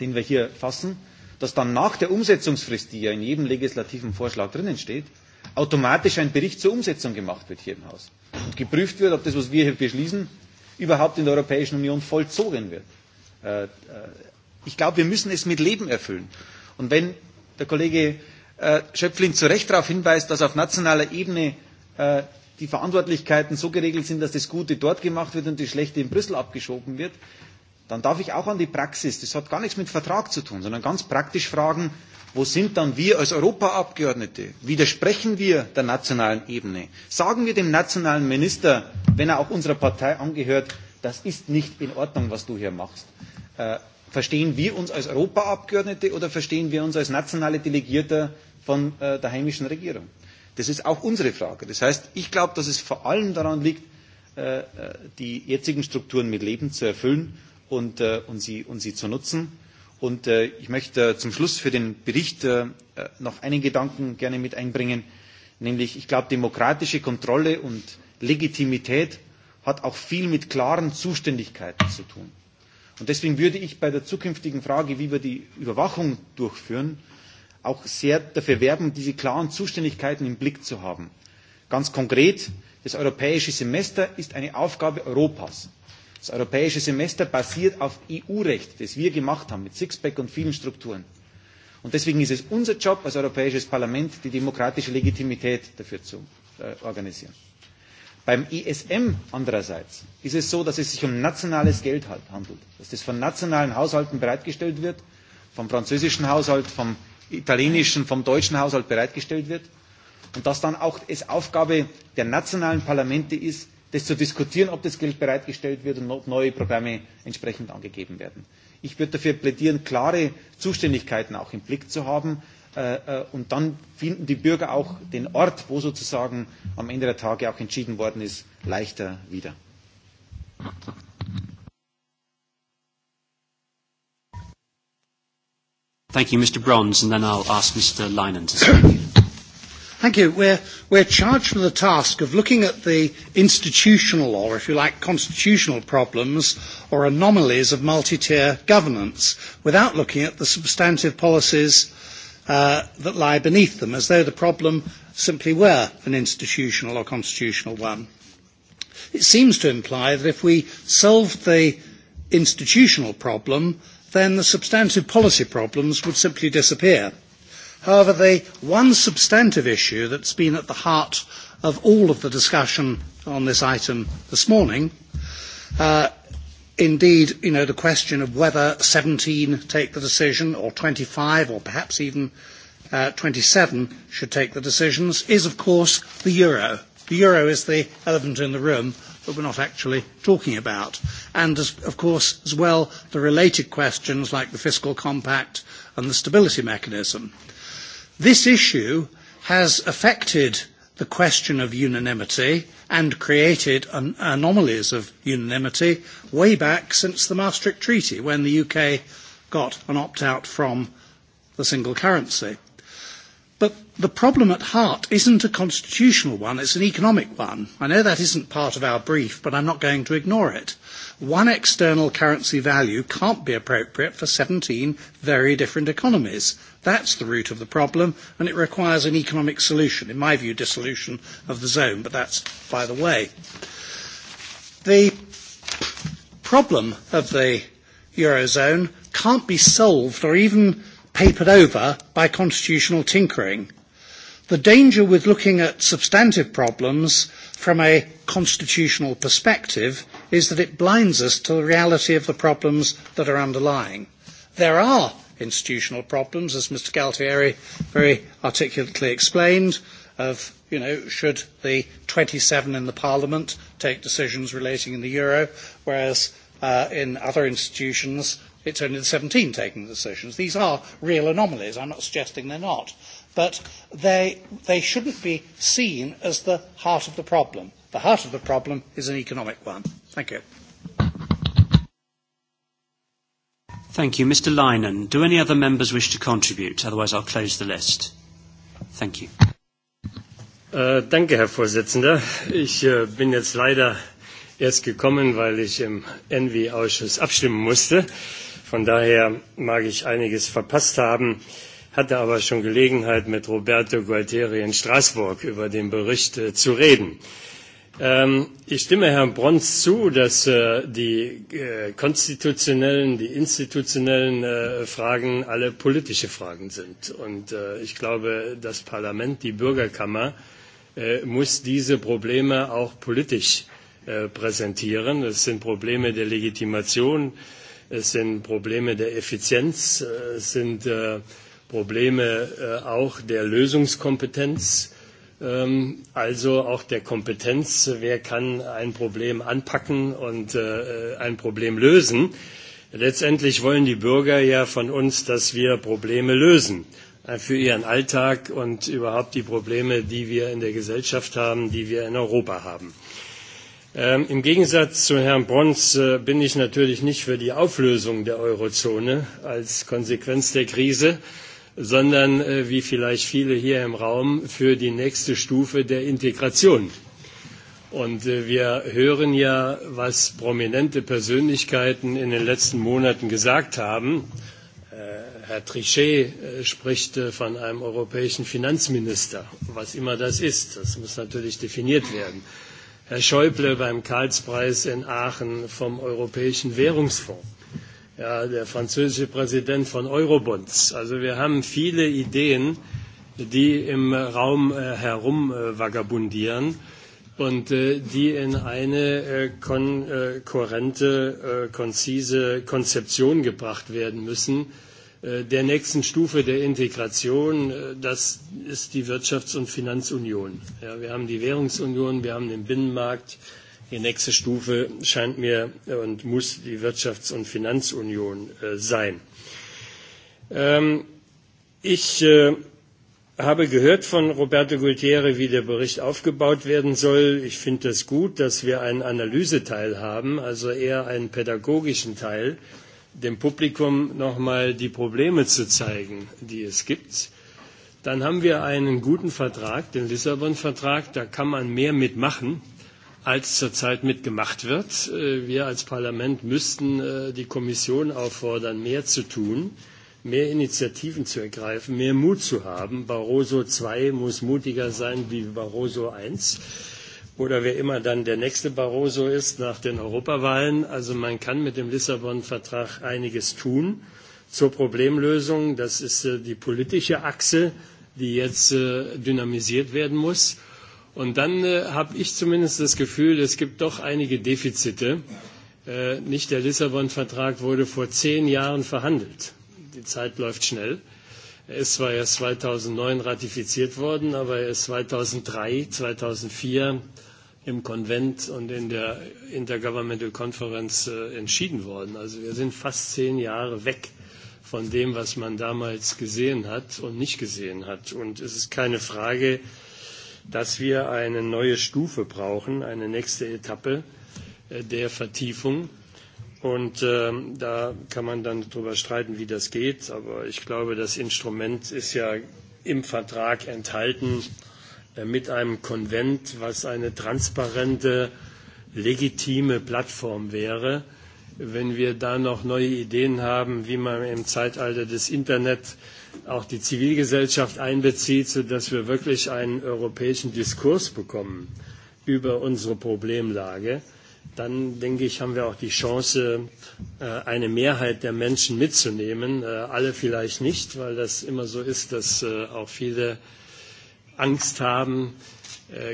den wir hier fassen, dass dann nach der Umsetzungsfrist, die ja in jedem legislativen Vorschlag drinnen steht, automatisch ein Bericht zur Umsetzung gemacht wird hier im Haus und geprüft wird, ob das, was wir hier beschließen, überhaupt in der Europäischen Union vollzogen wird. Äh, äh, ich glaube, wir müssen es mit Leben erfüllen. Und wenn der Kollege äh, Schöpflin zu Recht darauf hinweist, dass auf nationaler Ebene die Verantwortlichkeiten so geregelt sind, dass das Gute dort gemacht wird und das Schlechte in Brüssel abgeschoben wird, dann darf ich auch an die Praxis, das hat gar nichts mit Vertrag zu tun, sondern ganz praktisch fragen, wo sind dann wir als Europaabgeordnete? Widersprechen wir der nationalen Ebene? Sagen wir dem nationalen Minister, wenn er auch unserer Partei angehört, das ist nicht in Ordnung, was du hier machst. Äh, verstehen wir uns als Europaabgeordnete oder verstehen wir uns als nationale Delegierte von äh, der heimischen Regierung? Das ist auch unsere Frage. Das heißt, ich glaube, dass es vor allem daran liegt, äh, äh, die jetzigen Strukturen mit Leben zu erfüllen und, äh, und, sie, und sie zu nutzen. Und äh, ich möchte äh, zum Schluss für den Bericht äh, noch einen Gedanken gerne mit einbringen, nämlich ich glaube, demokratische Kontrolle und Legitimität hat auch viel mit klaren Zuständigkeiten zu tun. Und deswegen würde ich bei der zukünftigen Frage, wie wir die Überwachung durchführen, auch sehr dafür werben, diese klaren Zuständigkeiten im Blick zu haben. Ganz konkret, das europäische Semester ist eine Aufgabe Europas. Das europäische Semester basiert auf EU-Recht, das wir gemacht haben mit Sixpack und vielen Strukturen. Und deswegen ist es unser Job als Europäisches Parlament, die demokratische Legitimität dafür zu äh, organisieren. Beim ISM andererseits ist es so, dass es sich um nationales Geld handelt, dass das von nationalen Haushalten bereitgestellt wird, vom französischen Haushalt, vom italienischen, vom deutschen Haushalt bereitgestellt wird und dass dann auch es Aufgabe der nationalen Parlamente ist, das zu diskutieren, ob das Geld bereitgestellt wird und ob neue Programme entsprechend angegeben werden. Ich würde dafür plädieren, klare Zuständigkeiten auch im Blick zu haben, Äh, äh, und dann finden die Bürger auch den Ort, wo sozusagen am Ende der Tage auch entschieden worden ist, leichter wieder. Thank you, Mr. Bronze, and then I'll ask Mr. Linen to speak. Thank you. We're, we're charged with the task of looking at the institutional, or if you like, constitutional problems or anomalies of multi-tier governance without looking at the substantive policies Uh, that lie beneath them, as though the problem simply were an institutional or constitutional one. It seems to imply that if we solved the institutional problem, then the substantive policy problems would simply disappear. However, the one substantive issue that's been at the heart of all of the discussion on this item this morning uh, Indeed, you know, the question of whether 17 take the decision or 25 or perhaps even uh, 27 should take the decisions is, of course, the euro. The euro is the elephant in the room that we're not actually talking about. And, as, of course, as well, the related questions like the fiscal compact and the stability mechanism. This issue has affected the question of unanimity and created an anomalies of unanimity way back since the Maastricht Treaty when the UK got an opt-out from the single currency. But the problem at heart isn't a constitutional one, it's an economic one. I know that isn't part of our brief, but I'm not going to ignore it. One external currency value can't be appropriate for 17 very different economies. That's the root of the problem, and it requires an economic solution. In my view, dissolution of the zone, but that's by the way. The problem of the Eurozone can't be solved or even papered over by constitutional tinkering. The danger with looking at substantive problems from a constitutional perspective is that it blinds us to the reality of the problems that are underlying. There are institutional problems, as Mr. Galtieri very articulately explained, of, you know, should the 27 in the Parliament take decisions relating in the euro, whereas uh, in other institutions it's only the 17 taking decisions. These are real anomalies. I'm not suggesting they're not. But they, they shouldn't be seen as the heart of the problem. The heart of the problem is an economic one. Thank you. Thank you. Mr. Leinen, do any other members wish to contribute? Otherwise, I'll close the list. Thank you. Uh, danke, Herr Vorsitzender. Ich uh, bin jetzt leider erst gekommen, weil ich im Envi-Ausschuss abstimmen musste. Von daher mag ich einiges verpasst haben, hatte aber schon Gelegenheit, mit Roberto Gualtieri in Straßburg über den Bericht uh, zu reden. Äh, Ähm, ich stimme Herrn Brons zu, dass äh, die äh, konstitutionellen, die institutionellen äh, Fragen alle politische Fragen sind. Und ich glaube, das Parlament, die Bürgerkammer muss diese Probleme auch politisch präsentieren. Es sind Probleme der Legitimation, es sind Probleme der Effizienz, es sind Probleme auch der Lösungskompetenz. Ähm, also auch der Kompetenz, wer kann ein Problem anpacken und äh, äh, ein Problem lösen. Letztendlich wollen die Bürger ja von uns, dass wir Probleme lösen äh, für ihren Alltag und überhaupt die Probleme, die wir in der Gesellschaft haben, die wir in Europa haben. Ähm, Im Gegensatz zu Herrn Brons bin ich natürlich nicht für die Auflösung der Eurozone als Konsequenz der Krise, sondern äh, wie vielleicht viele hier im Raum für die nächste Stufe der Integration. Und äh, wir hören ja, was prominente Persönlichkeiten in den letzten Monaten gesagt haben. Äh, Herr Trichet spricht von einem europäischen Finanzminister, was immer das ist. Das muss natürlich definiert werden. Herr Schäuble beim Karlspreis in Aachen vom Europäischen Währungsfonds ja, der französische Präsident von Eurobonds. Also wir haben viele Ideen, die im Raum äh, herum äh, vagabundieren und äh, die in eine äh, kon äh, kohärente, äh, konzise Konzeption gebracht werden müssen äh, der nächsten Stufe der Integration, äh, das ist die Wirtschafts- und Finanzunion. Ja, wir haben die Währungsunion, wir haben den Binnenmarkt, äh, Die nächste Stufe scheint mir und muss die Wirtschafts- und Finanzunion äh, sein. Ähm, ich äh, habe gehört von Roberto Gualtieri, wie der Bericht aufgebaut werden soll. Ich finde es das gut, dass wir einen Analyseteil haben, also eher einen pädagogischen Teil, dem Publikum nochmal die Probleme zu zeigen, die es gibt. Dann haben wir einen guten Vertrag, den Lissabon-Vertrag, da kann man mehr mitmachen als zurzeit mitgemacht wird. Äh, wir als Parlament müssten äh, die Kommission auffordern, mehr zu tun, mehr Initiativen zu ergreifen, mehr Mut zu haben. Barroso II muss mutiger sein wie Barroso I oder wer immer dann der nächste Barroso ist nach den Europawahlen. Also man kann mit dem Lissabon-Vertrag einiges tun zur Problemlösung. Das ist äh, die politische Achse, die jetzt dynamisiert werden muss. Und dann äh, habe ich zumindest das Gefühl, es gibt doch einige Defizite. Äh, nicht der Lissabon-Vertrag wurde vor zehn Jahren verhandelt. Die Zeit läuft schnell. Er ist zwar erst 2009 ratifiziert worden, aber er ist 2003, 2004 im Konvent und in der Intergovernmental Conference äh, entschieden worden. Also wir sind fast zehn Jahre weg von dem, was man damals gesehen hat und nicht gesehen hat. Und es ist keine Frage, äh, dass wir eine neue Stufe brauchen, eine nächste Etappe äh, der Vertiefung. Und äh, da kann man dann darüber streiten, wie das geht. Aber ich glaube, das Instrument ist ja im Vertrag enthalten äh, mit einem Konvent, was eine transparente, legitime Plattform wäre. Wenn wir da noch neue Ideen haben, wie man im Zeitalter des Internets auch die Zivilgesellschaft einbezieht, sodass wir wirklich einen europäischen Diskurs bekommen über unsere Problemlage, dann denke ich, haben wir auch die Chance, äh, eine Mehrheit der Menschen mitzunehmen. Äh, alle vielleicht nicht, weil das immer so ist, dass äh, auch viele Angst haben,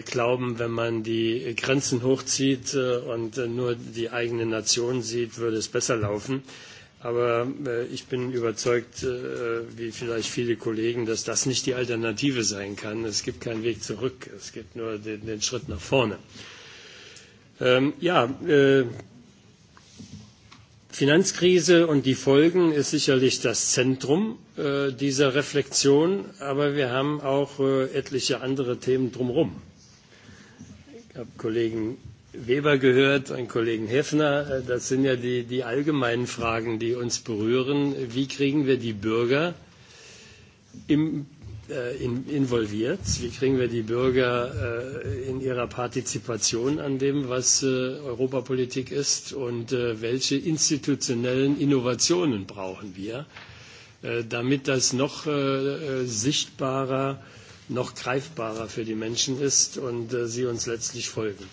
glauben, wenn man die Grenzen hochzieht und nur die eigene Nation sieht, würde es besser laufen. Aber äh, ich bin überzeugt, äh, wie vielleicht viele Kollegen, dass das nicht die Alternative sein kann. Es gibt keinen Weg zurück. Es gibt nur den, den Schritt nach vorne. Ähm, ja, äh, Finanzkrise und die Folgen ist sicherlich das Zentrum dieser Reflexion, aber wir haben auch etliche andere Themen drumherum. Ich habe Kollegen Weber gehört, an Kollegen Heffner. Äh, das sind ja die, die allgemeinen Fragen, die uns berühren. Wie kriegen wir die Bürger im, äh, in, involviert? Wie kriegen wir die Bürger äh, in ihrer Partizipation an dem, was äh, Europapolitik ist? Und äh, welche institutionellen Innovationen brauchen wir, äh, damit das noch äh, äh sichtbarer, noch greifbarer für die Menschen ist und äh, sie uns letztlich folgen?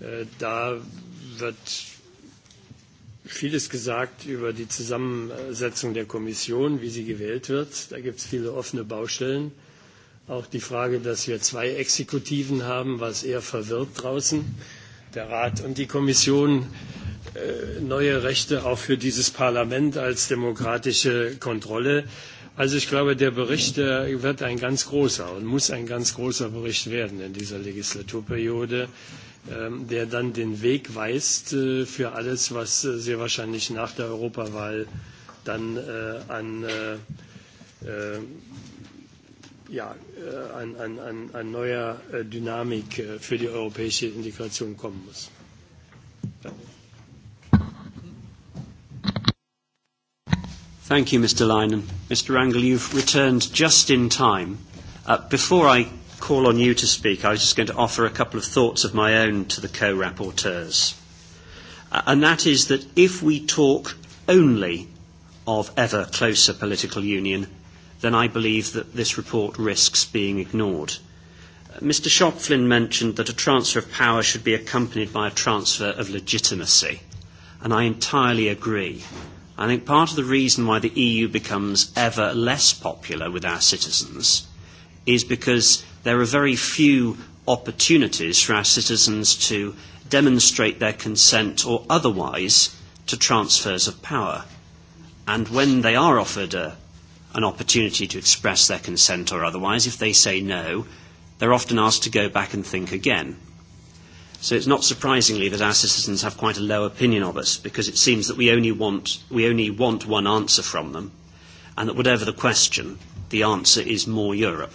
Äh, da wird vieles gesagt über die Zusammensetzung der Kommission, wie sie gewählt wird. Da gibt es viele offene Baustellen. Auch die Frage, dass wir zwei Exekutiven haben, was eher verwirrt draußen. Der Rat und die Kommission äh, neue Rechte auch für dieses Parlament als demokratische Kontrolle. Also ich glaube, der Bericht äh, wird ein ganz großer und muss ein ganz großer Bericht werden in dieser Legislaturperiode. Äh, Ähm, der dann den Weg weist äh, für alles, was äh, sehr wahrscheinlich nach der Europawahl dann äh, an, ja, an, an, an, an neuer Dynamik für die europäische Integration kommen muss. Thank you, Mr. Leinen. Mr. Rangel, you've returned just in time. Uh, before I call on you to speak, I was just going to offer a couple of thoughts of my own to the co-rapporteurs. Uh, and that is that if we talk only of ever closer political union, then I believe that this report risks being ignored. Uh, Mr. Shopflin mentioned that a transfer of power should be accompanied by a transfer of legitimacy, and I entirely agree. I think part of the reason why the EU becomes ever less popular with our citizens is because there are very few opportunities for our citizens to demonstrate their consent or otherwise to transfers of power. And when they are offered a, an opportunity to express their consent or otherwise, if they say no, they're often asked to go back and think again. So it's not surprisingly that our citizens have quite a low opinion of us, because it seems that we only want, we only want one answer from them, and that whatever the question, the answer is more Europe.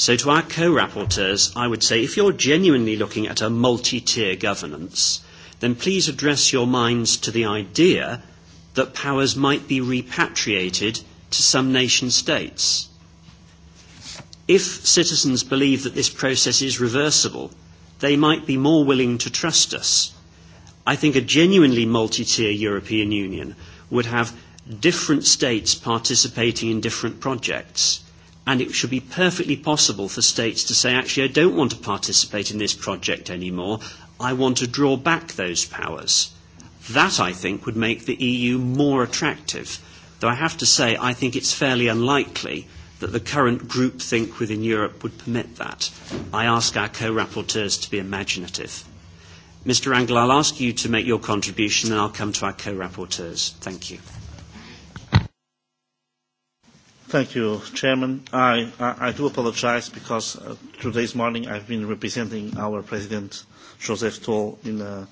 So to our co-rapporteurs, I would say if you're genuinely looking at a multi-tier governance, then please address your minds to the idea that powers might be repatriated to some nation states. If citizens believe that this process is reversible, they might be more willing to trust us. I think a genuinely multi-tier European Union would have different states participating in different projects And it should be perfectly possible for states to say, actually, I don't want to participate in this project anymore. I want to draw back those powers. That, I think, would make the EU more attractive. Though I have to say, I think it's fairly unlikely that the current groupthink within Europe would permit that. I ask our co-rapporteurs to be imaginative. Mr. Rangel, I'll ask you to make your contribution, and I'll come to our co-rapporteurs. Thank you. Thank you, Chairman. I, I, I do apologize because uh, today's morning I've been representing our President, Joseph Toll, in a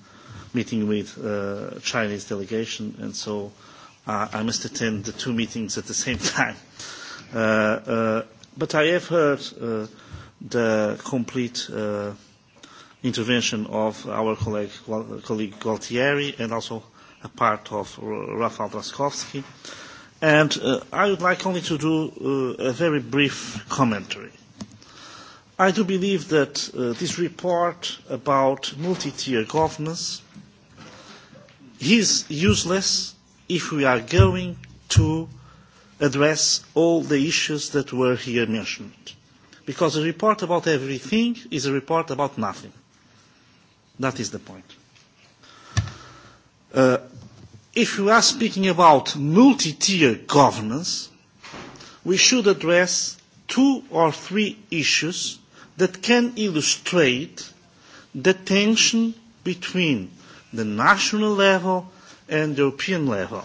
meeting with uh, Chinese delegation, and so uh, I must attend the two meetings at the same time. Uh, uh, but I have heard uh, the complete uh, intervention of our colleague, colleague Gualtieri and also a part of Rafał Draskowski. Uh, And uh, I would like only to do uh, a very brief commentary. I do believe that uh, this report about multi-tier governance is useless if we are going to address all the issues that were here mentioned. Because a report about everything is a report about nothing. That is the point. Uh, if we are speaking about multi-tier governance, we should address two or three issues that can illustrate the tension between the national level and the European level.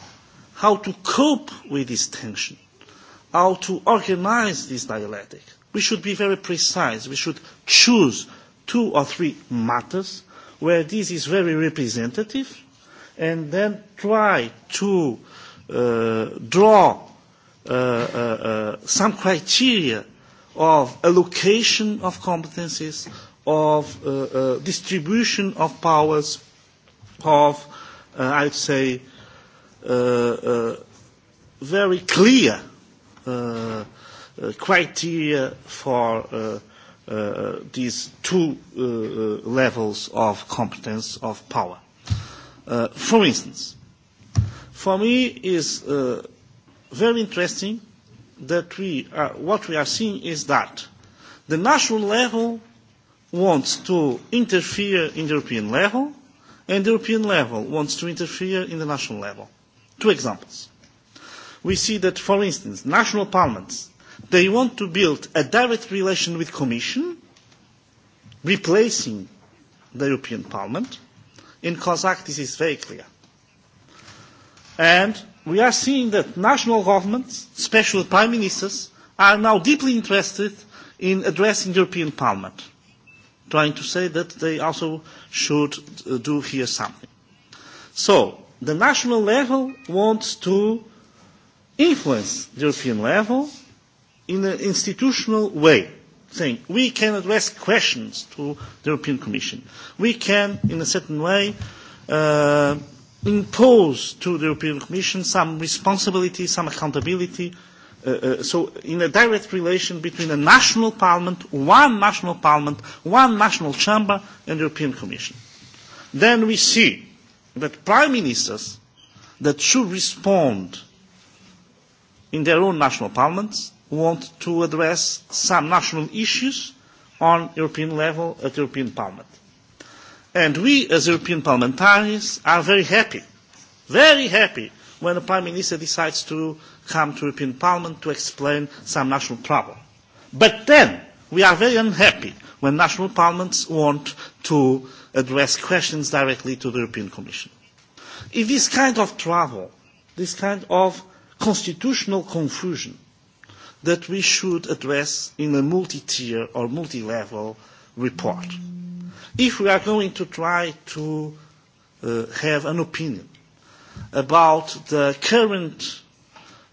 How to cope with this tension, how to organize this dialectic. We should be very precise. We should choose two or three matters where this is very representative and then try to uh, draw uh, uh, uh, some criteria of allocation of competencies, of uh, uh, distribution of powers, of, uh, I'd say, uh, uh, very clear uh, uh, criteria for uh, uh, these two uh, uh levels of competence of power. Uh, for instance, for me is uh, very interesting that we are, what we are seeing is that the national level wants to interfere in the European level, and the European level wants to interfere in the national level. Two examples. We see that, for instance, national parliaments, they want to build a direct relation with Commission, replacing the European Parliament, In Kazakh, this is very clear. And we are seeing that national governments, especially prime ministers, are now deeply interested in addressing European Parliament, trying to say that they also should uh, do here something. So, the national level wants to influence the European level in an institutional way thing. We can address questions to the European Commission. We can, in a certain way, uh, impose to the European Commission some responsibility, some accountability. Uh, uh, so in a direct relation between a national parliament, one national parliament, one national chamber and the European Commission. Then we see that prime ministers that should respond in their own national parliaments want to address some national issues on European level at European Parliament. And we, as European parliamentarians, are very happy, very happy, when the Prime Minister decides to come to European Parliament to explain some national problem. But then, we are very unhappy when national parliaments want to address questions directly to the European Commission. If this kind of trouble, this kind of constitutional confusion that we should address in a multi-tier or multi-level report. If we are going to try to uh, have an opinion about the current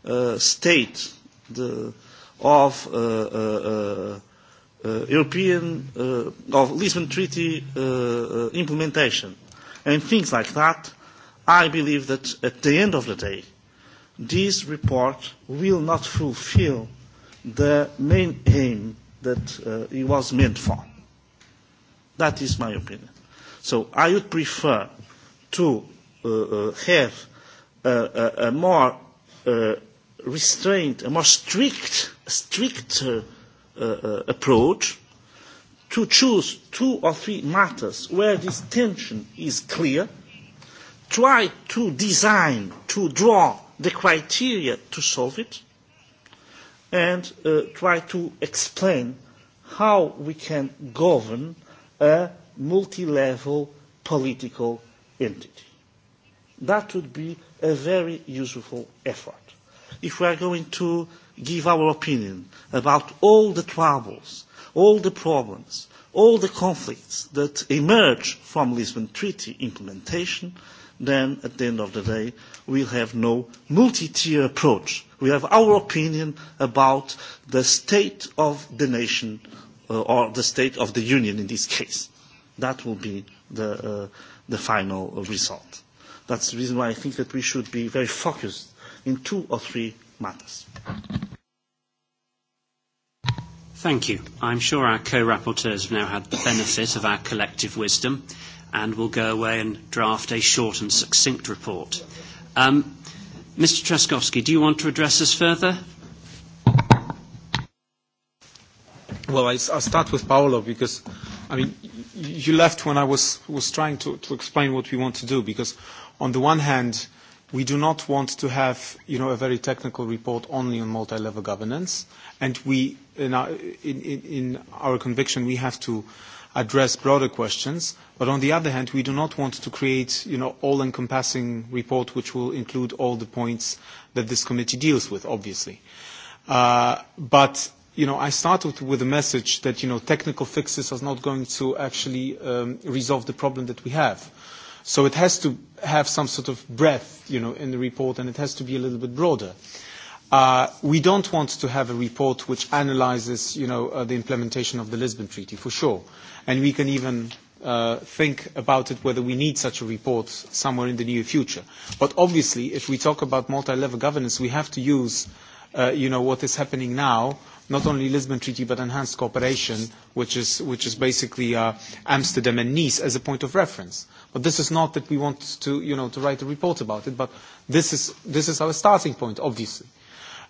uh, state the, of uh, uh, uh, uh European uh, of Lisbon Treaty uh, uh, implementation and things like that, I believe that at the end of the day, this report will not fulfill the main aim that uh, it was meant for. That is my opinion. So I would prefer to uh, uh have a, a, a more uh, restrained, a more strict, stricter uh, uh, uh, approach to choose two or three matters where this tension is clear, try to design, to draw the criteria to solve it, and uh, try to explain how we can govern a multi-level political entity. That would be a very useful effort. If we are going to give our opinion about all the troubles, all the problems, all the conflicts that emerge from Lisbon Treaty implementation, then at the end of the day, we'll have no multi-tier approach We have our opinion about the state of the nation uh, or the state of the union in this case. That will be the, uh, the final result. That's the reason why I think that we should be very focused in two or three matters. Thank you. I'm sure our co-rapporteurs have now had the benefit of our collective wisdom and will go away and draft a short and succinct report. Um, Mr. Treskovsky, do you want to address us further? Well, I, I'll start with Paolo because, I mean, you left when I was, was trying to, to explain what we want to do because, on the one hand, we do not want to have, you know, a very technical report only on multi-level governance, and we, in our, in, in, in our conviction, we have to uh, address broader questions. But on the other hand, we do not want to create, you know, all-encompassing report which will include all the points that this committee deals with, obviously. Uh, but you know, I started with a message that you know technical fixes are not going to actually um, resolve the problem that we have. So it has to have some sort of breadth, you know, in the report, and it has to be a little bit broader. Uh, Uh, we don't want to have a report which analyzes, you know, uh, the implementation of the Lisbon Treaty, for sure. And we can even uh, think about it whether we need such a report somewhere in the near future. But obviously, if we talk about multi-level governance, we have to use, uh, you know, what is happening now, not only Lisbon Treaty, but enhanced cooperation, which is, which is basically uh, Amsterdam and Nice as a point of reference. But this is not that we want to, you know, to write a report about it, but this is, this is our starting point, obviously.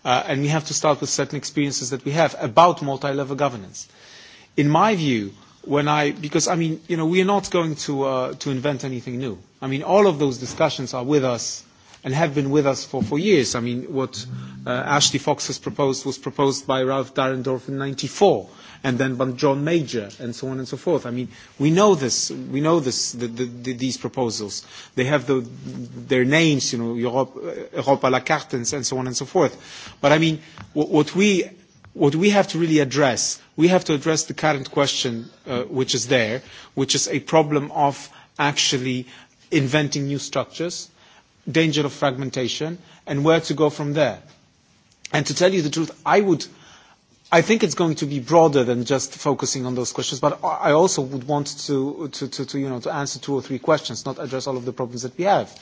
Uh, and we have to start with certain experiences that we have about multi-level governance. In my view, when I, because I mean, you know, we are not going to, uh, to invent anything new. I mean, all of those discussions are with us and have been with us for, for years. I mean, what uh, Ashley Fox has proposed was proposed by Ralph Dahrendorf in 94 and then by John Major, and so on and so forth. I mean, we know this. We know this. The, the, the, these proposals. They have the, their names, you know, Europe, Europe à la carte, and, and so on and so forth. But I mean, what, what we what we have to really address, we have to address the current question uh, which is there, which is a problem of actually inventing new structures, danger of fragmentation, and where to go from there. And to tell you the truth, I would I think it's going to be broader than just focusing on those questions, but I also would want to, to, to, to, you know, to answer two or three questions, not address all of the problems that we have.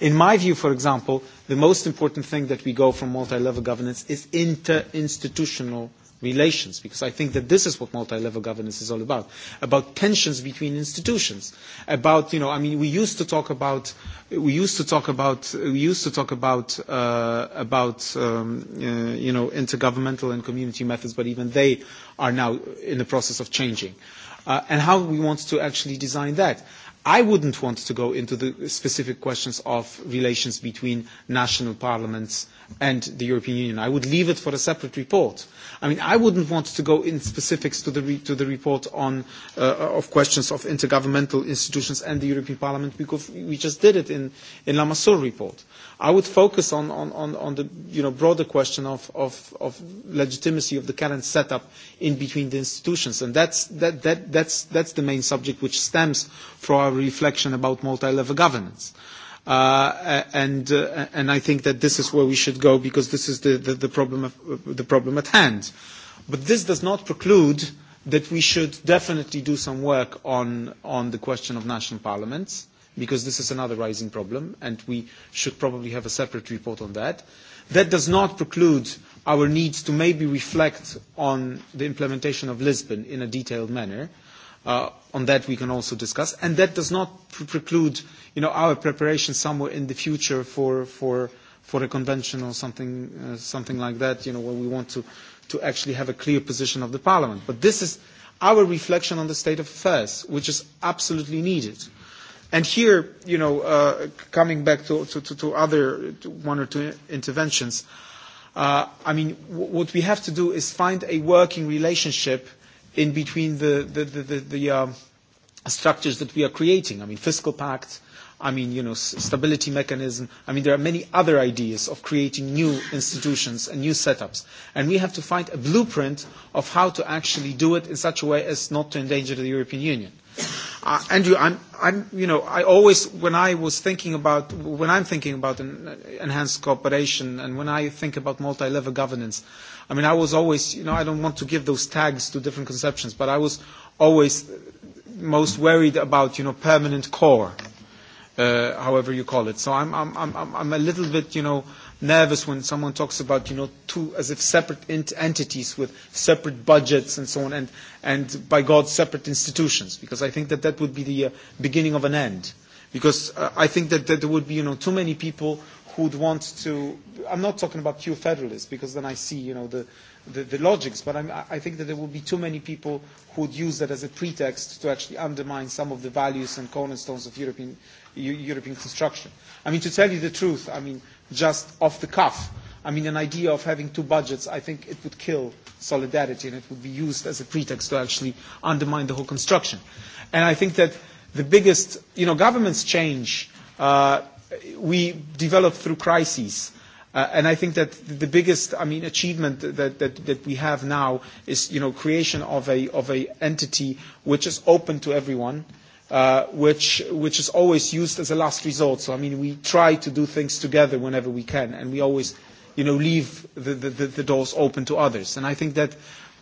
In my view, for example, the most important thing that we go from multi-level governance is interinstitutional relations, because I think that this is what multi-level governance is all about, about tensions between institutions, about, you know, I mean, we used to talk about, we used to talk about, we used to talk about, uh, about, um, uh, you know, intergovernmental and community methods, but even they are now in the process of changing. Uh, and how we want to actually design that. I wouldn't want to go into the specific questions of relations between national parliaments and the European Union. I would leave it for a separate report. I mean, I wouldn't want to go in specifics to the, re, to the report on uh, of questions of intergovernmental institutions and the European Parliament because we just did it in, in Lamassoure report. I would focus on, on, on, on the you know, broader question of, of, of legitimacy of the current setup in between the institutions. And that's, that, that, that's, that's the main subject which stems from our reflection about multi-level governance. Uh, Uh, and, uh, and I think that this is where we should go because this is the, the, the, problem, of, the problem at hand. But this does not preclude that we should definitely do some work on, on the question of national parliaments because this is another rising problem and we should probably have a separate report on that. That does not preclude our need to maybe reflect on the implementation of Lisbon in a detailed manner Uh, on that we can also discuss, and that does not pre preclude, you know, our preparation somewhere in the future for for for a convention or something uh, something like that, you know, where we want to to actually have a clear position of the parliament. But this is our reflection on the state of affairs, which is absolutely needed. And here, you know, uh, coming back to, to, to other to one or two interventions, uh, I mean, what we have to do is find a working relationship in between the, the, the, the, the um, structures that we are creating. I mean, fiscal pact, I mean, you know, stability mechanism. I mean, there are many other ideas of creating new institutions and new setups. And we have to find a blueprint of how to actually do it in such a way as not to endanger the European Union. Uh, Andrew, I'm, I'm, you know, I always, when I was thinking about, when I'm thinking about an, enhanced cooperation and when I think about multi-level governance, I mean, I was always, you know, I don't want to give those tags to different conceptions, but I was always most worried about, you know, permanent core, uh, however you call it. So I'm, I'm, I'm, I'm a little bit, you know, uh, nervous when someone talks about, you know, two as if separate ent- entities with separate budgets and so on, and, and by God, separate institutions, because I think that that would be the uh, beginning of an end. Because uh, I think that, that there would be, you know, too many people who'd want to. I'm not talking about pure federalists, because then I see, you know, the, the, the logics, but I'm, I think that there would be too many people who would use that as a pretext to actually undermine some of the values and cornerstones of European, European construction. I mean, to tell you the truth, I mean, just off the cuff. I mean, an idea of having two budgets, I think it would kill solidarity and it would be used as a pretext to actually undermine the whole construction. And I think that the biggest, you know, governments change. Uh, we develop through crises. Uh, and I think that the biggest, I mean, achievement that, that, that we have now is, you know, creation of a, of a entity which is open to everyone, uh, Uh, which, is always used as a last resort. So, I mean, we try to do things together whenever we can, and we always, you know, leave the, doors open to others. And I think that,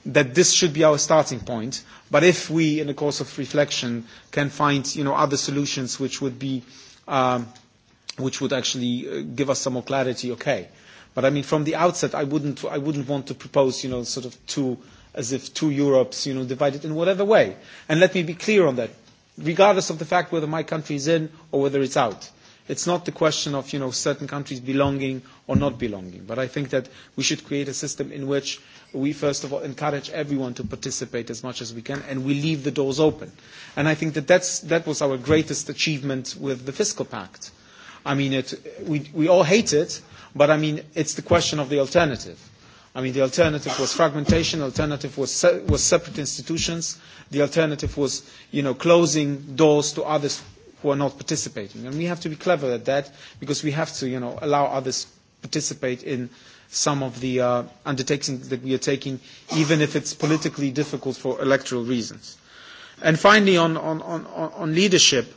that this should be our starting point. But if we, in the course of reflection, can find, you know, other solutions which would be, um, which would actually uh, give us some more clarity, okay. But I mean, from the outset, I wouldn't, I wouldn't want to propose, you know, sort of two, as if two Europes, you know, divided in whatever way. And let me be clear on that regardless of the fact whether my country is in or whether it's out. It's not the question of you know, certain countries belonging or not belonging, but I think that we should create a system in which we first of all encourage everyone to participate as much as we can and we leave the doors open. And I think that that's, that was our greatest achievement with the fiscal pact. I mean, it, we, we all hate it, but I mean, it's the question of the alternative. I mean, the alternative was fragmentation. the Alternative was se- was separate institutions. The alternative was, you know, closing doors to others who are not participating. And we have to be clever at that because we have to, you know, allow others participate in some of the uh, undertakings that we are taking, even if it's politically difficult for electoral reasons. And finally, on, on, on, on leadership,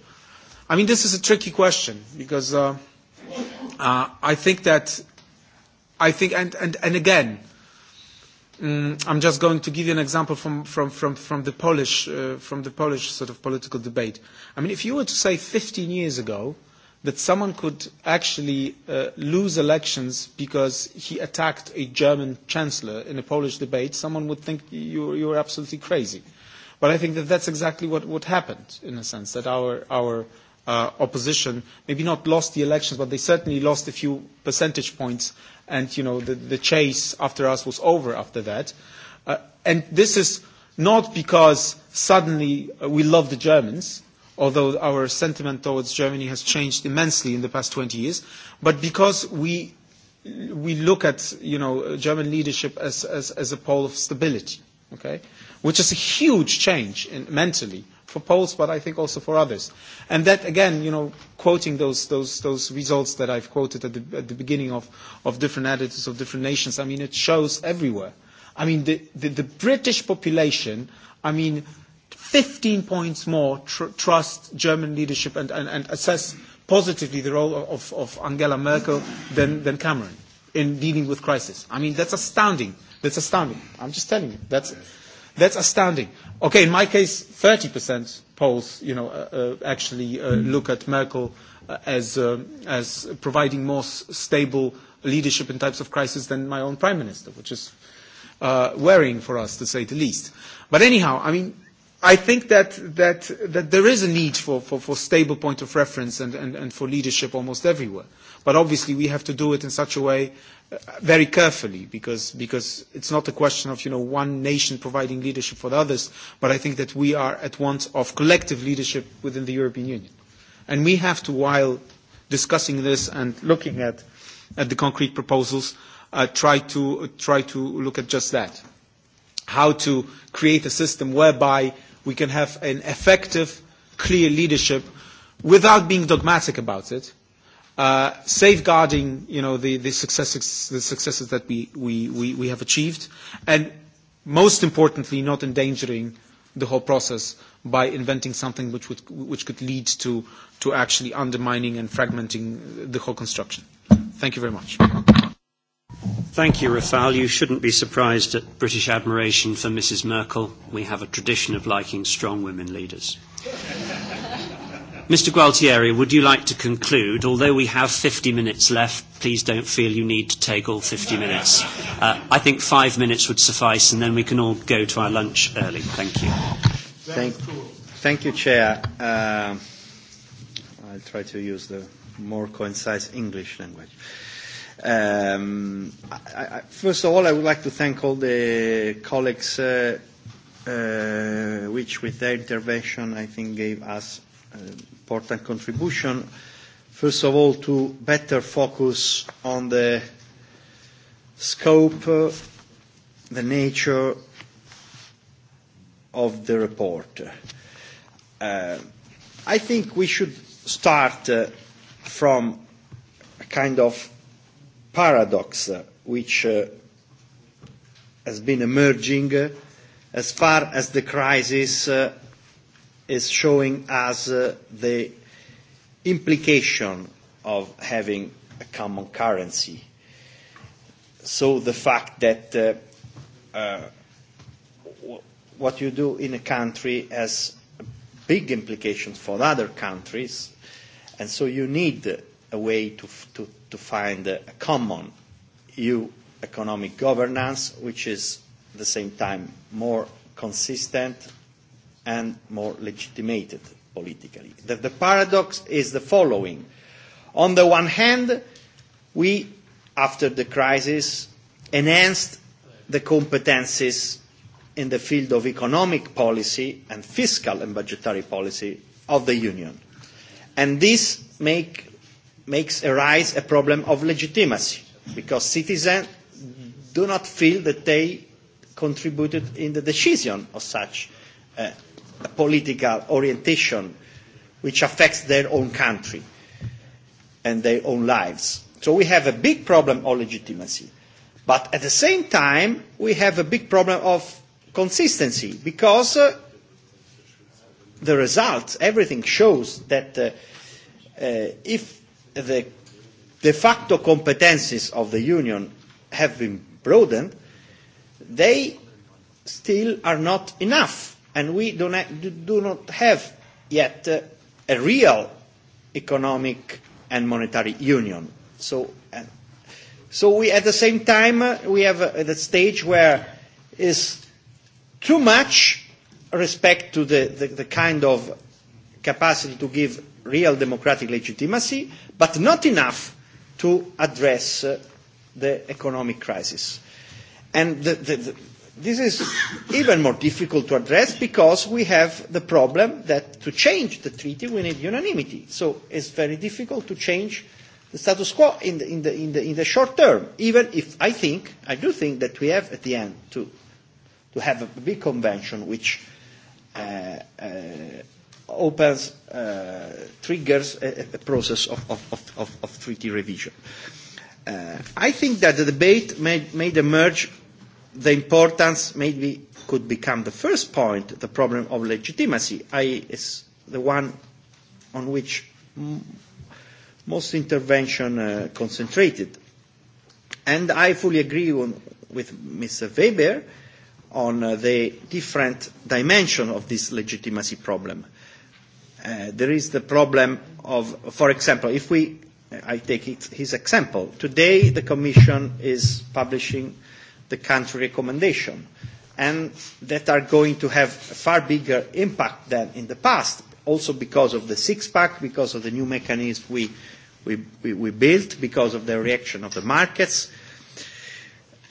I mean, this is a tricky question because uh, uh, I think that I think, and, and, and again, um, I'm just going to give you an example from, from, from, from, the Polish, uh, from the Polish sort of political debate. I mean, if you were to say 15 years ago that someone could actually uh, lose elections because he attacked a German chancellor in a Polish debate, someone would think you, you were absolutely crazy. But I think that that's exactly what, what happened, in a sense, that our, our uh, opposition maybe not lost the elections, but they certainly lost a few percentage points and you know the, the chase after us was over after that. Uh, and this is not because suddenly uh, we love the Germans, although our sentiment towards Germany has changed immensely in the past 20 years, but because we we look at you know German leadership as as, as a pole of stability, okay, which is a huge change in, mentally for Poles, but I think also for others. And that, again, you know, quoting those, those, those results that I've quoted at the, at the beginning of, of different attitudes of different nations, I mean, it shows everywhere. I mean, the, the, the British population, I mean, 15 points more tr- trust German leadership and, and, and assess positively the role of, of Angela Merkel than, than Cameron in dealing with crisis. I mean, that's astounding. That's astounding. I'm just telling you. That's That's astounding. Okay, in my case, 30% polls, you know, uh, uh, actually uh, mm. look at Merkel uh, as, uh, as providing more s- stable leadership in types of crisis than my own prime minister, which is uh, worrying for us, to say the least. But anyhow, I mean, I think that, that, that there is a need for, for, for stable point of reference and, and, and for leadership almost everywhere. But obviously we have to do it in such a way uh, very carefully because, because it's not a question of you know, one nation providing leadership for the others, but I think that we are at once of collective leadership within the European Union. And we have to, while discussing this and looking at, at the concrete proposals, uh, try, to, uh, try to look at just that. How to create a system whereby we can have an effective, clear leadership without being dogmatic about it, uh, safeguarding you know, the, the, successes, the successes that we, we, we, we have achieved, and most importantly, not endangering the whole process by inventing something which, would, which could lead to, to actually undermining and fragmenting the whole construction. Thank you very much. Thank you, Rafal. You shouldn't be surprised at British admiration for Mrs. Merkel. We have a tradition of liking strong women leaders. Mr. Gualtieri, would you like to conclude? Although we have 50 minutes left, please don't feel you need to take all 50 minutes. Uh, I think five minutes would suffice, and then we can all go to our lunch early. Thank you. Thank, thank you, Chair. Uh, I'll try to use the more concise English language. Uh, Um, I, I, first of all, I would like to thank all the colleagues, uh, uh, which with their intervention, I think, gave us an important contribution. First of all, to better focus on the scope, uh, the nature of the report. Uh, I think we should start uh, from a kind of paradox which uh, has been emerging uh, as far as the crisis uh, is showing us the implication of having a common currency. So the fact that uh, what you do in a country has big implications for other countries, and so you need a way to, to, to find a common EU economic governance, which is at the same time more consistent and more legitimated politically. The, the paradox is the following. On the one hand, we, after the crisis, enhanced the competences in the field of economic policy and fiscal and budgetary policy of the Union. And this makes makes arise a problem of legitimacy because citizens do not feel that they contributed in the decision of such a political orientation which affects their own country and their own lives. So we have a big problem of legitimacy. But at the same time, we have a big problem of consistency because uh, the results, everything shows that uh, uh, if the de facto competencies of the Union have been broadened, they still are not enough. And we do not, do not have yet uh, a real economic and monetary union. So, uh, so we, at the same time, uh, we have uh, the stage where is too much respect to the, the, the kind of capacity to give real democratic legitimacy, but not enough to address uh, the economic crisis. And the, the, the, this is even more difficult to address because we have the problem that to change the treaty we need unanimity. So it's very difficult to change the status quo in the, in the, in the, in the short term, even if I think, I do think that we have at the end to, to have a big convention which uh, uh, opens, uh, triggers a, a process of, of, of, of treaty revision. Uh, I think that the debate may, emerge the importance, maybe could become the first point, the problem of legitimacy. I is the one on which m- most intervention uh, concentrated. And I fully agree on, with Mr. Weber on uh, the different dimension of this legitimacy problem. Uh, there is the problem of, for example, if we, I take his example, today the Commission is publishing the country recommendation and that are going to have a far bigger impact than in the past, also because of the six-pack, because of the new mechanism we, we, we, we built, because of the reaction of the markets.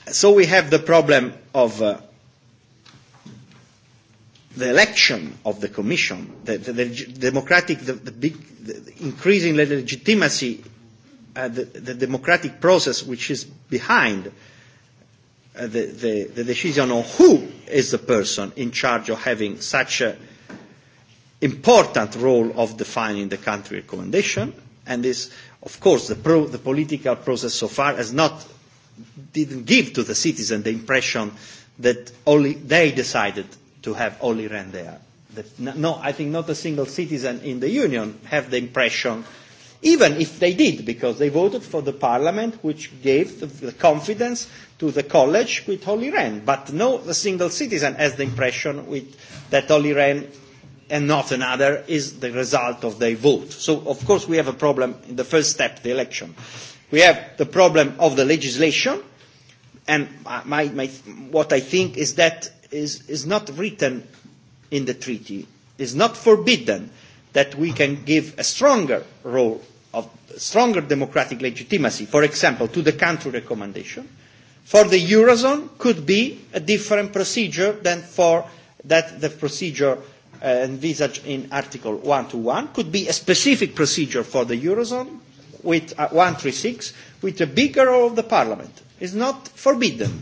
So we have the problem of uh, the election of the Commission, the, the, the democratic, the, the big, the increasing legitimacy, uh, the, the democratic process which is behind uh, the, the, the decision on who is the person in charge of having such an important role of defining the country recommendation. And this, of course, the, pro, the political process so far has not, didn't give to the citizen the impression that only they decided to have only Rehn there. That, no, I think not a single citizen in the Union have the impression, even if they did, because they voted for the parliament which gave the, the confidence to the college with Holy Rehn. But no a single citizen has the impression with, that Holy Rehn and not another is the result of their vote. So, of course, we have a problem in the first step, the election. We have the problem of the legislation, and uh, my, my, what I think is that is, is not written in the treaty. It's not forbidden that we can give a stronger role of stronger democratic legitimacy, for example, to the country recommendation. For the Eurozone could be a different procedure than for that the procedure uh, envisaged in Article 121, could be a specific procedure for the Eurozone with uh, 136, with a bigger role of the Parliament. It's not forbidden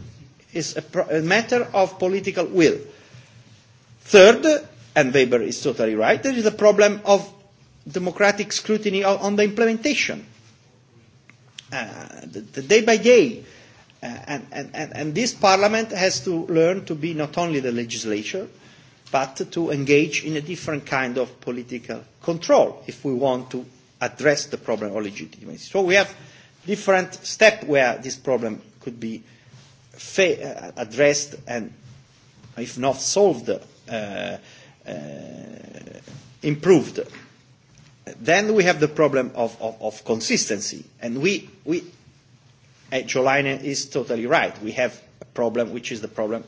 is a, a matter of political will. Third, and Weber is totally right, there is a problem of democratic scrutiny on, on the implementation. Uh, the, the day by day, uh, and, and, and, and this parliament has to learn to be not only the legislature, but to engage in a different kind of political control if we want to address the problem of legitimacy. So we have different steps where this problem could be uh, fa- uh, addressed and, if not solved, uh, uh, improved. Then we have the problem of, of, of consistency, and we, we uh, Jolaine is totally right. We have a problem which is the problem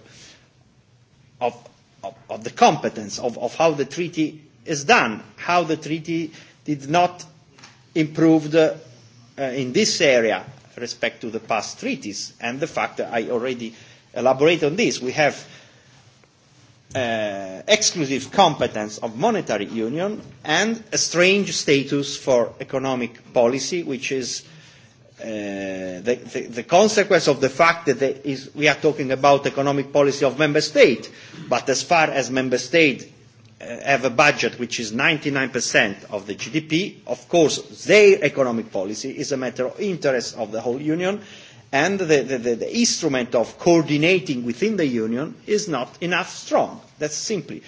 of, of, of the competence, of, of how the treaty is done, how the treaty did not improve the, uh, in this area, respect to the past treaties and the fact that I already elaborated on this. We have uh, exclusive competence of monetary union and a strange status for economic policy, which is uh, the, the, the consequence of the fact that is, we are talking about economic policy of member state. But as far as member state have a budget which is 99% of the GDP, of course, their economic policy is a matter of interest of the whole Union, and the, the, the, the instrument of coordinating within the Union is not enough strong. That's simply.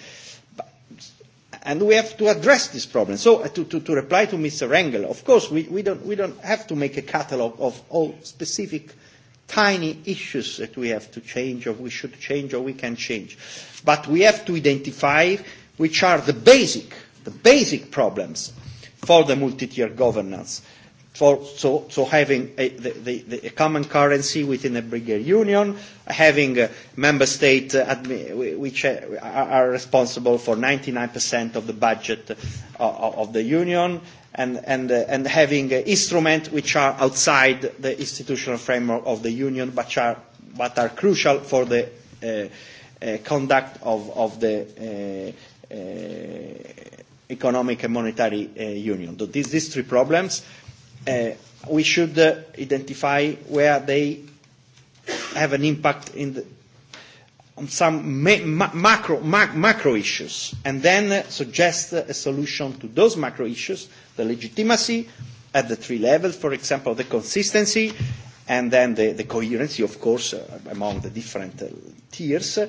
And we have to address this problem. So uh, to, to, to reply to Mr. Rengel, of course, we, we, don't, we don't have to make a catalogue of all specific tiny issues that we have to change or we should change or we can change. But we have to identify which are the basic, the basic problems for the multi-tier governance. For, so, so having a, the, the, a common currency within a bigger union, having a uh, member state uh, admi- which uh, are, are responsible for 99% of the budget uh, of the union, and, and, uh, and having uh, instruments which are outside the institutional framework of the union, but are, but are crucial for the uh, uh, conduct of, of the uh, uh, economic and monetary uh, union. So these, these three problems, uh, we should uh, identify where they have an impact in the, on some ma- ma- macro, ma- macro issues, and then uh, suggest uh, a solution to those macro issues, the legitimacy at the three levels, for example, the consistency, and then the, the coherency, of course, uh, among the different uh, tiers, uh,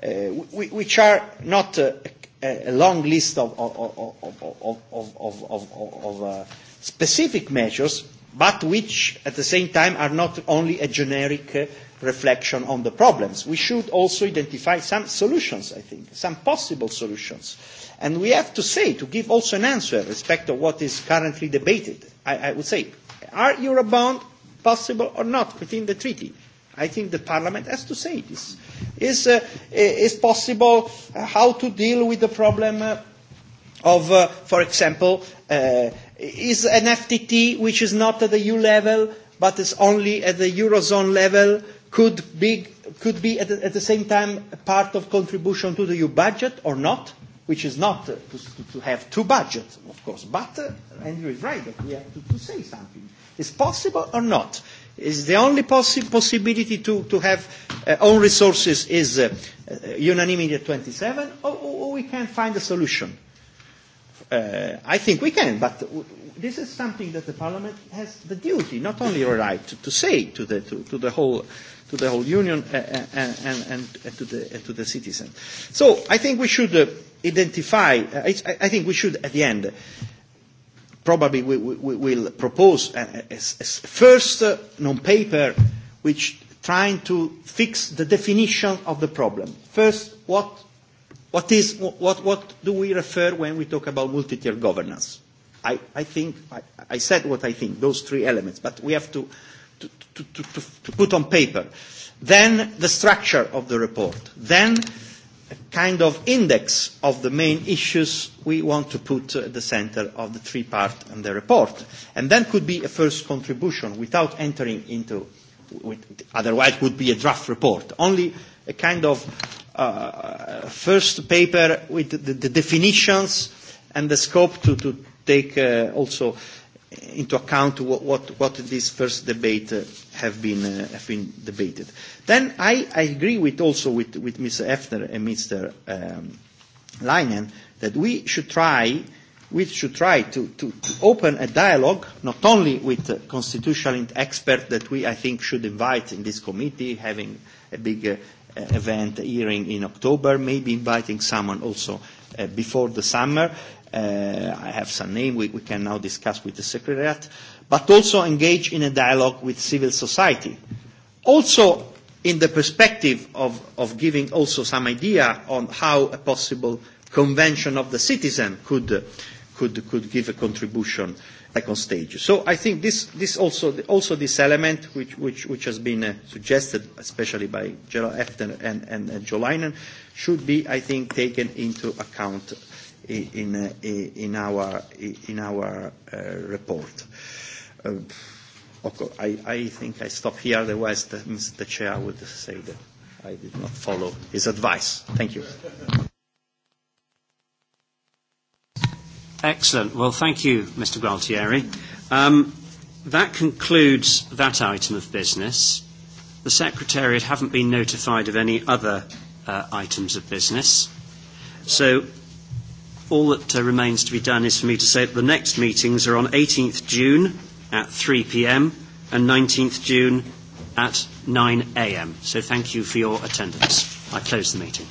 w- which are not uh, a a long list of, of, of, of, of, of of uh, specific measures, but which at the same time are not only a generic uh, reflection on the problems. We should also identify some solutions, I think, some possible solutions. And we have to say, to give also an answer respect to what is currently debated, I, I would say, are Eurobonds possible or not within the treaty? I think the Parliament has to say this is, uh, is possible uh, how to deal with the problem uh, of, uh, for example, uh, is an FTT which is not at the EU level but is only at the Eurozone level could be, could be at, the, at the same time part of contribution to the EU budget or not? which is not uh, to, to have two budgets, of course, but uh, Andrew is right that we have to, to say something. Is possible or not? is the only possi possibility to, to have uh, own resources is uh, uh unanimity at 27, or, or we can find a solution. Uh, I think we can, but this is something that the Parliament has the duty, not only the right, to, to say to the, to, to the whole to the whole union uh, uh, and, and, and, and to the, and to the citizens. So I think we should uh, identify, uh, I, I think we should at the end probably we, we will propose a, a, a first uh, non-paper which trying to fix the definition of the problem. First, what, what, is, what, what do we refer when we talk about multi-tier governance? I, I think, I, I said what I think, those three elements, but we have to, to, to, to, to put on paper. Then the structure of the report. Then a kind of index of the main issues we want to put uh, at the center of the three part and the report. And that could be a first contribution without entering into, with, otherwise would be a draft report. Only a kind of uh, first paper with the, the definitions and the scope to, to take uh, also into account what, what, what this first debate uh, have, been, uh, have been debated. Then I, I agree with also with, with Mr. Efner and Mr. Um, Leinen that we should try, we should try to, to, to open a dialogue not only with uh, constitutional experts that we, I think, should invite in this committee, having a big uh, event hearing in October, maybe inviting someone also uh, before the summer, Uh, I have some name we, we can now discuss with the Secretariat, but also engage in a dialogue with civil society. Also in the perspective of, of giving also some idea on how a possible convention of the citizen could, could, could give a contribution second stage. So I think this, this also, also this element which, which, which has been uh, suggested especially by Gerald Efton and, and, and Joe Leinen should be, I think, taken into account in, uh, in our, in our uh, report. Uh, okay, I, I think I stop here, otherwise the, the chair would say that I did not follow his advice. Thank you. Excellent. Well, thank you, Mr. Gualtieri. Um, that concludes that item of business. The Secretariat haven't been notified of any other uh, items of business. So All that uh, remains to be done is for me to say that the next meetings are on 18th June at 3 p.m. and 19th June at 9 a.m. So thank you for your attendance. I close the meeting.